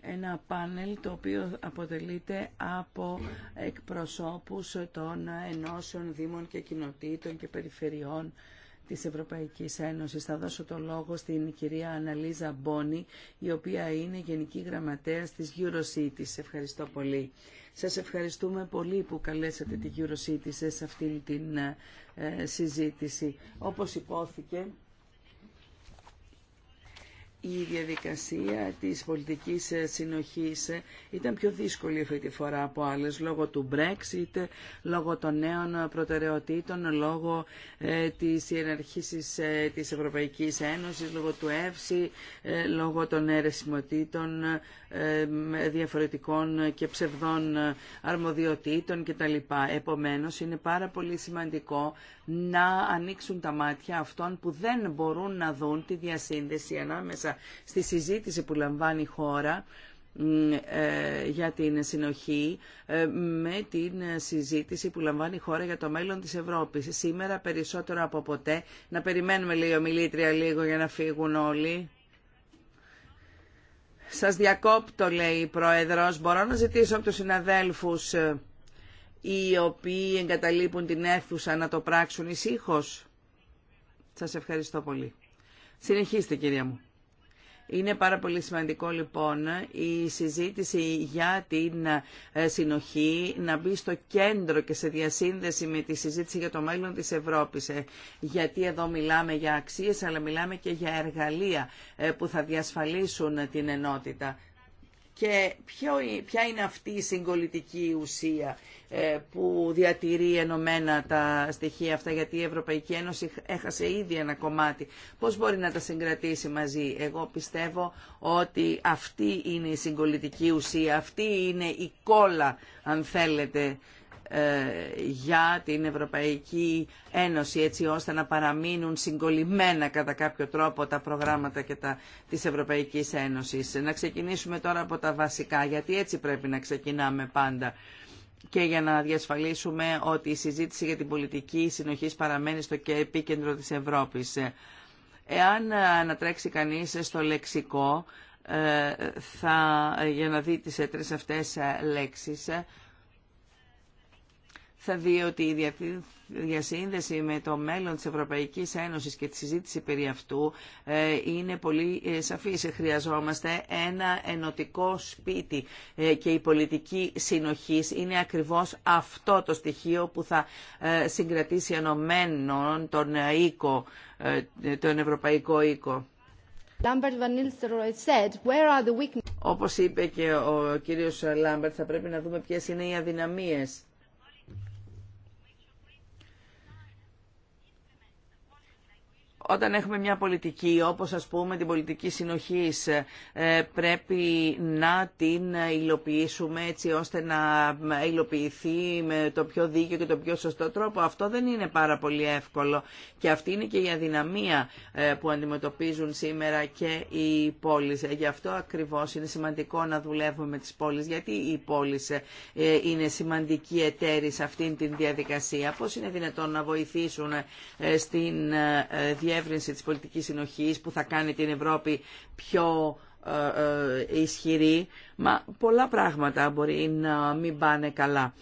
Speaker 3: ένα πάνελ το οποίο αποτελείται από εκπροσώπους των ενώσεων δήμων και κοινοτήτων και περιφερειών της Ευρωπαϊκής Ένωσης. Θα δώσω το λόγο στην κυρία Αναλίζα Μπόνη, η οποία είναι Γενική Γραμματέας της EuroCities. Ευχαριστώ πολύ. Σας ευχαριστούμε πολύ που καλέσατε τη EuroCities σε αυτήν την ε, συζήτηση. Όπως υπόθηκε, η διαδικασία της πολιτικής συνοχής ήταν πιο δύσκολη αυτή τη φορά από άλλες λόγω του Brexit, λόγω των νέων προτεραιοτήτων, λόγω ε, της ιεραρχήσης ε, της Ευρωπαϊκής Ένωσης, λόγω του ε, λόγω των αιρεσιμοτήτων ε, διαφορετικών και ψευδών αρμοδιοτήτων κτλ. Επομένως, είναι πάρα πολύ σημαντικό να ανοίξουν τα μάτια αυτών που δεν μπορούν να δουν τη διασύνδεση ανάμεσα στη συζήτηση που λαμβάνει η χώρα ε, για την συνοχή ε, με την συζήτηση που λαμβάνει η χώρα για το μέλλον της Ευρώπης. Σήμερα περισσότερο από ποτέ. Να περιμένουμε λέει ομιλήτρια λίγο για να φύγουν όλοι. Σας διακόπτω λέει η Πρόεδρος. Μπορώ να ζητήσω από τους συναδέλφους ε, οι οποίοι εγκαταλείπουν την αίθουσα να το πράξουν ησύχως. Σας ευχαριστώ πολύ. Συνεχίστε κυρία μου. Είναι πάρα πολύ σημαντικό λοιπόν η συζήτηση για την ε, συνοχή να μπει στο κέντρο και σε διασύνδεση με τη συζήτηση για το μέλλον της Ευρώπης. Ε, γιατί εδώ μιλάμε για αξίες αλλά μιλάμε και για εργαλεία ε, που θα διασφαλίσουν την ενότητα και ε, ποια είναι αυτή η συγκολητική ουσία ε, που διατηρεί ενωμένα τα στοιχεία αυτά, γιατί η Ευρωπαϊκή Ένωση έχασε ήδη ένα κομμάτι. Πώς μπορεί να τα συγκρατήσει μαζί. Εγώ πιστεύω ότι αυτή είναι η συγκολητική ουσία, αυτή είναι η κόλλα, αν θέλετε, ε, για την Ευρωπαϊκή Ένωση έτσι ώστε να παραμείνουν συγκολλημένα κατά κάποιο τρόπο τα προγράμματα και τα, της Ευρωπαϊκής Ένωσης. Να ξεκινήσουμε τώρα από τα βασικά γιατί έτσι πρέπει να ξεκινάμε πάντα και για να διασφαλίσουμε ότι η συζήτηση για την πολιτική συνοχής παραμένει στο επίκεντρο της Ευρώπης. Εάν ανατρέξει κανείς στο λεξικό ε, θα, για να δει τις τρεις αυτές ε, λέξεις θα δει ότι η διασύνδεση με το μέλλον της Ευρωπαϊκής Ένωσης και τη συζήτηση περί αυτού ε, είναι πολύ ε, σαφής. Χρειαζόμαστε ένα ενωτικό σπίτι ε, και η πολιτική συνοχής είναι ακριβώς αυτό το στοιχείο που θα συγκρατήσει ενωμένων τον ευρωπαϊκό οίκο. Όπως είπε και ο κύριος Λάμπερτ, θα πρέπει να δούμε ποιες είναι οι αδυναμίες Όταν έχουμε μια πολιτική, όπως ας πούμε την πολιτική συνοχής, ε, πρέπει να την υλοποιήσουμε έτσι ώστε να υλοποιηθεί με το πιο δίκαιο και το πιο σωστό τρόπο. Αυτό δεν είναι πάρα πολύ εύκολο και αυτή είναι και η αδυναμία ε, που αντιμετωπίζουν σήμερα και οι πόλεις. Ε, γι' αυτό ακριβώς είναι σημαντικό να δουλεύουμε με τις πόλεις, γιατί οι πόλεις είναι σημαντικοί εταίροι σε αυτήν την διαδικασία. Πώς είναι δυνατόν να βοηθήσουν στην διεύρυνση της πολιτικής συνοχής που θα κάνει την Ευρώπη πιο ε, ε, ισχυρή, μα πολλά πράγματα μπορεί να μην πάνε καλά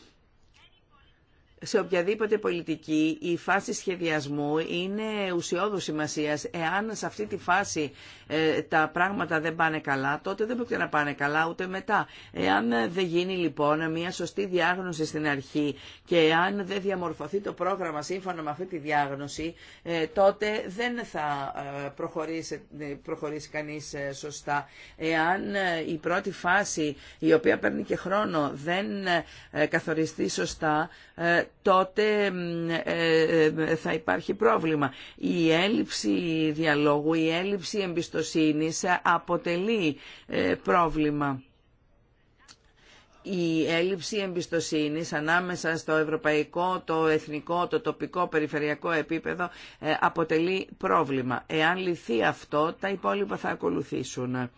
Speaker 3: σε οποιαδήποτε πολιτική η φάση σχεδιασμού είναι ουσιώδου σημασία. Εάν σε αυτή τη φάση ε, τα πράγματα δεν πάνε καλά, τότε δεν πρόκειται να πάνε καλά ούτε μετά. Εάν δεν γίνει λοιπόν μια σωστή διάγνωση στην αρχή και εάν δεν διαμορφωθεί το πρόγραμμα σύμφωνα με αυτή τη διάγνωση, ε, τότε δεν θα ε, προχωρήσει, προχωρήσει σωστά. Εάν η πρώτη φάση, η οποία παίρνει και χρόνο, δεν καθοριστεί σωστά, τότε ε, ε, θα υπάρχει πρόβλημα. Η έλλειψη διαλόγου, η έλλειψη εμπιστοσύνης αποτελεί ε, πρόβλημα η έλλειψη εμπιστοσύνης ανάμεσα στο ευρωπαϊκό, το εθνικό, το τοπικό, περιφερειακό επίπεδο αποτελεί πρόβλημα. Εάν λυθεί αυτό, τα υπόλοιπα θα ακολουθήσουν.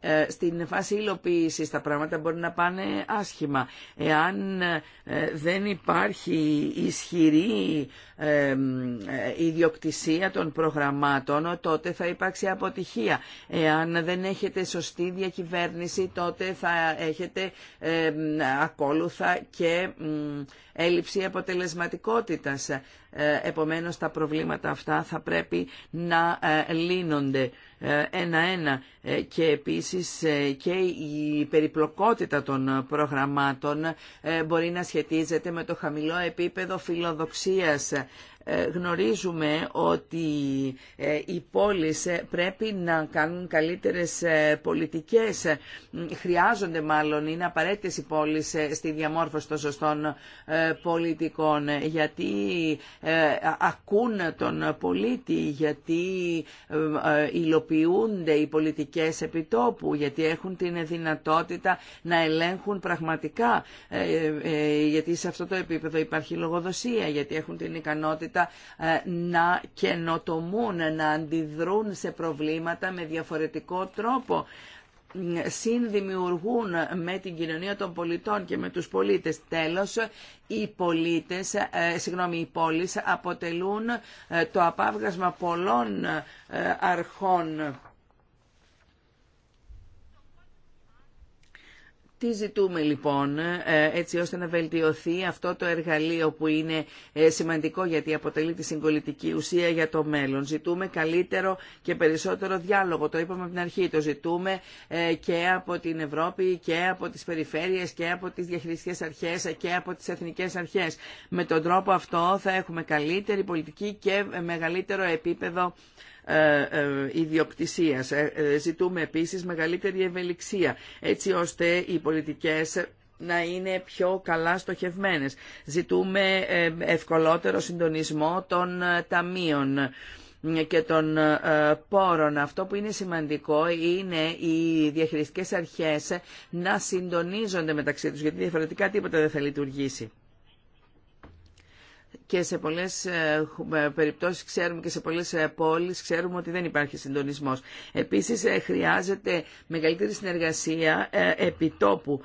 Speaker 3: Ε, στην φάση υλοποίηση τα πράγματα μπορεί να πάνε άσχημα. Εάν ε, δεν υπάρχει ισχυρή ε, ιδιοκτησία των προγραμμάτων, τότε θα υπάρξει αποτυχία. Εάν δεν έχετε σωστή διακυβέρνηση, τότε θα έχετε ακόλουθα και έλλειψη αποτελεσματικότητας. Ε, επομένως τα προβλήματα αυτά θα πρέπει να ε, λύνονται ε, ένα-ένα και επίσης και η περιπλοκότητα των προγραμμάτων μπορεί να σχετίζεται με το χαμηλό επίπεδο φιλοδοξίας ε, γνωρίζουμε ότι ε, οι πόλεις ε, πρέπει να κάνουν καλύτερες πολιτικές, χρειάζονται μάλλον, είναι απαραίτητες οι πόλεις στη διαμόρφωση των σωστών πολιτικών, γιατί ακούν τον πολίτη, γιατί υλοποιούνται οι πολιτικές επιτόπου, γιατί έχουν την δυνατότητα να ελέγχουν πραγματικά, γιατί σε αυτό το επίπεδο υπάρχει λογοδοσία, γιατί έχουν την ικανότητα ε, να καινοτομούν, να αντιδρούν σε προβλήματα με διαφορετικό τρόπο συνδημιουργούν με την κοινωνία των πολιτών και με τους πολίτες. Τέλος, οι πολίτες, ε, συγγνώμη, οι πόλεις αποτελούν ε, το απάβγασμα πολλών αρχών Τι ζητούμε λοιπόν ε, έτσι ώστε να βελτιωθεί αυτό το εργαλείο που είναι ε, σημαντικό γιατί αποτελεί τη συγκολητική ουσία για το μέλλον. Ζητούμε καλύτερο και περισσότερο διάλογο, το είπαμε από την αρχή, το ζητούμε ε, και από την Ευρώπη και από τις περιφέρειες και από τις διαχειριστικές αρχές και από τις εθνικές αρχές. Με τον τρόπο αυτό θα έχουμε καλύτερη πολιτική και μεγαλύτερο επίπεδο ε, ε, ιδιοκτησίας. Ε, ζητούμε επίσης μεγαλύτερη ευελιξία, έτσι ώστε οι πολιτικές να είναι πιο καλά στοχευμένες. Ζητούμε ευκολότερο συντονισμό των ταμείων και των πόρων. Αυτό που είναι σημαντικό είναι οι διαχειριστικές αρχές να συντονίζονται μεταξύ τους, γιατί διαφορετικά τίποτα δεν θα λειτουργήσει και σε πολλές ε, ε, περιπτώσεις ξέρουμε και σε πολλές ε, πόλεις ξέρουμε ότι δεν υπάρχει συντονισμός. Επίσης χρειάζεται μεγαλύτερη συνεργασία επιτόπου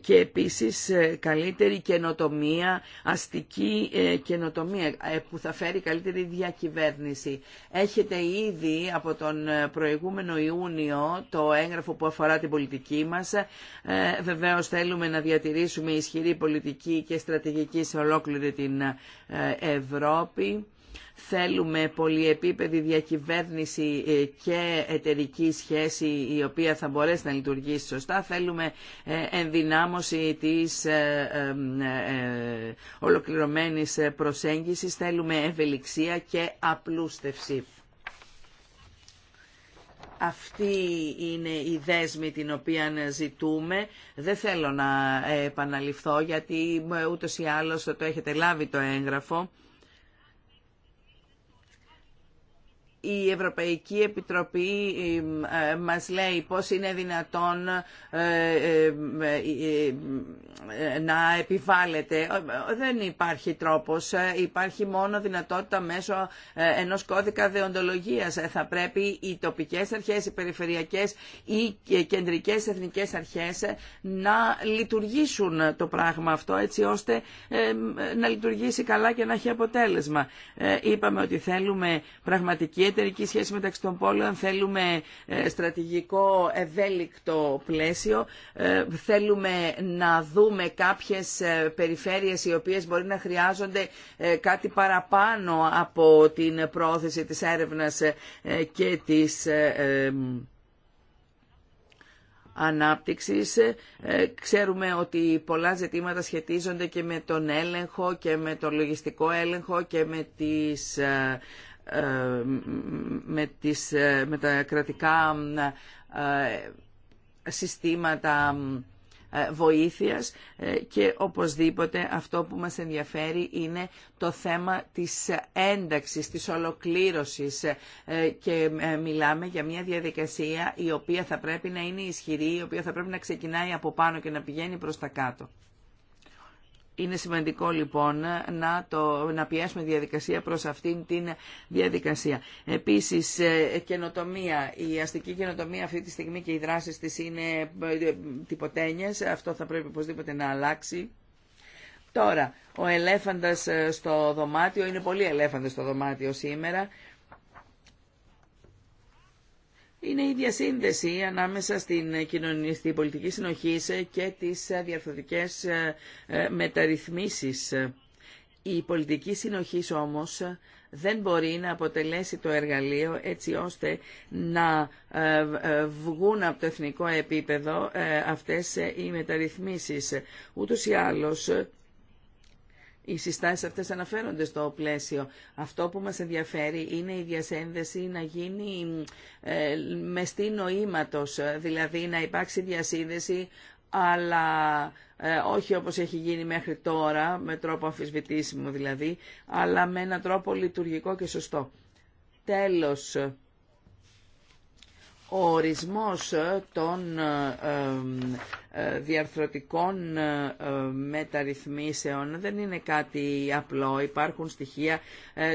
Speaker 3: και επίσης καλύτερη καινοτομία, αστική καινοτομία που θα φέρει καλύτερη διακυβέρνηση. Έχετε ήδη από τον προηγούμενο Ιούνιο το έγγραφο που αφορά την πολιτική μας. Βεβαίως θέλουμε να διατηρήσουμε ισχυρή πολιτική και στρατηγική σε ολόκληρη την ε, Ευρώπη. Θέλουμε πολυεπίπεδη διακυβέρνηση ε, και εταιρική σχέση η οποία θα μπορέσει να λειτουργήσει σωστά. Θέλουμε ε, ενδυνάμωση της ολοκληρωμένης προσέγγισης. Θέλουμε ευελιξία και απλούστευση. Αυτή είναι η δέσμη την οποία ζητούμε. Δεν θέλω να επαναληφθώ γιατί ε, ούτως ή άλλως το έχετε λάβει το έγγραφο. η Ευρωπαϊκή Επιτροπή ε, μας λέει πώς είναι δυνατόν ε, ε, να επιβάλλεται. Δεν υπάρχει τρόπος, υπάρχει μόνο δυνατότητα μέσω ενός κώδικα δεοντολογίας. Θα πρέπει οι τοπικές αρχές, οι περιφερειακές ή οι κεντρικές εθνικές αρχές να λειτουργήσουν το πράγμα αυτό έτσι ώστε να λειτουργήσει καλά και να έχει αποτέλεσμα. Είπαμε ότι θέλουμε πραγματική εταιρική σχέση μεταξύ των πόλεων, θέλουμε ε, στρατηγικό ευέλικτο πλαίσιο, ε, θέλουμε να δούμε κάποιες ε, περιφέρειες οι οποίες μπορεί να χρειάζονται κάτι παραπάνω από την πρόθεση της έρευνας και της ανάπτυξης. Ξέρουμε ότι πολλά ζητήματα σχετίζονται και με τον έλεγχο και με τον λογιστικό έλεγχο και με τις ε, με, τις, ε, με τα κρατικά ε, συστήματα βοήθειας και οπωσδήποτε αυτό που μας ενδιαφέρει είναι το θέμα της ένταξης, της ολοκλήρωσης και μιλάμε για μια διαδικασία η οποία θα πρέπει να είναι ισχυρή, η οποία θα πρέπει να ξεκινάει από πάνω και να πηγαίνει προς τα κάτω. Είναι σημαντικό λοιπόν να, το, να πιέσουμε διαδικασία προς αυτήν την διαδικασία. Επίσης, ε, καινοτομία. Η αστική καινοτομία αυτή τη στιγμή και οι δράσεις της είναι ε, ε, τυποτένιες. Αυτό θα πρέπει οπωσδήποτε να αλλάξει. Τώρα, ο ελέφαντας στο δωμάτιο, είναι πολύ ελέφαντας στο δωμάτιο σήμερα είναι η διασύνδεση ανάμεσα στην, πολιτική συνοχή και τις διαρθωτικές ε, ε, μεταρρυθμίσεις. Η πολιτική συνοχή όμως δεν μπορεί να αποτελέσει το εργαλείο έτσι ώστε να ε, βγουν από το εθνικό επίπεδο αυτές οι μεταρρυθμίσεις. Ούτως ή άλλως οι συστάσεις αυτές αναφέρονται στο πλαίσιο. Αυτό που μας ενδιαφέρει είναι η διασύνδεση να γίνει ε, με στή νοήματος, δηλαδή να υπάρξει διασύνδεση αλλά ε, όχι όπως έχει γίνει μέχρι τώρα, με τρόπο αμφισβητήσιμο δηλαδή, αλλά με έναν τρόπο λειτουργικό και σωστό. Τέλος, ο ορισμός των ε, διαρθρωτικών ε, ε, μεταρρυθμίσεων δεν είναι κάτι απλό. Υπάρχουν στοιχεία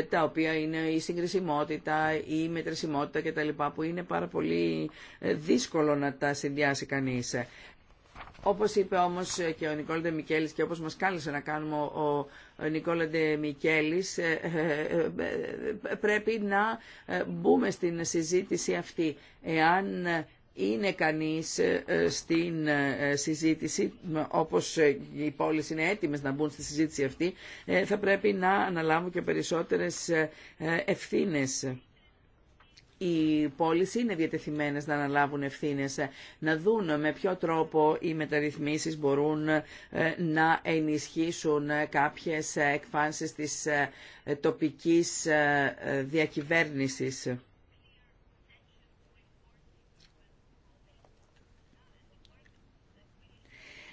Speaker 3: τα οποία είναι η συγκρισιμότητα, η μετρησιμότητα κτλ. που είναι πάρα πολύ δύσκολο να τα συνδυάσει κανείς. Όπως είπε όμως και ο Νικόλ Μικέλης και όπως μας κάλεσε να κάνουμε ο Νικόλα Ντε Μικέλης, ε, ε, ε, πρέπει να μπούμε στην συζήτηση αυτή. Εάν είναι κανείς στην συζήτηση, όπως οι πόλεις είναι έτοιμες να μπουν στη συζήτηση αυτή, θα πρέπει να αναλάβουν και περισσότερες ευθύνες οι πόλεις είναι διατεθειμένες να αναλάβουν ευθύνες, ε, να δουν με ποιο τρόπο οι μεταρρυθμίσεις μπορούν ε, να ενισχύσουν ε, κάποιες εκφάνσεις της τοπικής διακυβέρνησης.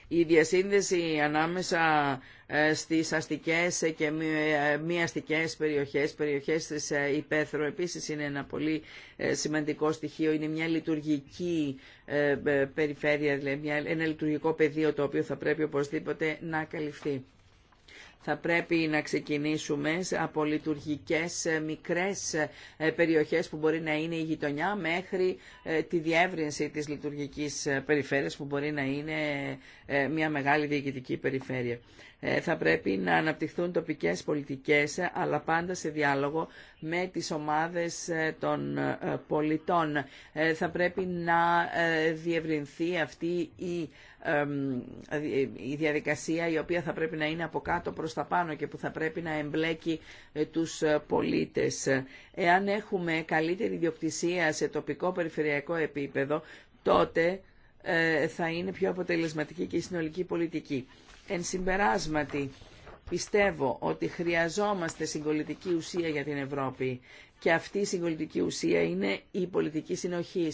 Speaker 3: Η διασύνδεση ανάμεσα ε, στις αστικές και ε, μη αστικές περιοχές, περιοχές της ε, υπαίθρου. Επίσης είναι ένα πολύ σημαντικό στοιχείο, είναι μια λειτουργική περιφέρεια, δηλαδή ένα λειτουργικό πεδίο το οποίο θα πρέπει οπωσδήποτε να καλυφθεί. Θα πρέπει να ξεκινήσουμε από λειτουργικές μικρές περιοχές που μπορεί να είναι η γειτονιά μέχρι τη διεύρυνση της λειτουργικής περιφέρειας που μπορεί να είναι μια μεγάλη διοικητική περιφέρεια. Ε, θα πρέπει να αναπτυχθούν τοπικές πολιτικές, αλλά πάντα σε διάλογο με τις ομάδες ε, των ε, πολιτών. Θα πρέπει να διευρυνθεί αυτή η η διαδικασία η οποία θα πρέπει να είναι από κάτω προς τα πάνω και που θα πρέπει να εμπλέκει τους πολίτες. Εάν έχουμε καλύτερη ιδιοκτησία σε τοπικό περιφερειακό επίπεδο, τότε θα είναι πιο αποτελεσματική και η συνολική πολιτική. Εν συμπεράσματι, πιστεύω ότι χρειαζόμαστε συγκολητική ουσία για την Ευρώπη και αυτή η συγκολητική ουσία είναι η πολιτική συνοχή.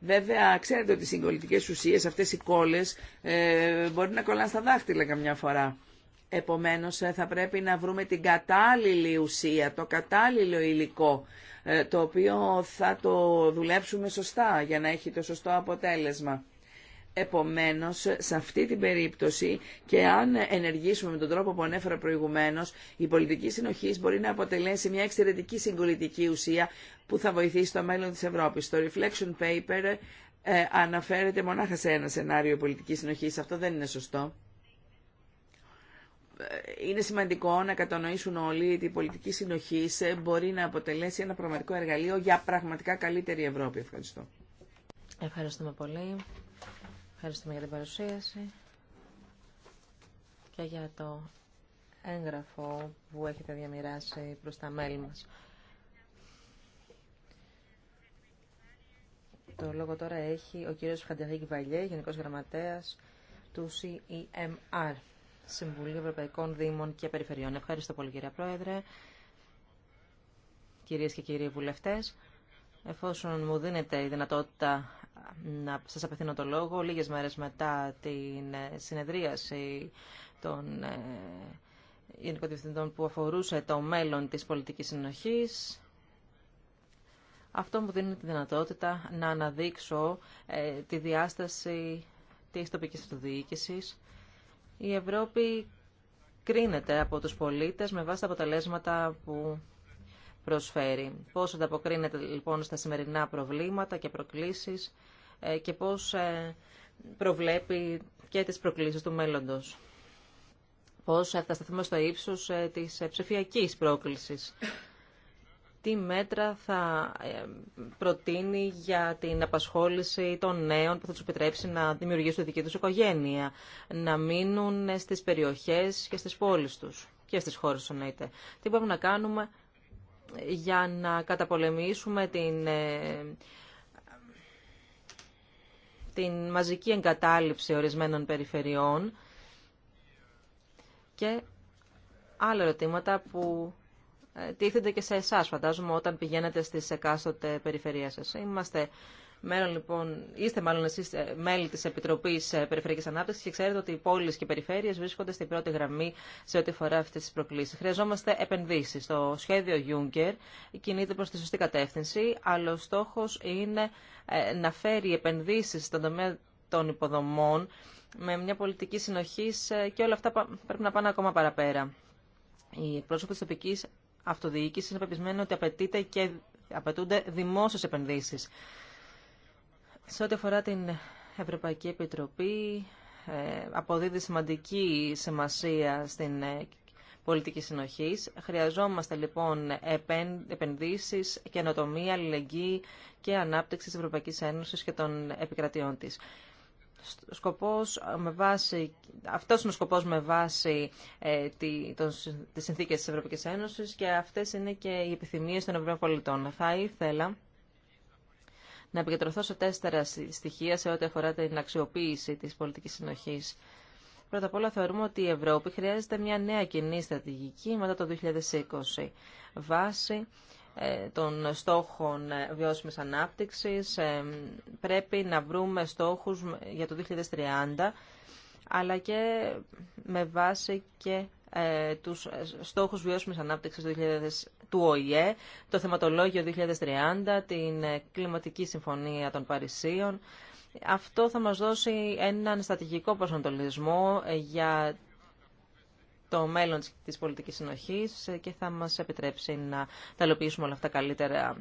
Speaker 3: Βέβαια, ξέρετε ότι οι συγκολητικέ ουσίε, αυτέ οι κόλλε, ε, μπορεί να κολλάνε στα δάχτυλα καμιά φορά. Επομένως ε, θα πρέπει να βρούμε την κατάλληλη ουσία, το κατάλληλο υλικό, ε, το οποίο θα το δουλέψουμε σωστά για να έχει το σωστό αποτέλεσμα. Επομένως, σε αυτή την περίπτωση και αν ενεργήσουμε με τον τρόπο που ανέφερα προηγουμένως, η πολιτική συνοχής μπορεί να αποτελέσει μια εξαιρετική συγκολητική ουσία που θα βοηθήσει το μέλλον της Ευρώπης. Το Reflection Paper ε, αναφέρεται μονάχα σε ένα σενάριο πολιτικής συνοχής. Αυτό δεν είναι σωστό. Ε, είναι σημαντικό να κατανοήσουν όλοι ότι η πολιτική συνοχή ε, μπορεί να αποτελέσει ένα πραγματικό εργαλείο για πραγματικά καλύτερη Ευρώπη. Ευχαριστώ.
Speaker 2: Ευχαριστούμε πολύ. Ευχαριστούμε για την παρουσίαση και για το έγγραφο που έχετε διαμοιράσει προς τα μέλη μας. Το λόγο τώρα έχει ο κύριος Φαντεχίκ Βαλιέ, Γενικός Γραμματέας του CEMR, Συμβουλίου Ευρωπαϊκών Δήμων και Περιφερειών. Ευχαριστώ πολύ κύριε Πρόεδρε, κυρίες και κύριοι βουλευτές. Εφόσον μου δίνεται η δυνατότητα να σας απευθύνω το λόγο λίγες μέρες μετά την ε, συνεδρίαση των ε, Γενικών Διευθυντών που αφορούσε το μέλλον της πολιτικής συνοχής. Αυτό μου δίνει τη δυνατότητα να αναδείξω ε, τη διάσταση της τοπικής αυτοδιοίκησης. Η Ευρώπη κρίνεται από τους πολίτες με βάση τα αποτελέσματα που προσφέρει. Πώς ανταποκρίνεται λοιπόν στα σημερινά προβλήματα και προκλήσεις ε, και πώς ε, προβλέπει και τις προκλήσεις του μέλλοντος. Πώς ε, θα σταθούμε στο ύψος της ψηφιακής πρόκλησης. Τι μέτρα θα προτείνει για την απασχόληση των νέων που θα τους επιτρέψει να δημιουργήσουν τη δική τους οικογένεια, να μείνουν στις περιοχές και στις πόλεις τους και στις χώρες εννοείται. Τι μπορούμε να κάνουμε για να καταπολεμήσουμε την, ε, την μαζική εγκατάλειψη ορισμένων περιφερειών και άλλα ερωτήματα που ε, τίθενται και σε εσάς, φαντάζομαι, όταν πηγαίνετε στις εκάστοτε περιφερειές σας. Είμαστε Μέλλον, λοιπόν, είστε μάλλον εσεί ε, μέλη τη Επιτροπή ε, Περιφερειακή Ανάπτυξη και ξέρετε ότι οι πόλει και οι περιφέρειε βρίσκονται στην πρώτη γραμμή σε ό,τι αφορά αυτέ τι προκλήσει. Χρειαζόμαστε επενδύσει. Το σχέδιο Juncker κινείται προ τη σωστή κατεύθυνση, αλλά ο στόχο είναι ε, να φέρει επενδύσει στον τομέα των υποδομών με μια πολιτική συνοχή και όλα αυτά πρέπει να πάνε ακόμα παραπέρα. Οι εκπρόσωποι τη τοπική αυτοδιοίκηση είναι πεπισμένοι ότι απαιτείται και απαιτούνται δημόσιε επενδύσει σε ό,τι αφορά την Ευρωπαϊκή Επιτροπή, ε, αποδίδει σημαντική σημασία στην ε, πολιτική συνοχής. Χρειαζόμαστε λοιπόν επενδύσει, καινοτομία, αλληλεγγύη και ανάπτυξη της Ευρωπαϊκής Ένωσης και των επικρατείων της. Σκοπός ε, με αυτός είναι ο σκοπός με βάση ε, τη, των, τις συνθήκες της Ευρωπαϊκής Ένωσης και αυτές είναι και οι επιθυμίες των Ευρωπαϊκών πολιτών. Θα ήθελα να επικεντρωθώ σε τέσσερα στοιχεία σε ό,τι αφορά την αξιοποίηση της πολιτικής συνοχής. Πρώτα απ' όλα θεωρούμε ότι η Ευρώπη χρειάζεται μια νέα κοινή στρατηγική μετά το 2020 βάσει ε, των στόχων ε, βιώσιμης ανάπτυξης. Ε, πρέπει να βρούμε στόχους για το 2030 αλλά και με βάση και ε, τους στόχους βιώσιμης ανάπτυξης του, 2000, του ΟΗΕ, το θεματολόγιο 2030, την ε, κλιματική συμφωνία των Παρισίων. Αυτό θα μας δώσει έναν στατηγικό προσανατολισμό ε, για το μέλλον της πολιτικής συνοχής και θα μας επιτρέψει να ταλοποιήσουμε όλα αυτά καλύτερα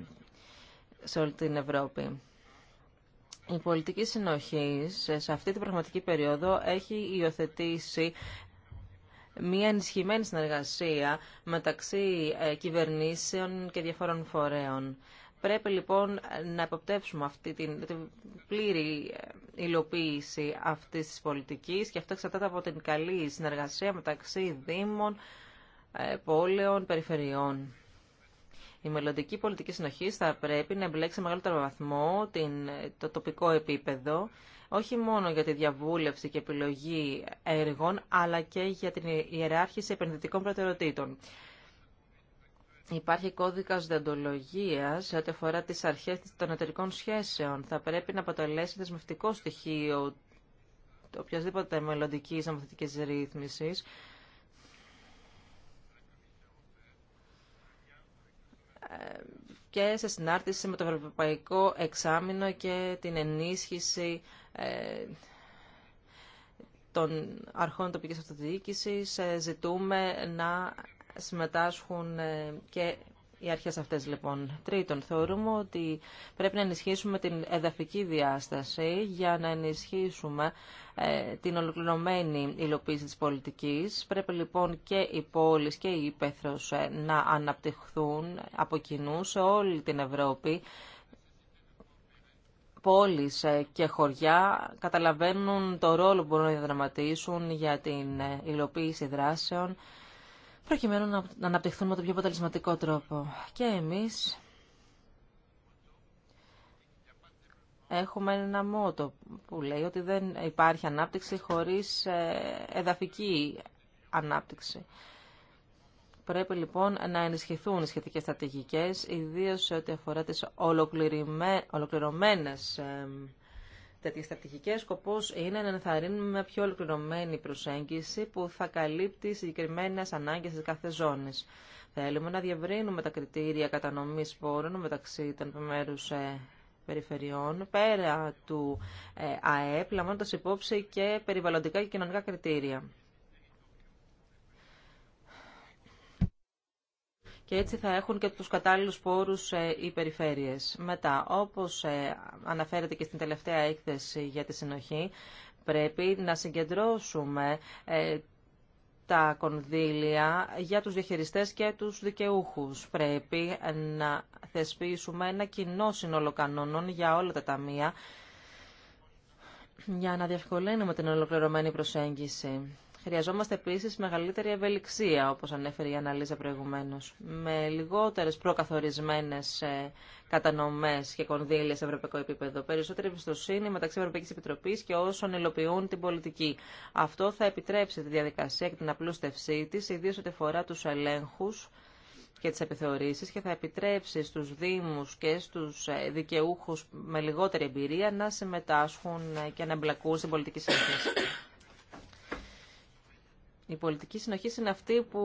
Speaker 2: σε όλη την Ευρώπη. Η πολιτική συνοχή σε αυτή την πραγματική περίοδο έχει υιοθετήσει μια ενισχυμένη συνεργασία μεταξύ ε, κυβερνήσεων και διαφόρων φορέων. Πρέπει λοιπόν να υποπτεύσουμε αυτή την, πλήρη ε, υλοποίηση αυτής της πολιτικής και αυτό εξαρτάται από την καλή συνεργασία μεταξύ δήμων, ε, πόλεων, περιφερειών. Η μελλοντική πολιτική συνοχή θα πρέπει να εμπλέξει σε μεγαλύτερο βαθμό την, το τοπικό επίπεδο όχι μόνο για τη διαβούλευση και επιλογή έργων, αλλά και για την ιεράρχηση επενδυτικών προτεραιοτήτων. Υπάρχει κώδικα διοντολογία σε ό,τι αφορά τι αρχέ των εταιρικών σχέσεων. Θα πρέπει να αποτελέσει δεσμευτικό στοιχείο οποιασδήποτε μελλοντική νομοθετική ρύθμιση. Ε, και σε συνάρτηση με το Ευρωπαϊκό Εξάμεινο και την ενίσχυση ε, των αρχών τοπικής αυτοδιοίκησης ε, ζητούμε να συμμετάσχουν ε, και οι αρχές αυτές λοιπόν. Τρίτον, θεωρούμε ότι πρέπει να ενισχύσουμε την εδαφική διάσταση για να ενισχύσουμε την ολοκληρωμένη υλοποίηση της πολιτικής. Πρέπει λοιπόν και οι πόλεις και οι ύπεθρος να αναπτυχθούν από κοινού σε όλη την Ευρώπη πόλεις ε, και χωριά καταλαβαίνουν το ρόλο που μπορούν να διαδραματίσουν για την ε, υλοποίηση δράσεων προκειμένου να αναπτυχθούν με τον πιο αποτελεσματικό τρόπο. Και εμείς έχουμε ένα μότο που λέει ότι δεν υπάρχει ανάπτυξη χωρίς ε, εδαφική ανάπτυξη. Πρέπει λοιπόν να ενισχυθούν οι σχετικές στρατηγικές, ιδίως σε ό,τι αφορά τις ολοκληρωμένες τέτοιες στρατηγικές. Σκοπός είναι να ενθαρρύνουμε μια πιο ολοκληρωμένη προσέγγιση που θα καλύπτει συγκεκριμένε ανάγκες της κάθε ζώνης. Θέλουμε να διευρύνουμε τα κριτήρια κατανομής πόρων μεταξύ των επιμέρους ε, περιφερειών, πέρα του ε, ΑΕΠ, λαμβάνοντας υπόψη και περιβαλλοντικά και κοινωνικά κριτήρια. και έτσι θα έχουν και τους κατάλληλους πόρους ε, οι περιφέρειες. Μετά, όπως ε, αναφέρεται και στην τελευταία έκθεση για τη συνοχή, πρέπει να συγκεντρώσουμε ε, τα κονδύλια για τους διαχειριστές και τους δικαιούχους. Πρέπει να θεσπίσουμε ένα κοινό σύνολο κανόνων για όλα τα ταμεία για να διευκολύνουμε την ολοκληρωμένη προσέγγιση. Χρειαζόμαστε επίση μεγαλύτερη ευελιξία, όπω ανέφερε η Αναλύζα προηγουμένω. με λιγότερε προκαθορισμένε ε, κατανομές και κονδύλια σε ευρωπαϊκό επίπεδο, περισσότερη εμπιστοσύνη μεταξύ Ευρωπαϊκή Επιτροπή και όσων υλοποιούν την πολιτική. Αυτό θα επιτρέψει τη διαδικασία και την απλούστευσή τη, ιδίως ό,τι φορά του ελέγχου και τις επιθεωρήσεις και θα επιτρέψει στους Δήμους και στους ε, δικαιούχους με λιγότερη εμπειρία να συμμετάσχουν ε, και να εμπλακούν στην πολιτική η πολιτική συνοχή είναι αυτή που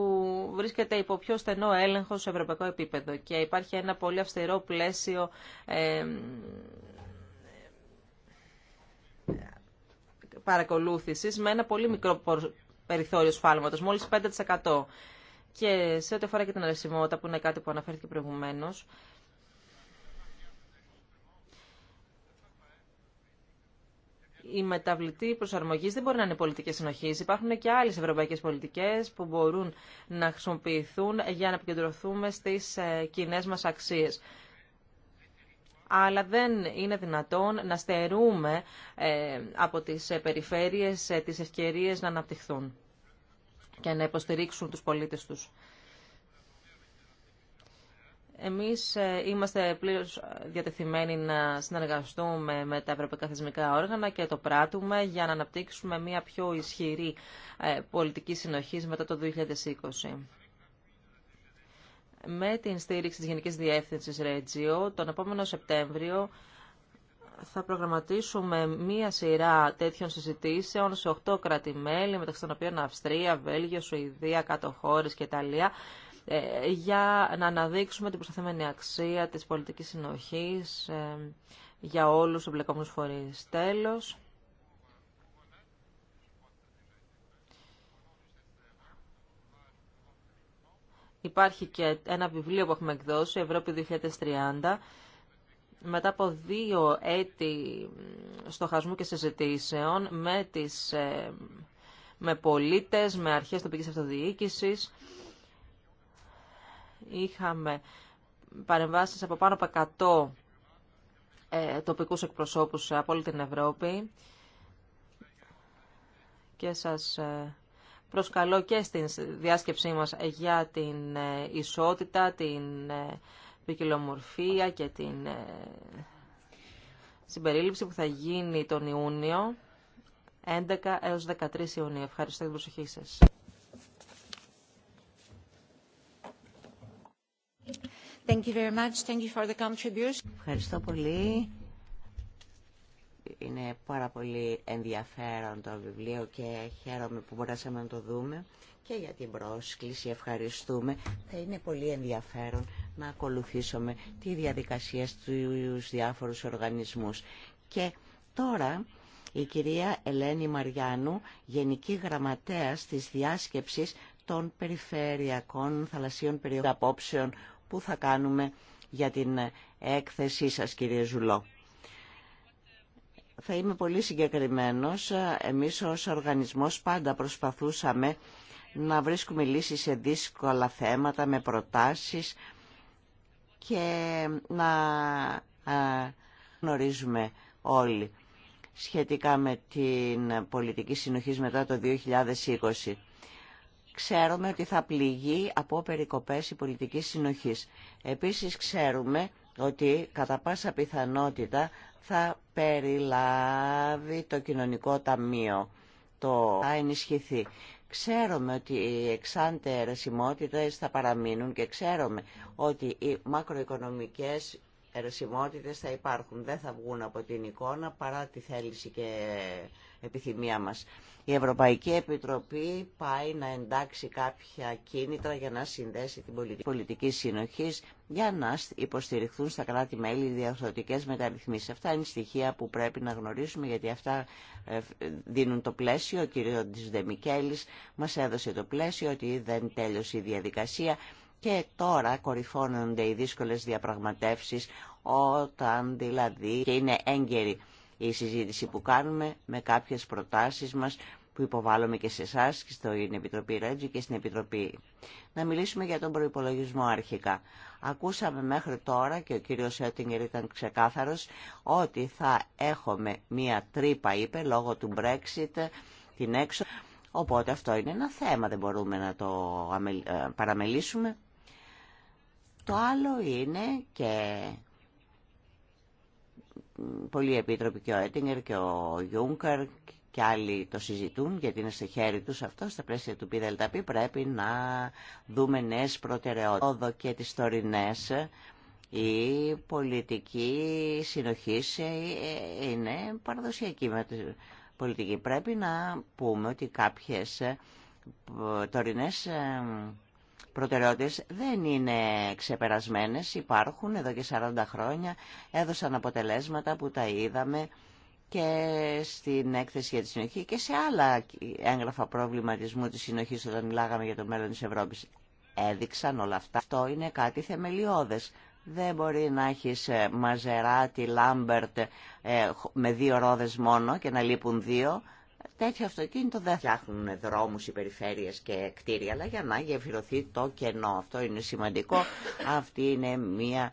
Speaker 2: βρίσκεται υπό πιο στενό έλεγχο σε ευρωπαϊκό επίπεδο και υπάρχει ένα πολύ αυστηρό πλαίσιο ε, παρακολούθησης με ένα πολύ μικρό περιθώριο σφάλματος, μόλις 5%. Και σε ό,τι αφορά και την αρεσιμότητα, που είναι κάτι που αναφέρθηκε προηγουμένως, η μεταβλητή προσαρμογή δεν μπορεί να είναι πολιτική συνοχή. Υπάρχουν και άλλε ευρωπαϊκέ πολιτικέ που μπορούν να χρησιμοποιηθούν για να επικεντρωθούμε στι ε, κοινέ μα αξίε. Αλλά δεν είναι δυνατόν να στερούμε ε, από τις ε, περιφέρειες τις ευκαιρίε να αναπτυχθούν και να υποστηρίξουν τους πολίτες τους. Εμείς ε, είμαστε πλήρως διατεθειμένοι να συνεργαστούμε με τα ευρωπαϊκά θεσμικά όργανα και το πράττουμε για να αναπτύξουμε μια πιο ισχυρή ε, πολιτική συνοχή μετά το 2020. Με την στήριξη της Γενικής Διεύθυνσης Ρέτζιο, τον επόμενο Σεπτέμβριο θα προγραμματίσουμε μία σειρά τέτοιων συζητήσεων σε 8 κράτη-μέλη, μεταξύ των οποίων Αυστρία, Βέλγιο, Σουηδία, κάτω και Ιταλία, ε, για να αναδείξουμε την προσταθέμενη αξία της πολιτικής συνοχής ε, για όλους τους εμπλεκόμενους φορείς. Τέλος. Υπάρχει και ένα βιβλίο που έχουμε εκδώσει, Ευρώπη 2030, μετά από δύο έτη στοχασμού και συζητήσεων με, τις, ε, με πολίτες, με αρχές τοπικής αυτοδιοίκησης, είχαμε παρεμβάσεις από πάνω από 100 ε, τοπικούς εκπροσώπους από όλη την Ευρώπη και σας ε, προσκαλώ και στη διάσκεψή μας για την ε, ισότητα, την ποικιλομορφία και την συμπερίληψη που θα γίνει τον Ιούνιο 11 έως 13 Ιουνίου. Ευχαριστώ για την προσοχή σας.
Speaker 1: Thank you very Ευχαριστώ πολύ. Είναι πάρα πολύ ενδιαφέρον το βιβλίο και χαίρομαι που μπορέσαμε να το δούμε και για την πρόσκληση ευχαριστούμε. Θα είναι πολύ ενδιαφέρον να ακολουθήσουμε τη διαδικασία στους διάφορους οργανισμούς. Και τώρα η κυρία Ελένη Μαριάνου, Γενική Γραμματέας της Διάσκεψης των Περιφερειακών Θαλασσίων Περιοχών Απόψεων που θα κάνουμε για την έκθεσή σας κύριε Ζουλό. Θα είμαι πολύ συγκεκριμένος. Εμείς ως οργανισμός πάντα προσπαθούσαμε να βρίσκουμε λύσεις σε δύσκολα θέματα με προτάσεις και να ε, γνωρίζουμε όλοι σχετικά με την πολιτική συνοχής μετά το 2020 ξέρουμε ότι θα πληγεί από περικοπές η πολιτική συνοχής. Επίσης ξέρουμε ότι κατά πάσα πιθανότητα θα περιλάβει το κοινωνικό ταμείο. Το θα ενισχυθεί. Ξέρουμε ότι οι εξάντε ερεσιμότητες θα παραμείνουν και ξέρουμε ότι οι μακροοικονομικές ερεσιμότητες θα υπάρχουν. Δεν θα βγουν από την εικόνα παρά τη θέληση και επιθυμία μας. Η Ευρωπαϊκή Επιτροπή πάει να εντάξει κάποια κίνητρα για να συνδέσει την πολιτική, συνοχή για να υποστηριχθούν στα κράτη-μέλη διαρθρωτικέ μεταρρυθμίσεις. Αυτά είναι στοιχεία που πρέπει να γνωρίσουμε γιατί αυτά ε, δίνουν το πλαίσιο. Ο κ. Δεμικέλης μας έδωσε το πλαίσιο ότι δεν τέλειωσε η διαδικασία και τώρα κορυφώνονται οι δύσκολε διαπραγματεύσει όταν δηλαδή και είναι έγκαιροι η συζήτηση που κάνουμε με κάποιες προτάσεις μας που υποβάλλουμε και σε εσά και στην Επιτροπή Ρέτζη και στην Επιτροπή. Να μιλήσουμε για τον προϋπολογισμό αρχικά. Ακούσαμε μέχρι τώρα και ο κύριος Έτιγκερ ήταν ξεκάθαρος ότι θα έχουμε μία τρύπα, είπε, λόγω του Brexit, την έξω. Οπότε αυτό είναι ένα θέμα, δεν μπορούμε να το ε, παραμελήσουμε. Το άλλο είναι και πολλοί επίτροποι και ο Έτιγκερ και ο Γιούγκαρ και άλλοι το συζητούν γιατί είναι στο χέρι τους αυτό στα πλαίσια του ΠΔΠ πρέπει να δούμε νέες προτεραιότητες εδώ και τις τωρινές η πολιτική συνοχή ε, είναι παραδοσιακή με την πολιτική πρέπει να πούμε ότι κάποιες ε, τωρινές ε, προτεραιότητες δεν είναι ξεπερασμένες, υπάρχουν εδώ και 40 χρόνια, έδωσαν αποτελέσματα που τα είδαμε και στην έκθεση για τη συνοχή και σε άλλα έγγραφα προβληματισμού της συνοχής όταν μιλάγαμε για το μέλλον της Ευρώπης. Έδειξαν όλα αυτά. Αυτό είναι κάτι θεμελιώδες. Δεν μπορεί να έχεις ε, μαζεράτη, λάμπερτ ε, με δύο ρόδες μόνο και να λείπουν δύο τέτοιο αυτοκίνητο δεν φτιάχνουν δρόμους υπερηφέρειε και κτίρια, αλλά για να γεφυρωθεί το κενό. Αυτό είναι σημαντικό. Αυτή είναι μια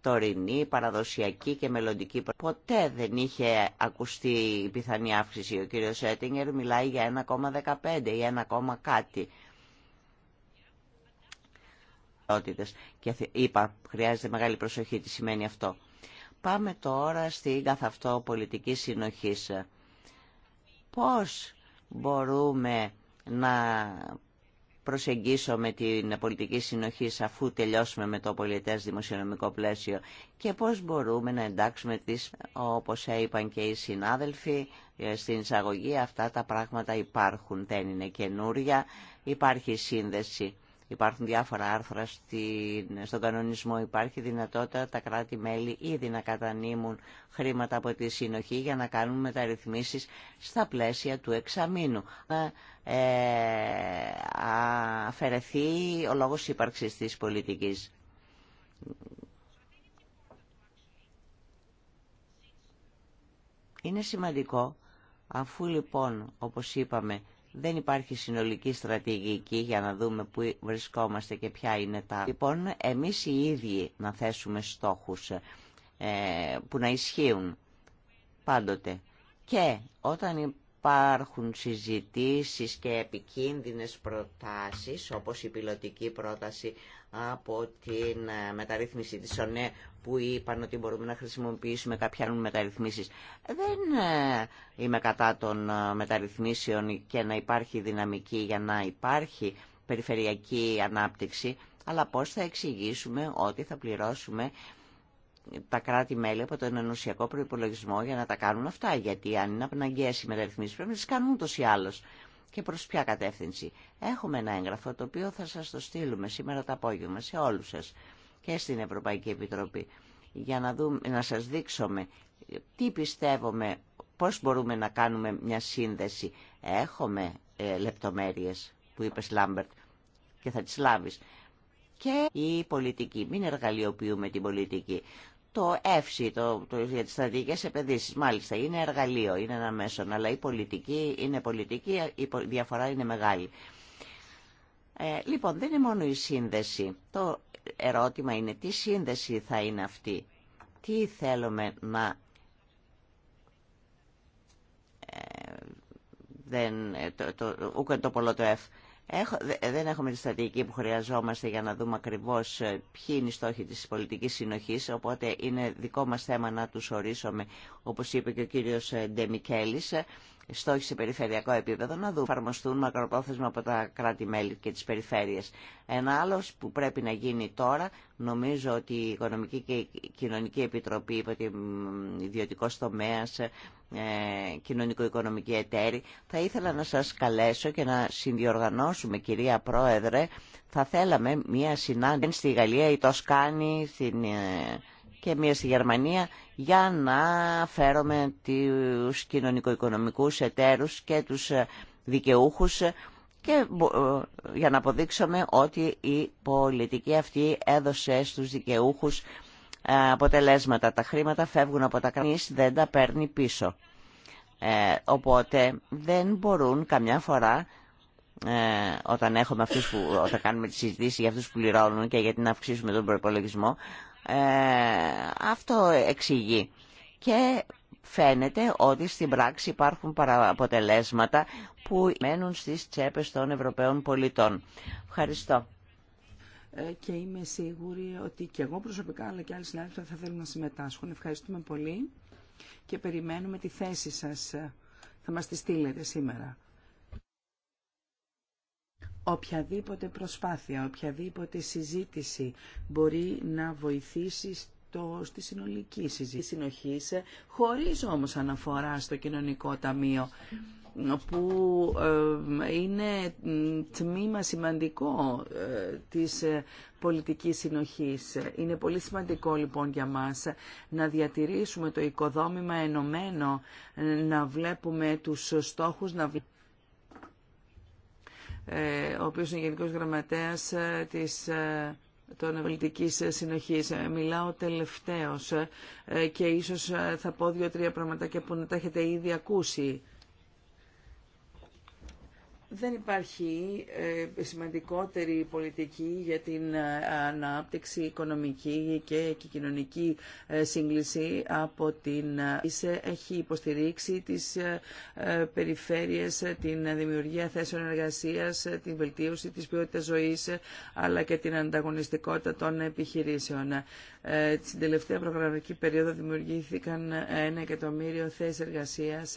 Speaker 1: τωρινή, παραδοσιακή και μελλοντική. Ποτέ δεν είχε ακουστεί η πιθανή αύξηση. Ο κύριος Έτιγκερ μιλάει για 1,15 ή 1, κάτι. Και είπα, χρειάζεται μεγάλη προσοχή τι σημαίνει αυτό. Πάμε τώρα στην καθαυτό πολιτική συνοχή πώς μπορούμε να προσεγγίσουμε την πολιτική συνοχή αφού τελειώσουμε με το πολιτές δημοσιονομικό πλαίσιο και πώς μπορούμε να εντάξουμε τις, όπως είπαν και οι συνάδελφοι, ε, στην εισαγωγή αυτά τα πράγματα υπάρχουν, δεν είναι καινούρια, υπάρχει σύνδεση. Υπάρχουν διάφορα άρθρα στην, στον κανονισμό. Υπάρχει δυνατότητα τα κράτη-μέλη ήδη να κατανείμουν χρήματα από τη συνοχή για να κάνουν μεταρρυθμίσεις στα πλαίσια του εξαμήνου. ε, ε αφαιρεθεί ο λόγος ύπαρξης της πολιτικής. Είναι σημαντικό, αφού λοιπόν, όπως είπαμε, δεν υπάρχει συνολική στρατηγική για να δούμε πού βρισκόμαστε και ποια είναι τα... Λοιπόν, εμείς οι ίδιοι να θέσουμε στόχους ε, που να ισχύουν πάντοτε. Και όταν υπάρχουν συζητήσεις και επικίνδυνες προτάσεις, όπως η πιλωτική πρόταση από την ε, μεταρρύθμιση της ΟΝΕ που είπαν ότι μπορούμε να χρησιμοποιήσουμε κάποια μεταρρυθμίσεις. Δεν ε, είμαι κατά των ε, μεταρρυθμίσεων και να υπάρχει δυναμική για να υπάρχει περιφερειακή ανάπτυξη, αλλά πώς θα εξηγήσουμε ότι θα πληρώσουμε τα κράτη-μέλη από τον ενωσιακό Προϋπολογισμό για να τα κάνουν αυτά. Γιατί αν είναι αναγκαίε οι μεταρρυθμίσεις πρέπει να τις κάνουν ούτω ή και προς ποια κατεύθυνση. Έχουμε ένα έγγραφο το οποίο θα σας το στείλουμε σήμερα το απόγευμα σε όλους σας και στην Ευρωπαϊκή Επιτροπή για να, δούμε, να σας δείξουμε τι πιστεύουμε, πώς μπορούμε να κάνουμε μια σύνδεση. Έχουμε ε, λεπτομέρειες που είπες Λάμπερτ και θα τις λάβεις. Και η πολιτική. Μην εργαλειοποιούμε την πολιτική. Το Εύση, το, το, για τις στρατηγικές επενδύσεις, μάλιστα, είναι εργαλείο, είναι ένα μέσο, αλλά η πολιτική είναι πολιτική, η διαφορά είναι μεγάλη. Ε, λοιπόν, δεν είναι μόνο η σύνδεση. Το ερώτημα είναι τι σύνδεση θα είναι αυτή. Τι θέλουμε να... Ε, δεν, ε, το, το, το, το, δεν έχουμε τη στρατηγική που χρειαζόμαστε για να δούμε ακριβώς ε, ποιοι είναι οι στόχοι της πολιτικής συνοχής, οπότε είναι δικό μας θέμα να τους ορίσουμε, όπως είπε και ο κύριος ε, Ντεμικέλης, στόχοι σε περιφερειακό επίπεδο, να δούμε εφαρμοστούν μακροπρόθεσμα από τα κράτη-μέλη και τις περιφέρειες. Ένα άλλο που πρέπει να γίνει τώρα, νομίζω ότι η Οικονομική και Κοινωνική Επιτροπή, είπε ότι ιδιωτικό τομέα, ε, κοινωνικο-οικονομική εταίρη, θα ήθελα να σας καλέσω και να συνδιοργανώσουμε, κυρία Πρόεδρε, θα θέλαμε μια συνάντηση στη Γαλλία, η Τοσκάνη, στην... Ε, και μία στη Γερμανία για να φέρουμε τους κοινωνικο-οικονομικούς εταίρους και τους δικαιούχους και ε, για να αποδείξουμε ότι η πολιτική αυτή έδωσε στους δικαιούχους ε, αποτελέσματα. Τα χρήματα φεύγουν από τα κανείς, δεν τα παίρνει πίσω. Ε, οπότε δεν μπορούν καμιά φορά όταν, έχουμε αυτούς που, όταν κάνουμε τη συζήτηση για αυτούς που πληρώνουν και γιατί να αυξήσουμε τον προπολογισμό ε, αυτό εξηγεί. Και φαίνεται ότι στην πράξη υπάρχουν παραποτελέσματα που μένουν στις τσέπες των Ευρωπαίων πολιτών. Ευχαριστώ. Ε, και είμαι σίγουρη ότι και εγώ προσωπικά αλλά και άλλοι συνάδελφοι θα θέλουν να
Speaker 3: συμμετάσχουν. Ευχαριστούμε πολύ και περιμένουμε τη θέση σας. Θα μας τη στείλετε σήμερα. Οποιαδήποτε προσπάθεια, οποιαδήποτε συζήτηση μπορεί να βοηθήσει το, στη συνολική συζήτηση συνοχής, χωρίς όμως αναφορά στο κοινωνικό ταμείο που ε, είναι τμήμα σημαντικό ε, της ε, πολιτικής συνοχής. Είναι πολύ σημαντικό λοιπόν για μας να διατηρήσουμε το οικοδόμημα ενωμένο, να βλέπουμε τους στόχους, να ο οποίο είναι γενικό Γραμματέας ε, της ε, των συνοχή, Συνοχής. Ε, μιλάω τελευταίος και ίσως θα πω δύο-τρία πραγματάκια που να τα έχετε ήδη ακούσει. Δεν υπάρχει ε, σημαντικότερη πολιτική για την ε, ανάπτυξη οικονομική και κοινωνική ε, σύγκληση από την ΕΣΕ. Έχει υποστηρίξει τις περιφέρειες, την δημιουργία θέσεων εργασίας, την βελτίωση της ποιότητας ζωής, αλλά και την ανταγωνιστικότητα των επιχειρήσεων. Στην τελευταία προγραμματική περίοδο δημιουργήθηκαν ένα εκατομμύριο θέσεις εργασίας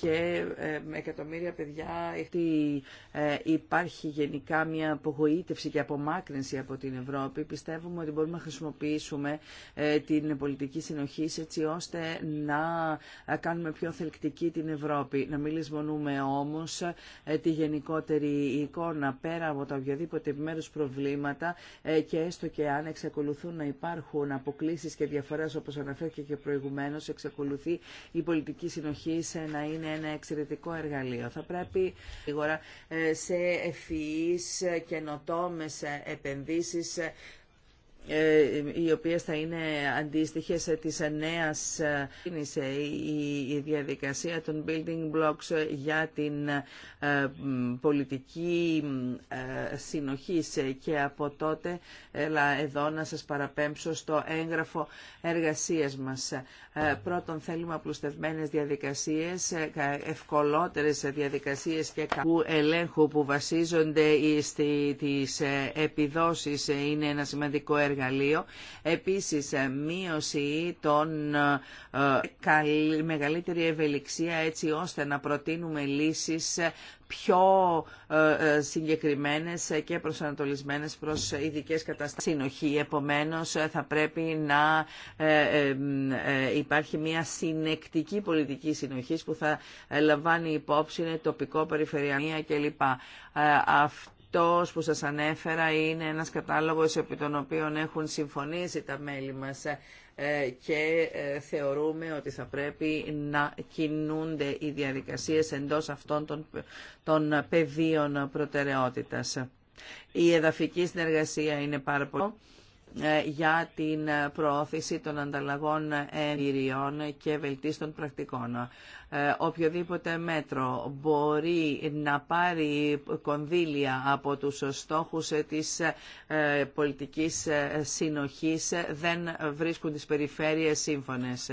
Speaker 3: και εκατομμύρια παιδιά ότι ε, υπάρχει γενικά μια απογοήτευση και απομάκρυνση από την Ευρώπη, πιστεύουμε ότι μπορούμε να χρησιμοποιήσουμε ε, την πολιτική συνοχή έτσι ώστε να ε, κάνουμε πιο θελκτική την Ευρώπη. Να μην λησμονούμε όμως τη γενικότερη εικόνα πέρα από τα οποιαδήποτε μέρους προβλήματα και έστω και αν εξακολουθούν να υπάρχουν αποκλήσει και διαφορέ, όπω αναφέρθηκε και προηγουμένω, εξακολουθεί η πολιτική συνοχή να είναι ένα εξαιρετικό εργαλείο. Θα πρέπει γρήγορα ε, σε ευφυείς ε, καινοτόμες ε, επενδύσεις ε, οι οποίες θα είναι αντίστοιχες της νέας ε, η διαδικασία των building blocks για την ε, πολιτική συνοχή και από τότε έλα εδώ να σας παραπέμψω στο έγγραφο εργασίας μας. Πρώτον θέλουμε απλουστευμένες διαδικασίες, ευκολότερες διαδικασίες και κακού ελέγχου που βασίζονται στις επιδόσεις είναι ένα σημαντικό έργο εργαλείο. Επίσης, ε, μείωση των ε, ε, μεγαλύτερη ευελιξία έτσι ώστε να προτείνουμε λύσεις πιο συγκεκριμένες και προσανατολισμένες προς ειδικέ καταστάσεις. Συνοχή, επομένως, θα πρέπει να υπάρχει μια συνεκτική πολιτική συνοχής που θα λαμβάνει υπόψη τοπικό, περιφερειακό κλπ. Αυτό αυτός που σας ανέφερα είναι ένας κατάλογος επί των οποίων έχουν συμφωνήσει τα μέλη μας ε, και ε, θεωρούμε ότι θα πρέπει να κινούνται οι διαδικασίες εντός αυτών των, των πεδίων προτεραιότητας. Η εδαφική συνεργασία είναι πάρα πολύ ε, για την προώθηση των ανταλλαγών εμπειριών και βελτίστων πρακτικών. Ε, οποιοδήποτε μέτρο μπορεί να πάρει κονδύλια από τους στόχους της ε, πολιτικής ε, συνοχής δεν βρίσκουν τις περιφέρειες σύμφωνες.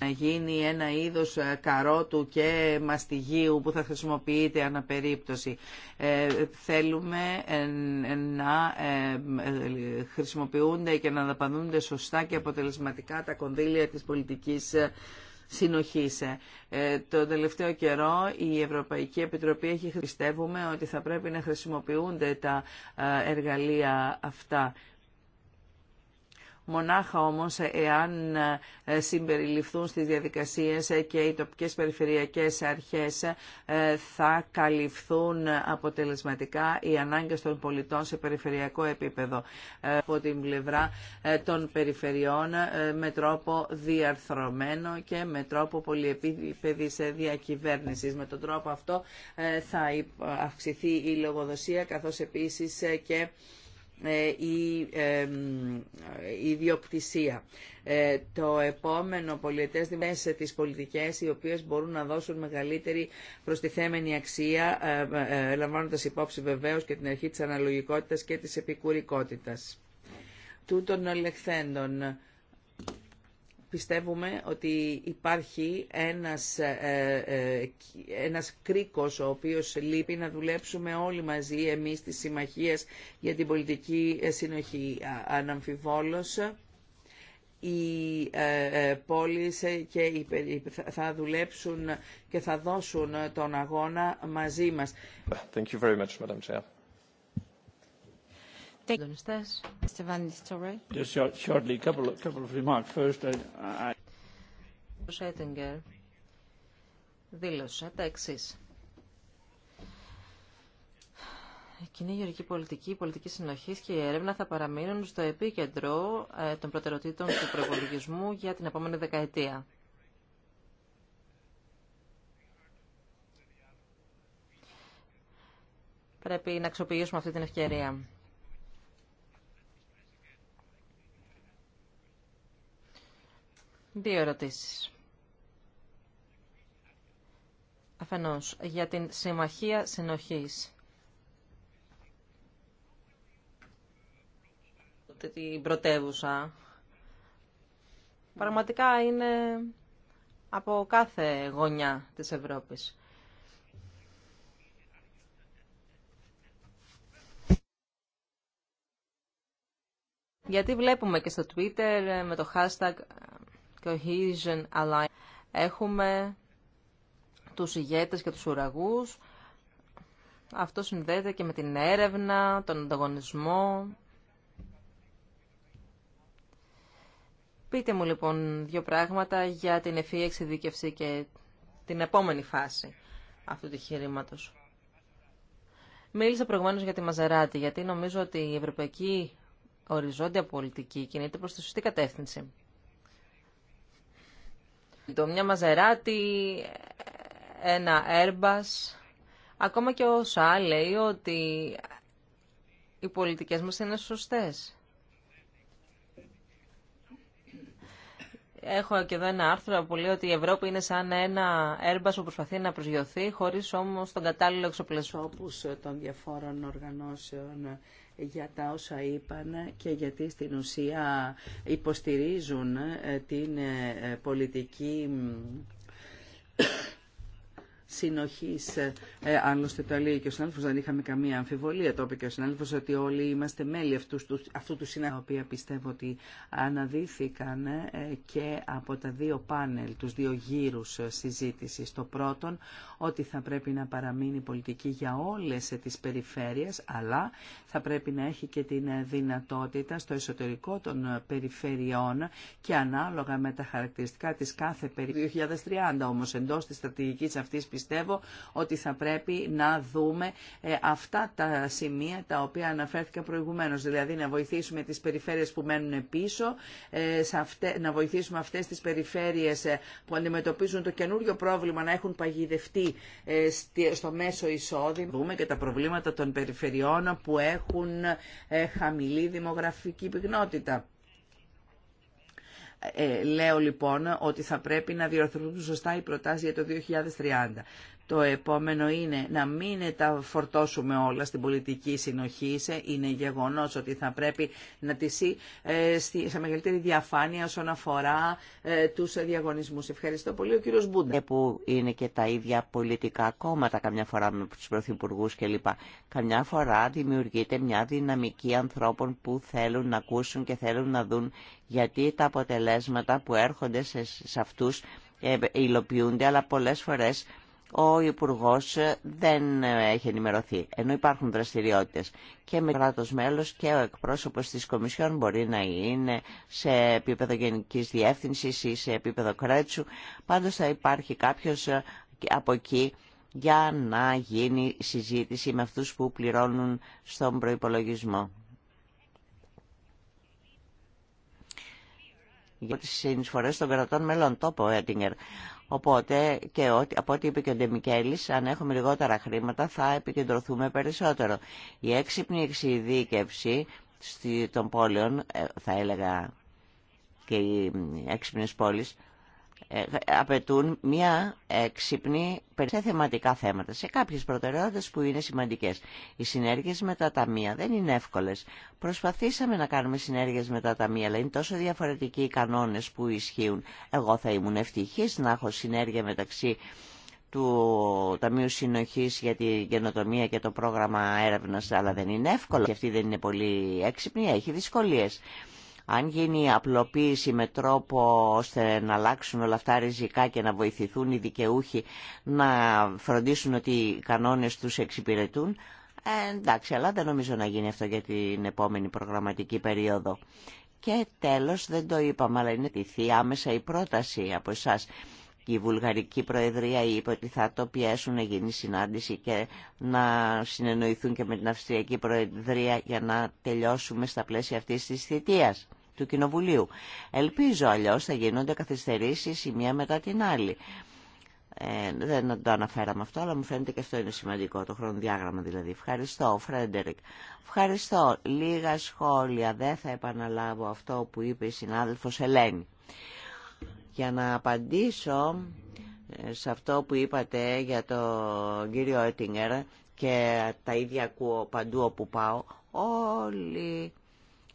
Speaker 3: Να γίνει ένα είδος καρότου και μαστιγίου που θα χρησιμοποιείται αναπερίπτωση. Θέλουμε να χρησιμοποιούνται και να δαπανούνται σωστά και αποτελεσματικά τα κονδύλια της πολιτικής ε, ε, Το τελευταίο καιρό η Ευρωπαϊκή Επιτροπή έχει πιστεύουμε ότι θα πρέπει να χρησιμοποιούνται τα ε, εργαλεία αυτά Μονάχα όμως εάν ε, συμπεριληφθούν στις διαδικασίες ε, και οι τοπικές περιφερειακές αρχές ε, θα καλυφθούν αποτελεσματικά οι ανάγκες των πολιτών σε περιφερειακό επίπεδο από την πλευρά των περιφερειών με τρόπο διαρθρωμένο και με τρόπο πολυεπίπεδης διακυβέρνησης. Με τον τρόπο αυτό θα αυξηθεί η λογοδοσία καθώς επίσης και ε, η ιδιοκτησία. Ε, το επόμενο πολιτές σε τις πολιτικές οι οποίες μπορούν να δώσουν μεγαλύτερη προστιθέμενη αξία ε, λαμβάνοντας υπόψη βεβαίως και την αρχή της αναλογικότητας και της επικουρικότητας. Τούτων ελεχθέντων πιστεύουμε ότι υπάρχει ένας, ε, ε, ε, ένας κρίκος ο οποίος λείπει να δουλέψουμε όλοι μαζί εμείς τις συμμαχίες για την πολιτική συνοχή. Αναμφιβόλως οι πόλεις και θα δουλέψουν και θα δώσουν τον αγώνα μαζί μας.
Speaker 1: Thank
Speaker 2: ο Σέτιγκερ δήλωσε τα εξή. Η κοινή γεωργική πολιτική, η πολιτική συνοχή και η έρευνα θα παραμείνουν στο επίκεντρο ε, των προτεραιοτήτων του προπολογισμού για την επόμενη δεκαετία. Πρέπει να αξιοποιήσουμε αυτή την ευκαιρία. Δύο ερωτήσεις. Αφενός, για την Συμμαχία Συνοχής. Την πρωτεύουσα. Πραγματικά είναι από κάθε γωνιά της Ευρώπης. Γιατί βλέπουμε και στο Twitter ε, με το hashtag Cohesion Έχουμε τους ηγέτες και τους ουραγούς. Αυτό συνδέεται και με την έρευνα, τον ανταγωνισμό. Πείτε μου λοιπόν δύο πράγματα για την ευφύ εξειδίκευση και την επόμενη φάση αυτού του χειρήματος. Μίλησα προηγουμένως για τη Μαζεράτη, γιατί νομίζω ότι η ευρωπαϊκή οριζόντια πολιτική κινείται προς τη σωστή κατεύθυνση. Το μια Μαζεράτη, ένα Airbus. Ακόμα και ο ΣΑ λέει ότι οι πολιτικές μας είναι σωστές. Έχω και εδώ ένα άρθρο που λέει ότι η Ευρώπη είναι σαν ένα Airbus που προσπαθεί να προσγειωθεί χωρίς όμως τον κατάλληλο εξοπλισμό. Όπως
Speaker 3: των διαφόρων
Speaker 2: οργανώσεων
Speaker 3: για τα όσα είπαν και γιατί στην ουσία υποστηρίζουν ε, την ε, ε, πολιτική Συνοχή, ε, ε, άλλωστε το έλεγε και ο συνάδελφο, δεν είχαμε καμία αμφιβολία, το είπε και ο συνάδελφο ότι όλοι είμαστε μέλη αυτού του, αυτού του συνάδελφου, οποία πιστεύω ότι αναδύθηκαν ε, και από τα δύο πάνελ, του δύο γύρου ε, συζήτηση. Το πρώτον, ότι θα πρέπει να παραμείνει πολιτική για όλε τι περιφέρειε, αλλά θα πρέπει να έχει και την δυνατότητα στο εσωτερικό των περιφερειών και ανάλογα με τα χαρακτηριστικά τη κάθε περιφέρεια. 2030 όμω εντό τη στρατηγική αυτή πιστεύω πιστεύω ότι θα πρέπει να δούμε ε, αυτά τα σημεία τα οποία αναφέρθηκα προηγουμένως. Δηλαδή να βοηθήσουμε τις περιφέρειες που μένουν πίσω, ε, να βοηθήσουμε αυτές τις περιφέρειες ε, που αντιμετωπίζουν το καινούριο πρόβλημα να έχουν παγιδευτεί στο μέσο εισόδημα. Δούμε και τα προβλήματα των περιφερειών που έχουν χαμηλή δημογραφική πυκνότητα. Ε, ε, λέω λοιπόν ότι θα πρέπει να διορθωθούν σωστά οι προτάσεις για το 2030. Το επόμενο είναι να μην τα φορτώσουμε όλα στην πολιτική συνοχή. Είναι γεγονό ότι θα πρέπει να τη ε, σε μεγαλύτερη διαφάνεια όσον αφορά ε, του διαγωνισμού. Ευχαριστώ
Speaker 1: πολύ ο κύριος Μπούντα. Ε, που είναι και τα ίδια πολιτικά κόμματα καμιά φορά με του Πρωθυπουργού κλπ. Καμιά φορά δημιουργείται μια δυναμική ανθρώπων που θέλουν να ακούσουν και θέλουν να δουν γιατί τα αποτελέσματα που έρχονται σε, σε αυτούς ε, υλοποιούνται αλλά πολλέ φορέ ο υπουργό ε, δεν ε, έχει ενημερωθεί, ενώ υπάρχουν δραστηριότητε. Και με κράτο μέλος και ο εκπρόσωπος της Κομισιόν μπορεί να είναι σε επίπεδο γενική διεύθυνση ή σε επίπεδο κρέτσου. Πάντως θα υπάρχει κάποιος ε, από εκεί για να γίνει συζήτηση με αυτούς που πληρώνουν στον προϋπολογισμό. Για τις συνεισφορές των κρατών μελών, το είπε Έτιγκερ. Οπότε και ό, από ό,τι είπε και Ντεμικέλης, αν έχουμε λιγότερα χρήματα θα επικεντρωθούμε περισσότερο. Η έξυπνη εξειδίκευση των πόλεων, ε, θα έλεγα και οι έξυπνες πόλεις, ε, απαιτούν μια εξυπνή σε θεματικά θέματα, σε κάποιες προτεραιότητες που είναι σημαντικές. Οι συνέργειες με τα ταμεία δεν είναι εύκολες. Προσπαθήσαμε να κάνουμε συνέργειες με τα ταμεία, αλλά είναι τόσο διαφορετικοί οι κανόνες που ισχύουν. Εγώ θα ήμουν ευτυχής να έχω συνέργεια μεταξύ του Ταμείου συνοχή για την καινοτομία και το πρόγραμμα έρευνας, αλλά δεν είναι εύκολο. Και αυτή δεν είναι πολύ έξυπνη, έχει δυσκολίες. Αν γίνει απλοποίηση με τρόπο ώστε να αλλάξουν όλα αυτά ριζικά και να βοηθηθούν οι δικαιούχοι να φροντίσουν ότι οι κανόνες τους εξυπηρετούν, ε, εντάξει, αλλά δεν νομίζω να γίνει αυτό για την επόμενη προγραμματική περίοδο. Και τέλος, δεν το είπαμε, αλλά είναι θεία άμεσα η πρόταση από εσάς η Βουλγαρική Προεδρία είπε ότι θα το πιέσουν να γίνει συνάντηση και να συνεννοηθούν και με την Αυστριακή Προεδρία για να τελειώσουμε στα πλαίσια αυτής της θητείας του Κοινοβουλίου. Ελπίζω αλλιώς θα γίνονται καθυστερήσεις η μία μετά την άλλη. Ε, δεν το αναφέραμε αυτό, αλλά μου φαίνεται και αυτό είναι σημαντικό, το χρονοδιάγραμμα δηλαδή. Ευχαριστώ, Φρέντερικ. Ευχαριστώ. Λίγα σχόλια. Δεν θα επαναλάβω αυτό που είπε η συνάδελφος Ελένη. Για να απαντήσω ε, σε αυτό που είπατε για τον κύριο Έτιγκερ και τα ίδια ακούω παντού όπου πάω, όλοι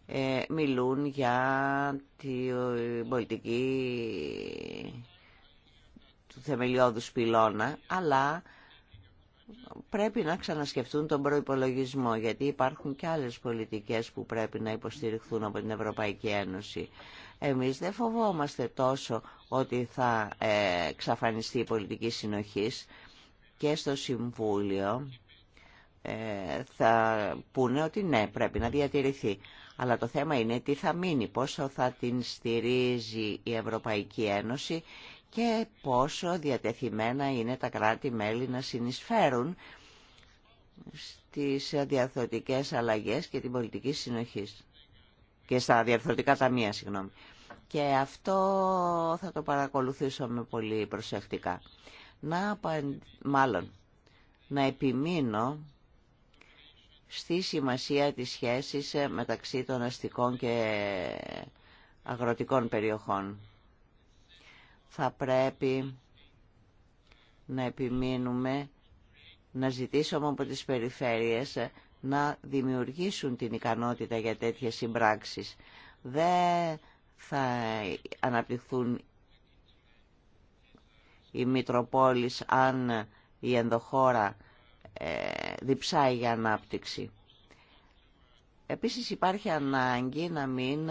Speaker 1: ε, μιλούν για την πολιτική του θεμελιώδους πυλώνα, αλλά πρέπει να ξανασκεφτούν τον προϋπολογισμό, γιατί υπάρχουν και άλλες πολιτικές που πρέπει να υποστηριχθούν από την Ευρωπαϊκή Ένωση. Εμείς δεν φοβόμαστε τόσο ότι θα ε, εξαφανιστεί η πολιτική συνοχής και στο Συμβούλιο ε, θα πούνε ότι ναι, πρέπει να διατηρηθεί. Αλλά το θέμα είναι τι θα μείνει, πόσο θα την στηρίζει η Ευρωπαϊκή Ένωση και πόσο διατεθειμένα είναι τα κράτη-μέλη να συνεισφέρουν στις διαθωτικές αλλαγές και την πολιτική συνοχής και στα διαρθρωτικά ταμεία, συγγνώμη. Και αυτό θα το παρακολουθήσουμε πολύ προσεκτικά. Να, μάλλον, να επιμείνω στη σημασία της σχέσης ε, μεταξύ των αστικών και αγροτικών περιοχών. Θα πρέπει να επιμείνουμε να ζητήσουμε από τις περιφέρειες ε, να δημιουργήσουν την ικανότητα για τέτοιες συμπράξεις. Δεν θα αναπτυχθούν οι Μητροπόλεις αν η ενδοχώρα ε, διψάει για ανάπτυξη. Επίσης υπάρχει ανάγκη να μην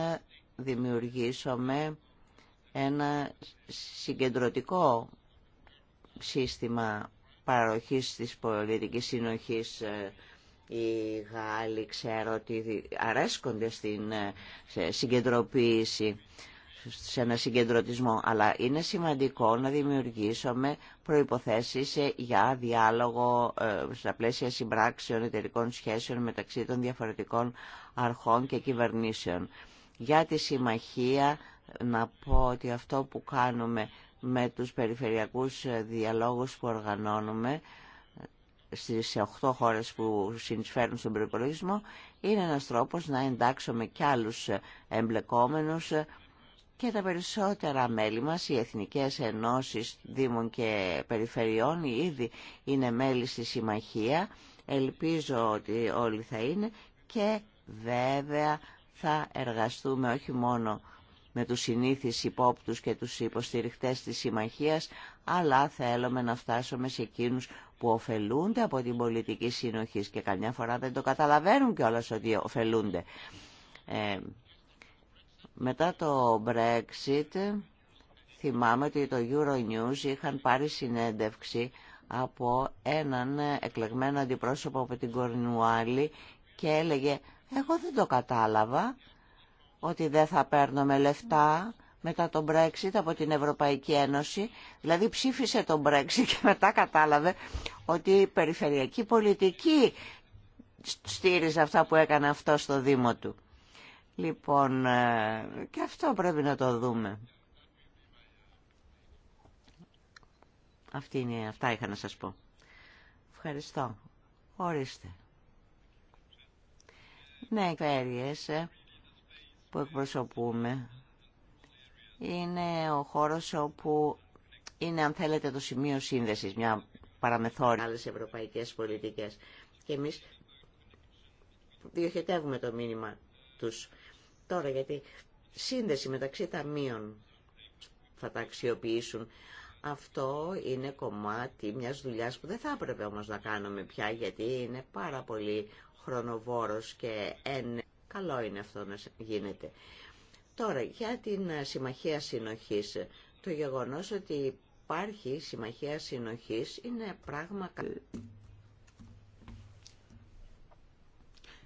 Speaker 1: δημιουργήσουμε ένα συγκεντρωτικό σύστημα παροχής της πολιτικής συνοχής ε, οι Γάλλοι ξέρω ότι αρέσκονται στην ε, συγκεντρωποίηση, σε ένα συγκεντρωτισμό, αλλά είναι σημαντικό να δημιουργήσουμε προϋποθέσεις για διάλογο ε, στα πλαίσια συμπράξεων εταιρικών σχέσεων μεταξύ των διαφορετικών αρχών και κυβερνήσεων. Για τη συμμαχία να πω ότι αυτό που κάνουμε με τους περιφερειακούς ε, διαλόγους που οργανώνουμε Στι 8 χώρε που συνεισφέρουν στον προπολογισμό είναι ένα τρόπο να εντάξουμε κι άλλου ε, εμπλεκόμενου ε, και τα περισσότερα μέλη μας, οι Εθνικέ Ενώσεις Δήμων και Περιφερειών, ήδη είναι μέλη στη Συμμαχία. Ελπίζω ότι όλοι θα είναι και βέβαια θα εργαστούμε όχι μόνο με τους συνήθεις υπόπτους και τους υποστηριχτές της Συμμαχίας, αλλά θέλουμε να φτάσουμε σε εκείνους που ωφελούνται από την πολιτική συνοχή και καμιά φορά δεν το καταλαβαίνουν κιόλας ότι ωφελούνται. Ε, μετά το Brexit θυμάμαι ότι το Euronews είχαν πάρει συνέντευξη από έναν εκλεγμένο αντιπρόσωπο από την Κορνουάλη και έλεγε «Εγώ δεν το κατάλαβα ότι δεν θα παίρνουμε λεφτά μετά τον Brexit από την Ευρωπαϊκή Ένωση, δηλαδή ψήφισε τον Brexit και μετά κατάλαβε ότι η περιφερειακή πολιτική στήριζε αυτά που έκανε αυτό στο Δήμο του. Λοιπόν, ε, και αυτό πρέπει να το δούμε. Αυτή είναι, αυτά είχα να σας πω. Ευχαριστώ. Ορίστε. Ναι, οι ε, που εκπροσωπούμε είναι ο χώρος όπου είναι αν θέλετε το σημείο σύνδεσης, μια παραμεθόρια άλλες ευρωπαϊκές πολιτικές. Και εμείς διοχετεύουμε το μήνυμα τους τώρα γιατί σύνδεση μεταξύ ταμείων θα τα αξιοποιήσουν. Αυτό είναι κομμάτι μιας δουλειάς που δεν θα έπρεπε όμως να κάνουμε πια γιατί είναι πάρα πολύ χρονοβόρος και εν... καλό είναι αυτό να γίνεται. Τώρα, για την ε, Συμμαχία Συνοχής, το γεγονός ότι υπάρχει Συμμαχία Συνοχής είναι πράγμα καλό.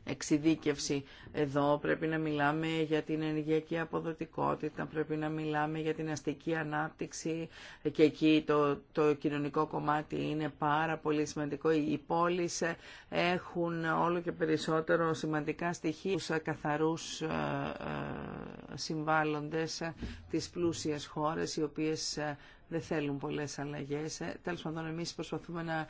Speaker 1: εξειδίκευση.
Speaker 3: Εδώ πρέπει να μιλάμε για την ενεργειακή αποδοτικότητα, πρέπει να μιλάμε για την αστική ανάπτυξη και εκεί το, το κοινωνικό κομμάτι είναι πάρα πολύ σημαντικό. Οι πόλεις έχουν όλο και περισσότερο σημαντικά στοιχεία τους καθαρούς ε, ε, συμβάλλοντες της πλούσιας χώρες, οι οποίες ε, δεν θέλουν πολλές αλλαγές. Τέλος πάντων, εμείς προσπαθούμε να